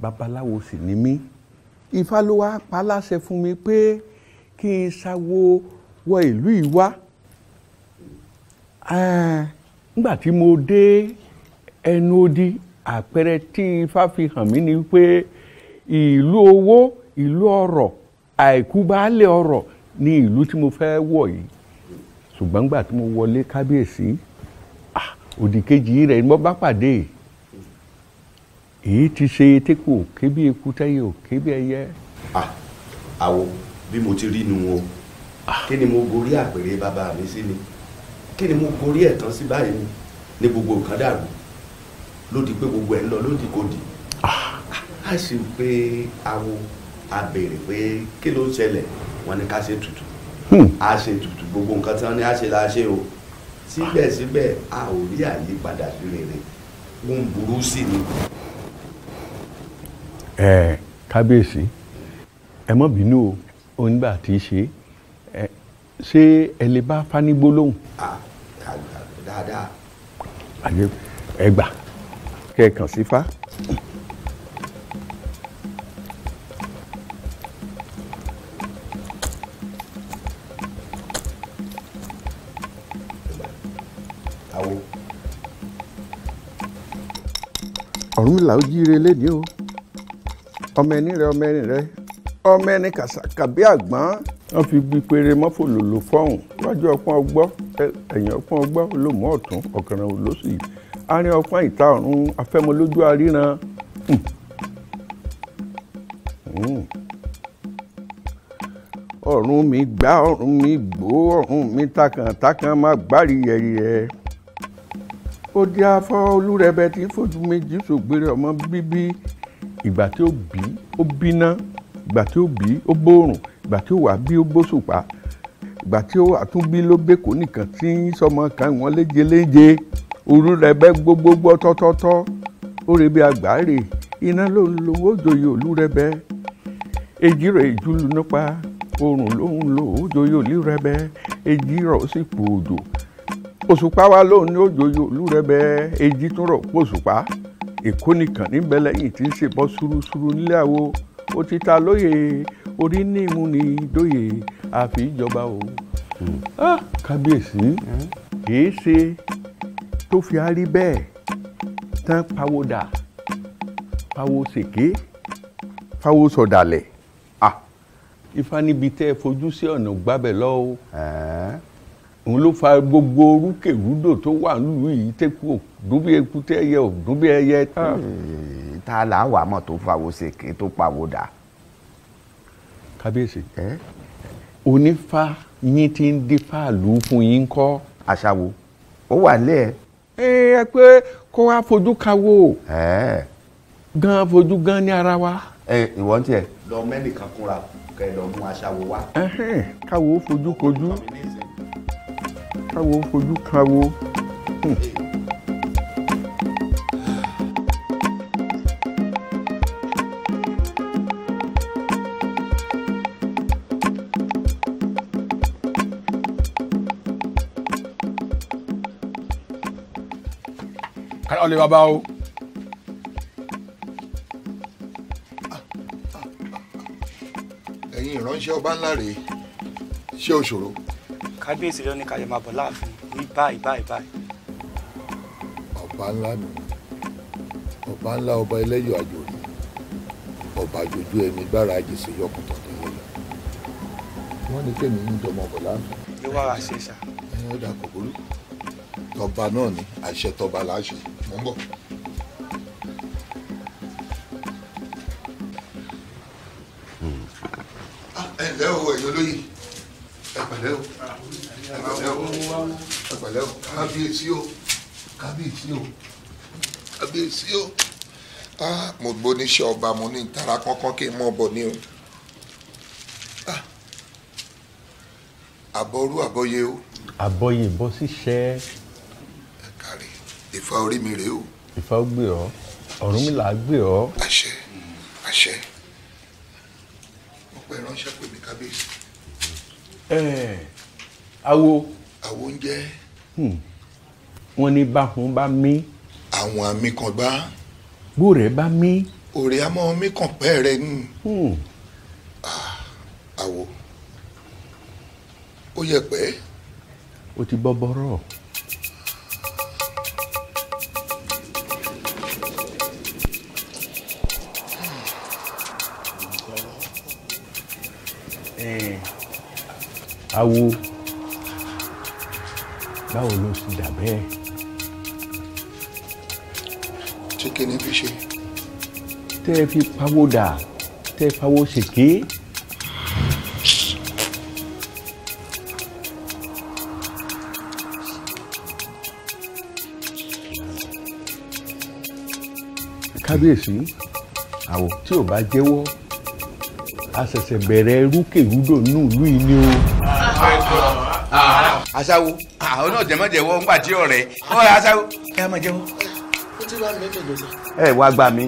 babaláwo sì ni mí Ifá ló wá pa láṣẹ fún mi pé kí n ṣawo wọ ìlú ìwá nígbà tí mo dé ẹnu odi àpẹẹrẹ tí Ifá fi hàn mí ni pé ìlú owó ìlú ọrọ̀ àìkú baálé ọrọ̀ ni ìlú tí mo fẹ́ wọ̀ yìí ṣùgbọ́n nígbà tí mo wọlé kábíyèsí. Si òdì kejì rẹ̀ ni wọ́n bá pàdé èyí ti ṣe etéko kébí eku tẹ́yẹ ò kébí ẹyẹ. àwọ̀ bí mo ti rí nu o kí ni mo gorí àpèrè bàbá mi sí ni kí ni mo gorí ẹ̀tàn sí báyìí ni ní gbogbo nǹkan dàrú lódì pé gbogbo ẹ̀ ń lọ lódì kò dì á sì pé àwọ̀ a pé kí ló ń ṣẹlẹ̀ wọ́n ní ká ṣe tutù hmm. a ṣe tutù gbogbo nǹkan tí wọ́n ní a ṣe la ṣe o síbẹ̀síbẹ̀ a ò rí àyípadà sí rere ohun burú sí ni. ẹ kábíyèsí ẹ mọ̀ bínú o onígbà tí í ṣe ẹ ṣé ẹ lè bá fanigbó lóhùn. dáadáa. ẹ gbà kẹ ẹ kàn sí fa. Ọ̀rúnmìlà ó jíire léni o ọmọ ẹni rẹ ọmọ ẹni rẹ ọmọ ẹni kàṣàkà bí àgbọn wọn fi gbi péré mọ́fò lòlò fọ́hùn wájú ọpọ́n ọgbọ́ ẹ̀yìn ọpọ́n ọgbọ́ olómù ọ̀tún ọ̀kànràn olóṣì àárín ọpọ́n ìta ọ̀run afẹ́mọlójú aríran. Hmm. Hmm. ọ̀run mi gbá ọ̀run mi gbó ọ̀run mi takàntakàn má gbárí yẹ̀yẹ̀ ó di afọ olúrẹ̀bẹ tí fojú méjì ṣògbére ọmọ bíbí ìgbà tí ó bí ó bíná ìgbà tí ó bí ó bòrùn ìgbà tí ó wà bí ó bóṣùpá ìgbà tí ó àtúnbí ló gbẹkọ nìkan tí ń sọmọ kan wọn léje léje olúrẹ̀bẹ gbogbogbò tọtọtọ ó rebi àgbáre iná ló ń lo òjòyè olúrẹ̀bẹ ejire ìjùlù nípa oòrùn ló ń lo òjòyè olúrẹ̀bẹ ejire ó sì pòòdò òṣùpá wa lóun ní òjòyè olúrẹ̀bẹ̀ èjì tún rọ̀ pòṣùpá èkó nìkan níbẹ̀ lẹ́yìn tí ń ṣèbọ̀ ṣúrúṣúrú nílé àwo ó ti ta lóye orí ní ìmú ni dóye àfi ìjọba o. Hmm. Ah, kábíyèsí kìí ṣe tó fi arí bẹ́ẹ̀ tán pawódà fawo ṣèké fawo sọ̀dàlẹ̀ ah, Ifá níbi tẹ́ ẹ fojú sí ọ̀nà gbábẹ̀ lọ́wọ́ òun ló fa gbogbo orúkèrúdò tó wà nílùú yìí tẹ́kù òdún bí ekúté ẹyẹ òdún bí ẹyẹ. Ah. Hmm, ta là ń wà mọ̀ tó fàwo ṣèké tó pawó dà. kábíyèsí onífá yín ti ń dífá lù ú fún yín kọ́. àṣàwò ó wà nílẹ̀. ẹ ẹ pé kó wá fojú kawó gan fojú gan ní ara wa. ẹ ìwọ ń tiẹ̀. lọ mẹ́nìkan kúnra kẹ lọ mú aṣàwò wá. káwo fojú kojú káwo ń fojú káwo. Hmm. ọlẹ bàbá o. ẹ̀yin ìránṣẹ́ ọba ńlá rèé ṣé o ṣòro kábíyèsí ló ní ká lè máa bọ̀ láàfin ní báyìí báyìí báyìí. ọba ńlá mi ọba ńlá ọba ẹlẹ́yọ̀ àjòyè ọba àjòjú ẹni gbára àjèsè yọkùntàn tó lọ́la wọ́n ní kémi ń dọmọ bọ̀ láàfin. ló wá àṣẹ ṣá. ẹyin ó dà kòkòrò tọba náà ni àṣẹ tọba là á ṣe hmm. ah, ẹ ǹlẹ́ o ẹ̀yọ́ lóye ẹ̀pẹ̀lẹ́ o ẹ̀pẹ̀lẹ́ o ẹ̀pẹ̀lẹ́ o kábíyèsí o kábíyèsí o kábíyèsí o ah mo gbọ́ níṣẹ́ ọba mo ní ìtara kankan kí n mọ̀ bọ̀ ni o ah àbọ̀rú àbọ̀yé o. àbọ̀yé bọ́ sí ṣẹ́. ẹ kárí ìfà orí mi rèé o. ìfà gbé ọ Ọ̀rúnmìlà á gbé ọ. àṣẹ àṣẹ mo pẹ ránṣẹ́ pè mí kábíyèsí. Eh, awo. awo ń jẹ́. Hmm. wọ́n ní báhùn bá mí. àwọn àmì kan bá. bóòrẹ́ bá mí. òrè àmọ́ mi kàn pẹ́ rẹ̀ ń. Hmm. Ah, awo ó yẹ pé. ó ti bọ́ bọ́rọ̀. Eh awo báwo ló sì dà bẹ́ẹ̀. tí kìíní fi ṣe. tẹ́ ẹ fi pawó dà tẹ́ ẹ pawó ṣèké. kábíyèsí àwọ̀ tí ò bá jẹ́wọ́ a ṣẹ̀ṣẹ̀ bẹ̀rẹ̀ rúkèrúdò nínú yìí ni o aṣáwo àwọn ah, náà jẹmọjẹwọ ńgbà tí ọ̀rẹ́ ọ̀rẹ́ aṣáwo ẹ máa jẹ́wọ́. ó ti wá mẹ́jọ jọ ẹ wá gbà mí.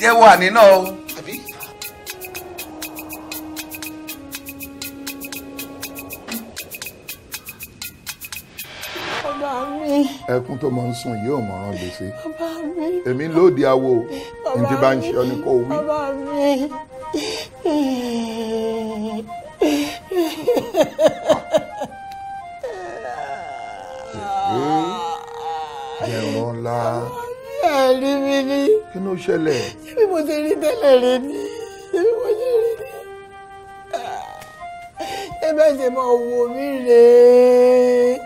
jẹ́wọ́ àní náà o. ẹkún tó mọ ń sùn yìí ò mọ̀ràn gbèsè èmi lóde awo ntí bá ń ṣe ọ ni kò wí. Bọ́lá. ẹ rí mi ní. kí ló ṣẹlẹ̀. ṣé mo ṣe rí tẹ́lẹ̀ rẹ ni ṣé mo ṣe rí ni. ṣé bẹ́ẹ̀ ṣe máa wò mí rè é.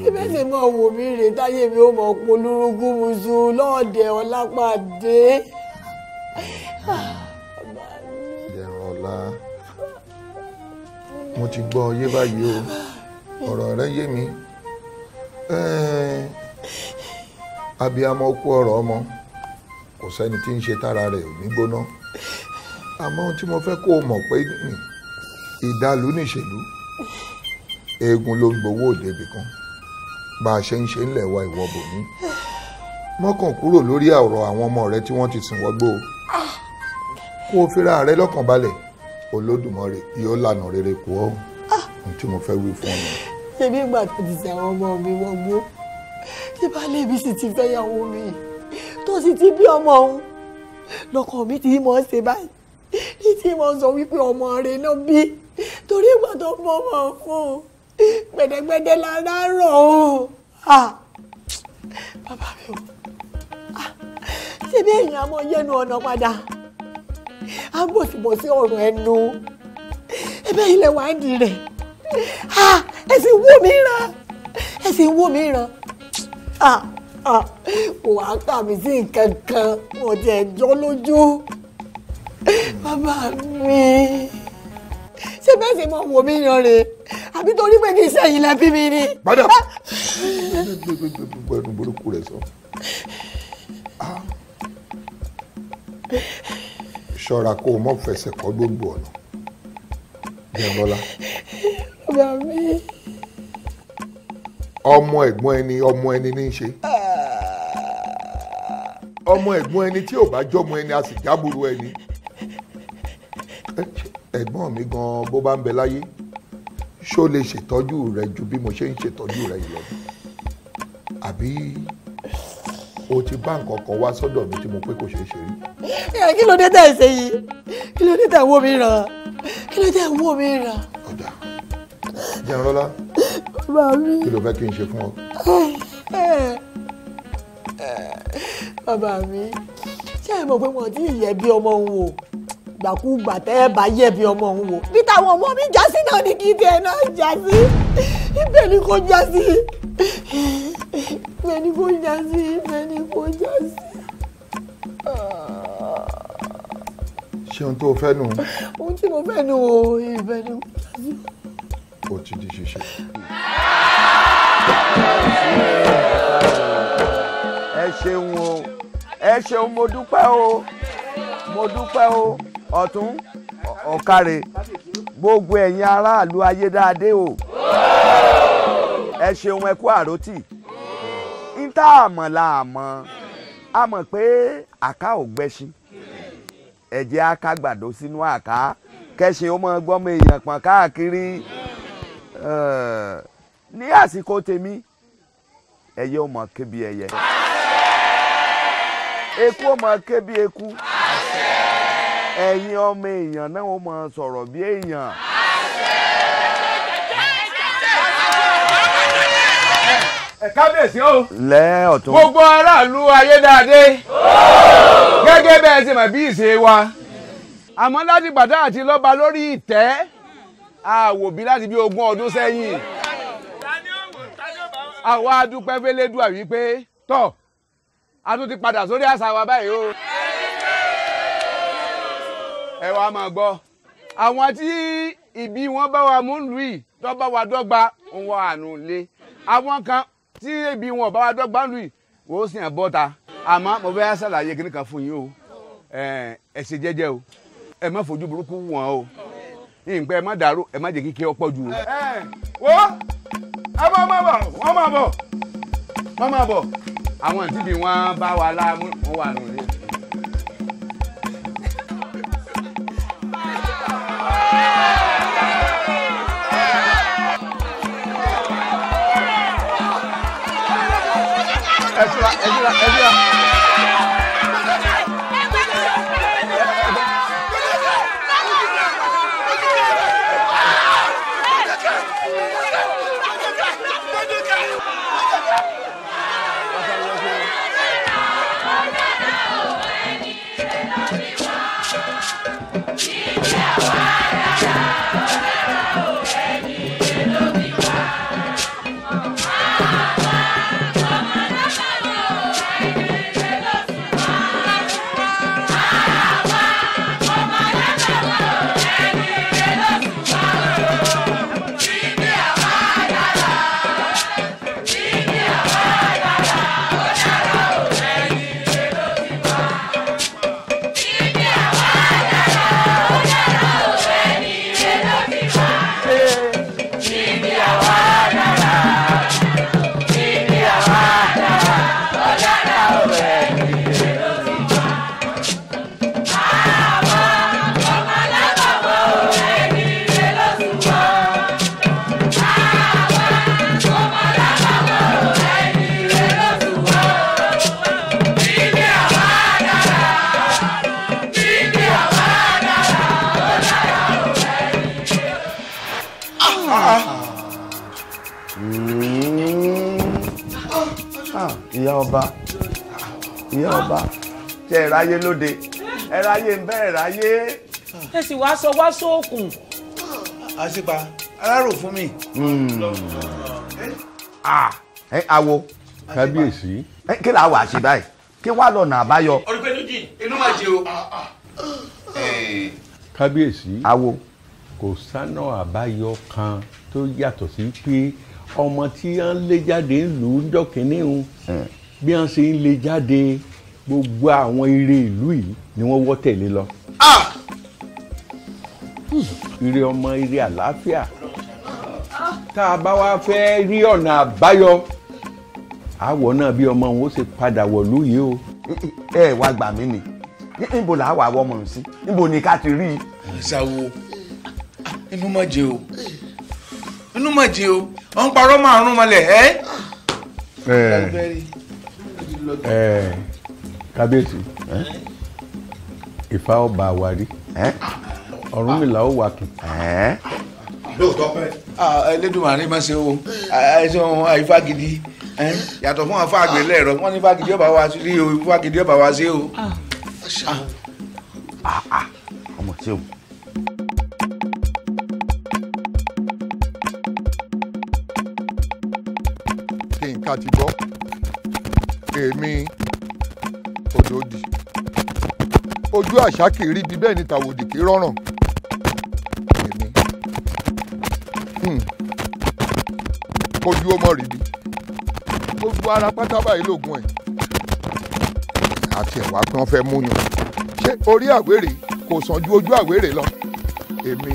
ṣé bẹ́ẹ̀ ṣe máa wò mí rè é táyé mi ò mọ̀ polúrúgú musu lọ́ọ̀dẹ̀ ọlápàdé. ẹ̀rọ ọ̀la mo ti gbọ́ ọ yé báyìí o ọ̀rọ̀ rẹ yé mi abiyamọ kú ọ̀rọ̀ ọmọ kò sẹ́ni tí ń ṣe tára rẹ̀ ò ní gbóná àmọ́ ohun tí mo fẹ́ kó o mọ̀ pé ìdàlú nìṣèlú eegun ló ń gbowó òde ibì kan bá a ṣe ń ṣe ńlẹ̀ wa ìwọ bò ní mọ́kàn kúrò lórí ọ̀rọ̀ àwọn ọmọ rẹ tí wọ́n ti sìn wọ́gbó kó o fira rẹ lọ́kàn balẹ̀ olódùmarè yóò lànà rere kù ọ́ ohun tí mo fẹ́ wí fún ọ. ṣebí ìgbà tó ti sẹ́wọ́n ọmọ mi wọ́gbó tí baálé mi sì ti fẹ́yàwó mi tó sì ti bí ọmọ òun lọ́kọ mi ti mọ̀ ṣe báyìí ní tí mo sọ wípé ọmọ rẹ náà bí torí ìgbà tó mọ ọmọ fún un gbẹdẹgbẹdẹ lára rọ o bàbá mi o ṣebí èèyàn àmọ́ yẹnu ọ̀nà padà à ń bòsibòsí ọ̀rọ̀ ẹnu ẹ̀bẹ̀ ilẹ̀ wà á di rẹ̀ ẹ sì wú mi ràn ẹ wú mi ràn kò ah, ah, wá kà mí sí nǹkan kan mo tiẹ̀ jọ́ lójú bàbá mi ṣé bẹ́ẹ̀ ṣe mọ wò mí yan rè àbí torí pé kì í sẹ́yìn lẹ bí mi ni. padà ah. gbẹgbẹgbẹgbẹ ẹnu rẹ sọ ṣọ́ra kó o mọ̀ fẹsẹ̀ kọ́ gbogbo ọ̀nà jẹmọlá. bàbá mi ọmọ ẹ̀gbọ́n ẹni ọmọ ẹni ní í ṣe ọmọ ẹ̀gbọ́n ẹni tí ò bá jọmọ ẹni a sì jábùrú ẹni ẹ̀gbọ́n mi gan bó bá ń bẹ láyé ṣó lè ṣètọ́jú rẹ ju bí mo ṣe ń ṣètọ́jú rẹ yìí lọ àbí o ti bá nǹkan kan wá sọ́dọ̀ mi tí mo pé kò ṣeé ṣe rí. ẹ kí ló dé tẹ̀ ṣe yìí kí ló dé tẹ̀ wò mí ràn kí ló dé tẹ̀ wò mí ràn jẹnrọlá kí ló Tu kí n ṣe fún ọ. bàbá mi ṣé ẹ mọ̀ pé mo ti yẹ bí ọmọ òun o gbàkúgbà tẹ́ ẹ bá yẹ bí ọmọ òun o bí táwọn ọmọ mi já sí náà ni kí tiẹ̀ náà já sí ibẹ̀ ni kò já sí ibẹ̀ ni kò já sí ibẹ̀ ni kò já sí ṣeun tó fẹ́ nù. ohun tí mo fẹ́ nù o ìfẹ́ ni ó ti di ṣíṣe. ẹ ṣeun o ẹ ṣeun mo dúpẹ́ o mo dúpẹ́ o ọ̀tún ọ̀kàrẹ̀ gbogbo ẹ̀yin aráàlú ayédáadé o ẹ ṣeun ẹ kú àròtì ń tá àmọ̀ la àmọ̀ a mọ̀ pé àká ò gbẹ́sìn ẹ̀jẹ̀ akágbàdo sínú àká kẹ́sìn ó mọ gbọ́mọ èèyàn pọ̀n káàkiri. Yeah ní àsìkò tèmi ẹyẹ ò mọ kébi ẹyẹ eku ò mọ kébi eku ẹ̀yin ọmọ èèyàn náà ò mọ sọ̀rọ̀ bí èèyàn. kábíyèsí o. lẹ́ ọ̀tún. gbogbo aráàlú ayédáadé. gẹ́gẹ́ bẹ́ẹ̀ ṣe mọ̀ bí ìṣe wa. àmọ́ láti gbàdá àti lọ́ba lórí ìtẹ́ àwò bí láti bí ogún ọdún sẹ́yìn àwa adúpẹ́ fẹ́lẹ́dùà wípé tọ́ a tún ti padà sórí àṣà wa báyìí o ẹ wàá máa gbọ́ àwọn tí ìbí wọn bá wa mú lù í tó bá wa dọ́gba ń wọ àánú lé àwọn kan tí ìbí wọn bá wa dọ́gba lù í wò ó sì hàn bọ́ta àmọ́ mo fẹ́ ṣàlàyé kíní kan fún yín o ẹ ṣe jẹ́jẹ́ o ẹ má fojú burúkú wọ̀n o nǹkan ẹ má dàrú ẹ má jẹ́ kíkẹ ọ̀pọ̀ jù. ẹ wo a máa máa bọ̀ wọ́n máa bọ̀ wọ́n máa bọ̀ àwọn àti bí wọ́n bá wa láàmú wọ́n wà nù. Ezra, Ezra, Ezra. tẹ ẹ ráyé lóde ẹ ráyé ń bẹ́ẹ̀ ráyé. ẹ sì wá sọ wá sóòkùn. àṣìpa arárò fún mi. Hmm. Ah, ẹ awo kábíyèsí kí làá wà ṣe báyìí kí wàá lọ́nà àbáyọ. ọ̀rùpẹ̀ lójì inú máa jẹ o. kábíyèsí awo kò sánà àbáyọ kan tó yàtọ̀ sí pé ọmọ tí wọ́n lé jáde ń lù ú jọ́kínní bí wọ́n ṣe ń lé jáde gbogbo àwọn ire ìlú yìí ni wọ́n wọ́ tẹ̀lé lọ. Hmm, ire ọmọ ire àlàáfíà tá a bá wá fẹ́ rí ọ̀nà àbáyọ àwọ̀ náà bí ọmọ òun ó ṣe padà wọ̀lú yìí o. ẹ ẹ wá gbà mí ni níbo là á wà wọ́n mọ̀ sí níbo ni ká ti rí i. ṣàwo inú mọ̀ jẹ́ o inú mọ̀ jẹ́ o ọ̀ ń parọ́ márùn-ún mọ́lẹ̀ ẹ́. ẹ ẹ kábíyèsí Ifá ọba àwárí Ọ̀rúnmìlà ó wà kì. lóòótọ́ pẹ́. Elédùmarè má ṣe o àìsàn Ifá gidi yàtọ̀ fún àwọn fáàgbé lẹ́ẹ̀rọ wọ́n ní Ifá gidi ọba wa sí o Ifá gidi ọba wa sí o. ọmọ tí o. kí n ká ti gbọ́ èmi òdòdì ojú àṣà kì í rí bí bẹ́ẹ̀ ni tàwòdì kì í rọrùn èmi ojú hmm. ó mọ̀ rí bí gbogbo ara pátá báyìí lóògùn ẹ̀ àti ẹ̀wà pé wọ́n fẹ́ mú ni ṣé orí àwérè kò sàn ju ojú àwérè lọ èmi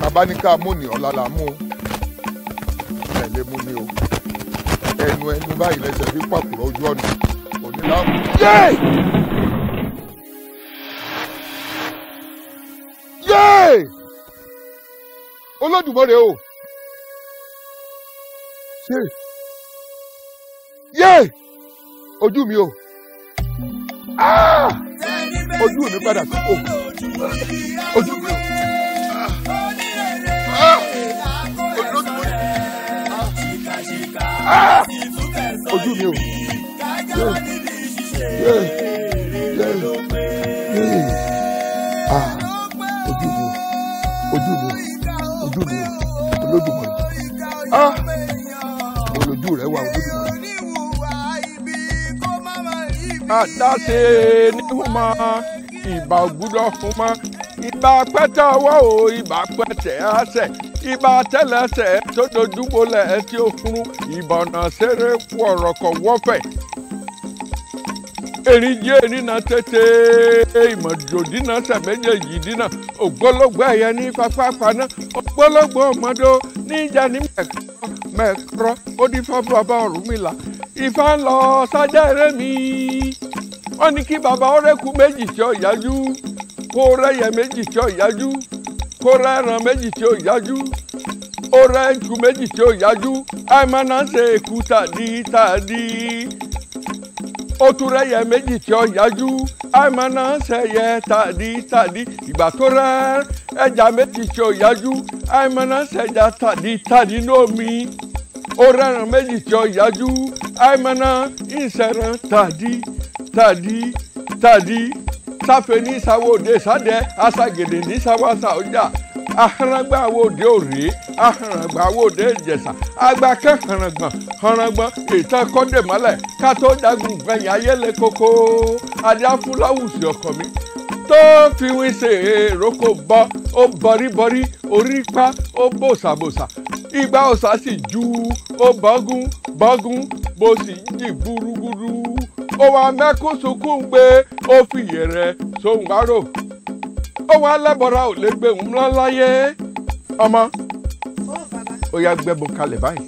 tabaníkà mú ni ọ̀la là mú o ẹ̀ lè mú ni o ẹnu ẹnu báyìí lẹsẹ̀ fi pàkúrọ̀ ojú ọ̀nà lọ. yéé yéé olódùmọ̀rẹ́ o ṣe yéé ojú mi o ah! ojú mi padà tó o ojú mi ah! Ah! ah! ojú mi o ojú mi ojú mi ojú mi olódùmọ̀ ah olójú rẹ wà olódùmọ̀ àdáṣe níwọ̀mọ̀ ìbà ògbúdọ̀ fún mọ́ ìbà pẹ́tẹ́ ọwọ́ o iba pẹ́tẹ́ ẹsẹ̀ ìbà tẹ́lẹsẹ̀ tó dojúbolẹ̀ ẹ tí ó fún ìbọ̀nà ṣeré kú ọ̀rọ̀ kọ̀ wọ́fẹ̀. erinjẹ ẹnina tẹtẹ ìmọ̀jòdínà sàmẹ́jẹ̀yìdínà ògbólógbò ẹ̀yẹ ní fafáfaná ògbólógbò ọmọdé níjà ní mẹ́kọ́ mẹ́kọ́rọ́ ó di fáfú bàbá Ọ̀rúnmìlà Ifá ń lọ sájà eré mi wọ́n ní kí bàbá ọ̀rẹ́kù méjì tí ó yájú kó rẹ́yẹ méjì tí ó yájú kó rẹ́ran méjì tí ó yájú ó rẹ́ ikú méjì tí ó yájú àìmọ́ náà ń ṣe èkú tàdí tàdí. ó tún rẹ́yẹ méjì tí ó yájú àìmọ̀nà sẹ́yẹ tàdí tàdí ìgbà tó rẹ́ ẹja méjì tí ó yájú àìmọ̀nà sẹ́yà tàdí tàdí lómi ó rẹ́ran méjì tí ó yájú àìmọ̀nà ìṣẹ̀ràn tàdí tàdí tàdí sáfẹ́ ní sáwọ́ òde sádẹ́ aṣàgèdè ní sáwọ́ àṣà ọjà ahọ́nàgbà wòde òrè ahọ́nàgbà wòde ìjẹ̀ṣà agbákẹ́ hànàgbọ̀n hànàgbọ̀n ìtàn kọ́dẹ̀mọ́lẹ̀ kátó dagun gbẹ̀yìn ayẹlẹ koko adáfúláwùsì ọkọ mi tó fi wí ṣe èròkò bọ́ ó bọ́ríbọ́rí orí pa ó bòṣàbòṣà ìgbà ọ̀sà sì ju ó bọ́gún bọ́gún bó sì jì gbúrúgbúrú ó wà mẹ́kún sunkún gbé ó fi yẹ̀rẹ̀ sóhun àrò ó wàá lábọ̀ra ò lè gbé òun lọ láyé ọmọ ó yá gbẹ́bùn kalẹ̀ báyìí.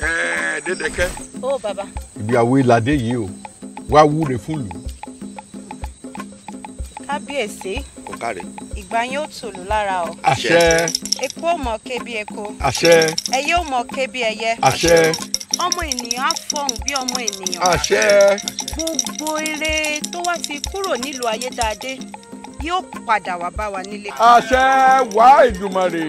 ẹ̀ẹ́d dédèké. ó bàbá. ibi ìlàdé yìí o wàá wúre fún lù. kábíyèsí. kò káre. ìgbà yín ó tòlù lára o. àṣẹ. epo ò mọ̀ eko. àṣẹ. ẹyẹ ò mọ̀ ké ẹyẹ. àṣẹ. àṣẹ ọmọ ènìyàn á fọhùn bí ọmọ ènìyàn. àṣẹ. gbogbo eré tó wá ti kúrò nílùú ayédáadé yóò padà wá bá wa nílé. àṣẹ wá ìdùmarè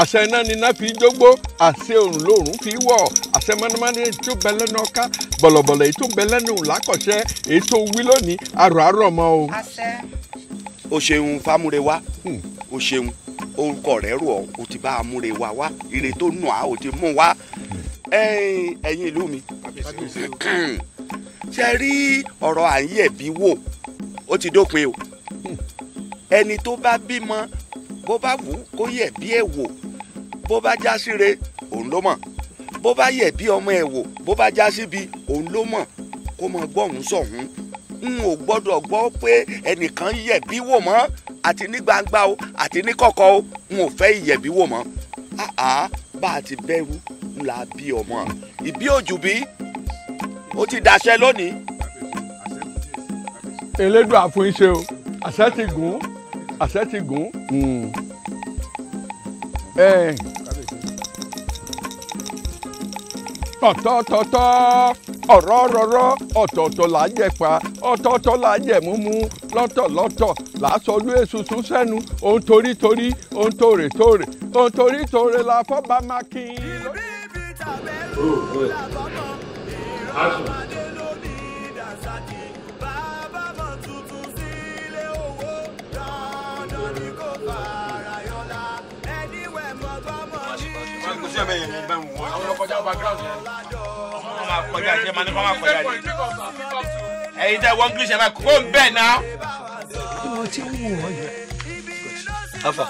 àṣẹ iná ni iná fi jógbó àṣẹ òrùn lòrùn fi wọ̀ àṣẹ mọ́nàmọ́ná èyí tó bẹ lẹ́nu ọká bọ̀lọ̀bọ̀lọ̀ èyí tó bẹ lẹ́nu làkọ̀ṣẹ́ èyí tó wí lónìí àrò àrò ọmọ o. o ṣeun fámúrewá hmm. o ṣeun orúkọ rẹ rò ọ ti bá amúrewá wá ire tó nù á o ti mú wá ẹ̀yin ìlú mi ṣe rí ọ̀rọ̀ à ń yẹ̀bi wò ó ti dópin o ẹni tó bá bímọ bó bá wù kó yẹ̀bi ẹ̀ wò bó bá já síre òun ló mọ̀ bó bá yẹ̀bi ọmọ ẹ̀ wò bó bá já síbi òun ló mọ̀ kó mọ gbọ́hùn sọ̀hún n ò gbọ́dọ̀ gbọ́ pé ẹnìkan yẹ̀bi wò mọ́ àti ní gbangba o àti ní kọ̀kọ̀ o n ò fẹ́ ìyẹ̀bi wò mọ́ bá a ti bẹ́rù ńlá bí ọmọ ìbí òjù bí ó ti dàṣẹ lónìí. elédùn àfúnṣe o àṣẹ ti gùn àṣẹ ti gùn. Hmm. Eh. tọ̀tọ̀tọ̀tọ̀ ọ̀rọ̀ rọ̀rọ̀ ọ̀tọ̀ọ̀tọ̀ là á jẹ pa ọ̀tọ̀ọ̀tọ̀ là á jẹ múmú lọ́tọ̀lọ́tọ̀ là á sọ lú èsùsù sẹ́nu ohun torí torí ohun tòrè tòrè ohun torí tòrè la fọ́ba máa kí i. Ṣé ẹ̀mẹ̀yẹ̀ ni ìbẹ̀wò àwọn ọlọ́kọjá background yẹn? máa kọjá ìṣe máa ní kọ́ máa kọjá ìṣe. ẹ̀yin tẹ wọ́n gírísì ẹ̀ kó ń bẹ́ẹ̀ afa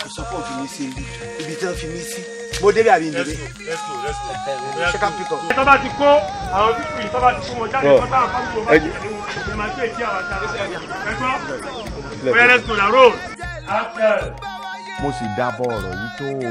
kò sọ mi sí ibi tí wọ́n fi mí sí mo débẹ̀ àbí ìdílé. ṣé ká pìtọ̀. tó ti kó àwọn fífi tó bá ti kó wọn jáde tó bá àwọn fáwọn ọmọ ẹ̀ máa ṣe èjì àwọn àti ẹ̀gbọ́n wẹ́rẹ́ sọ̀rọ̀ road. mo sì dábọ̀ ọ̀rọ̀ yìí tó o.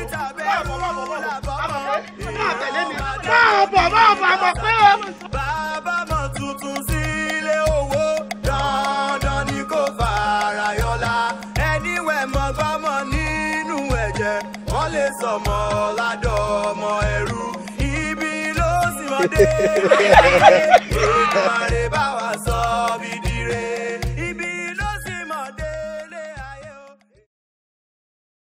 máa bọ̀ máa bọ̀ máa bọ̀ máa tẹ̀lé mi máa bọ̀ máa bọ̀ àmọ̀ pé o. bàbá mọ tuntun ibi ló sì mọ́ dé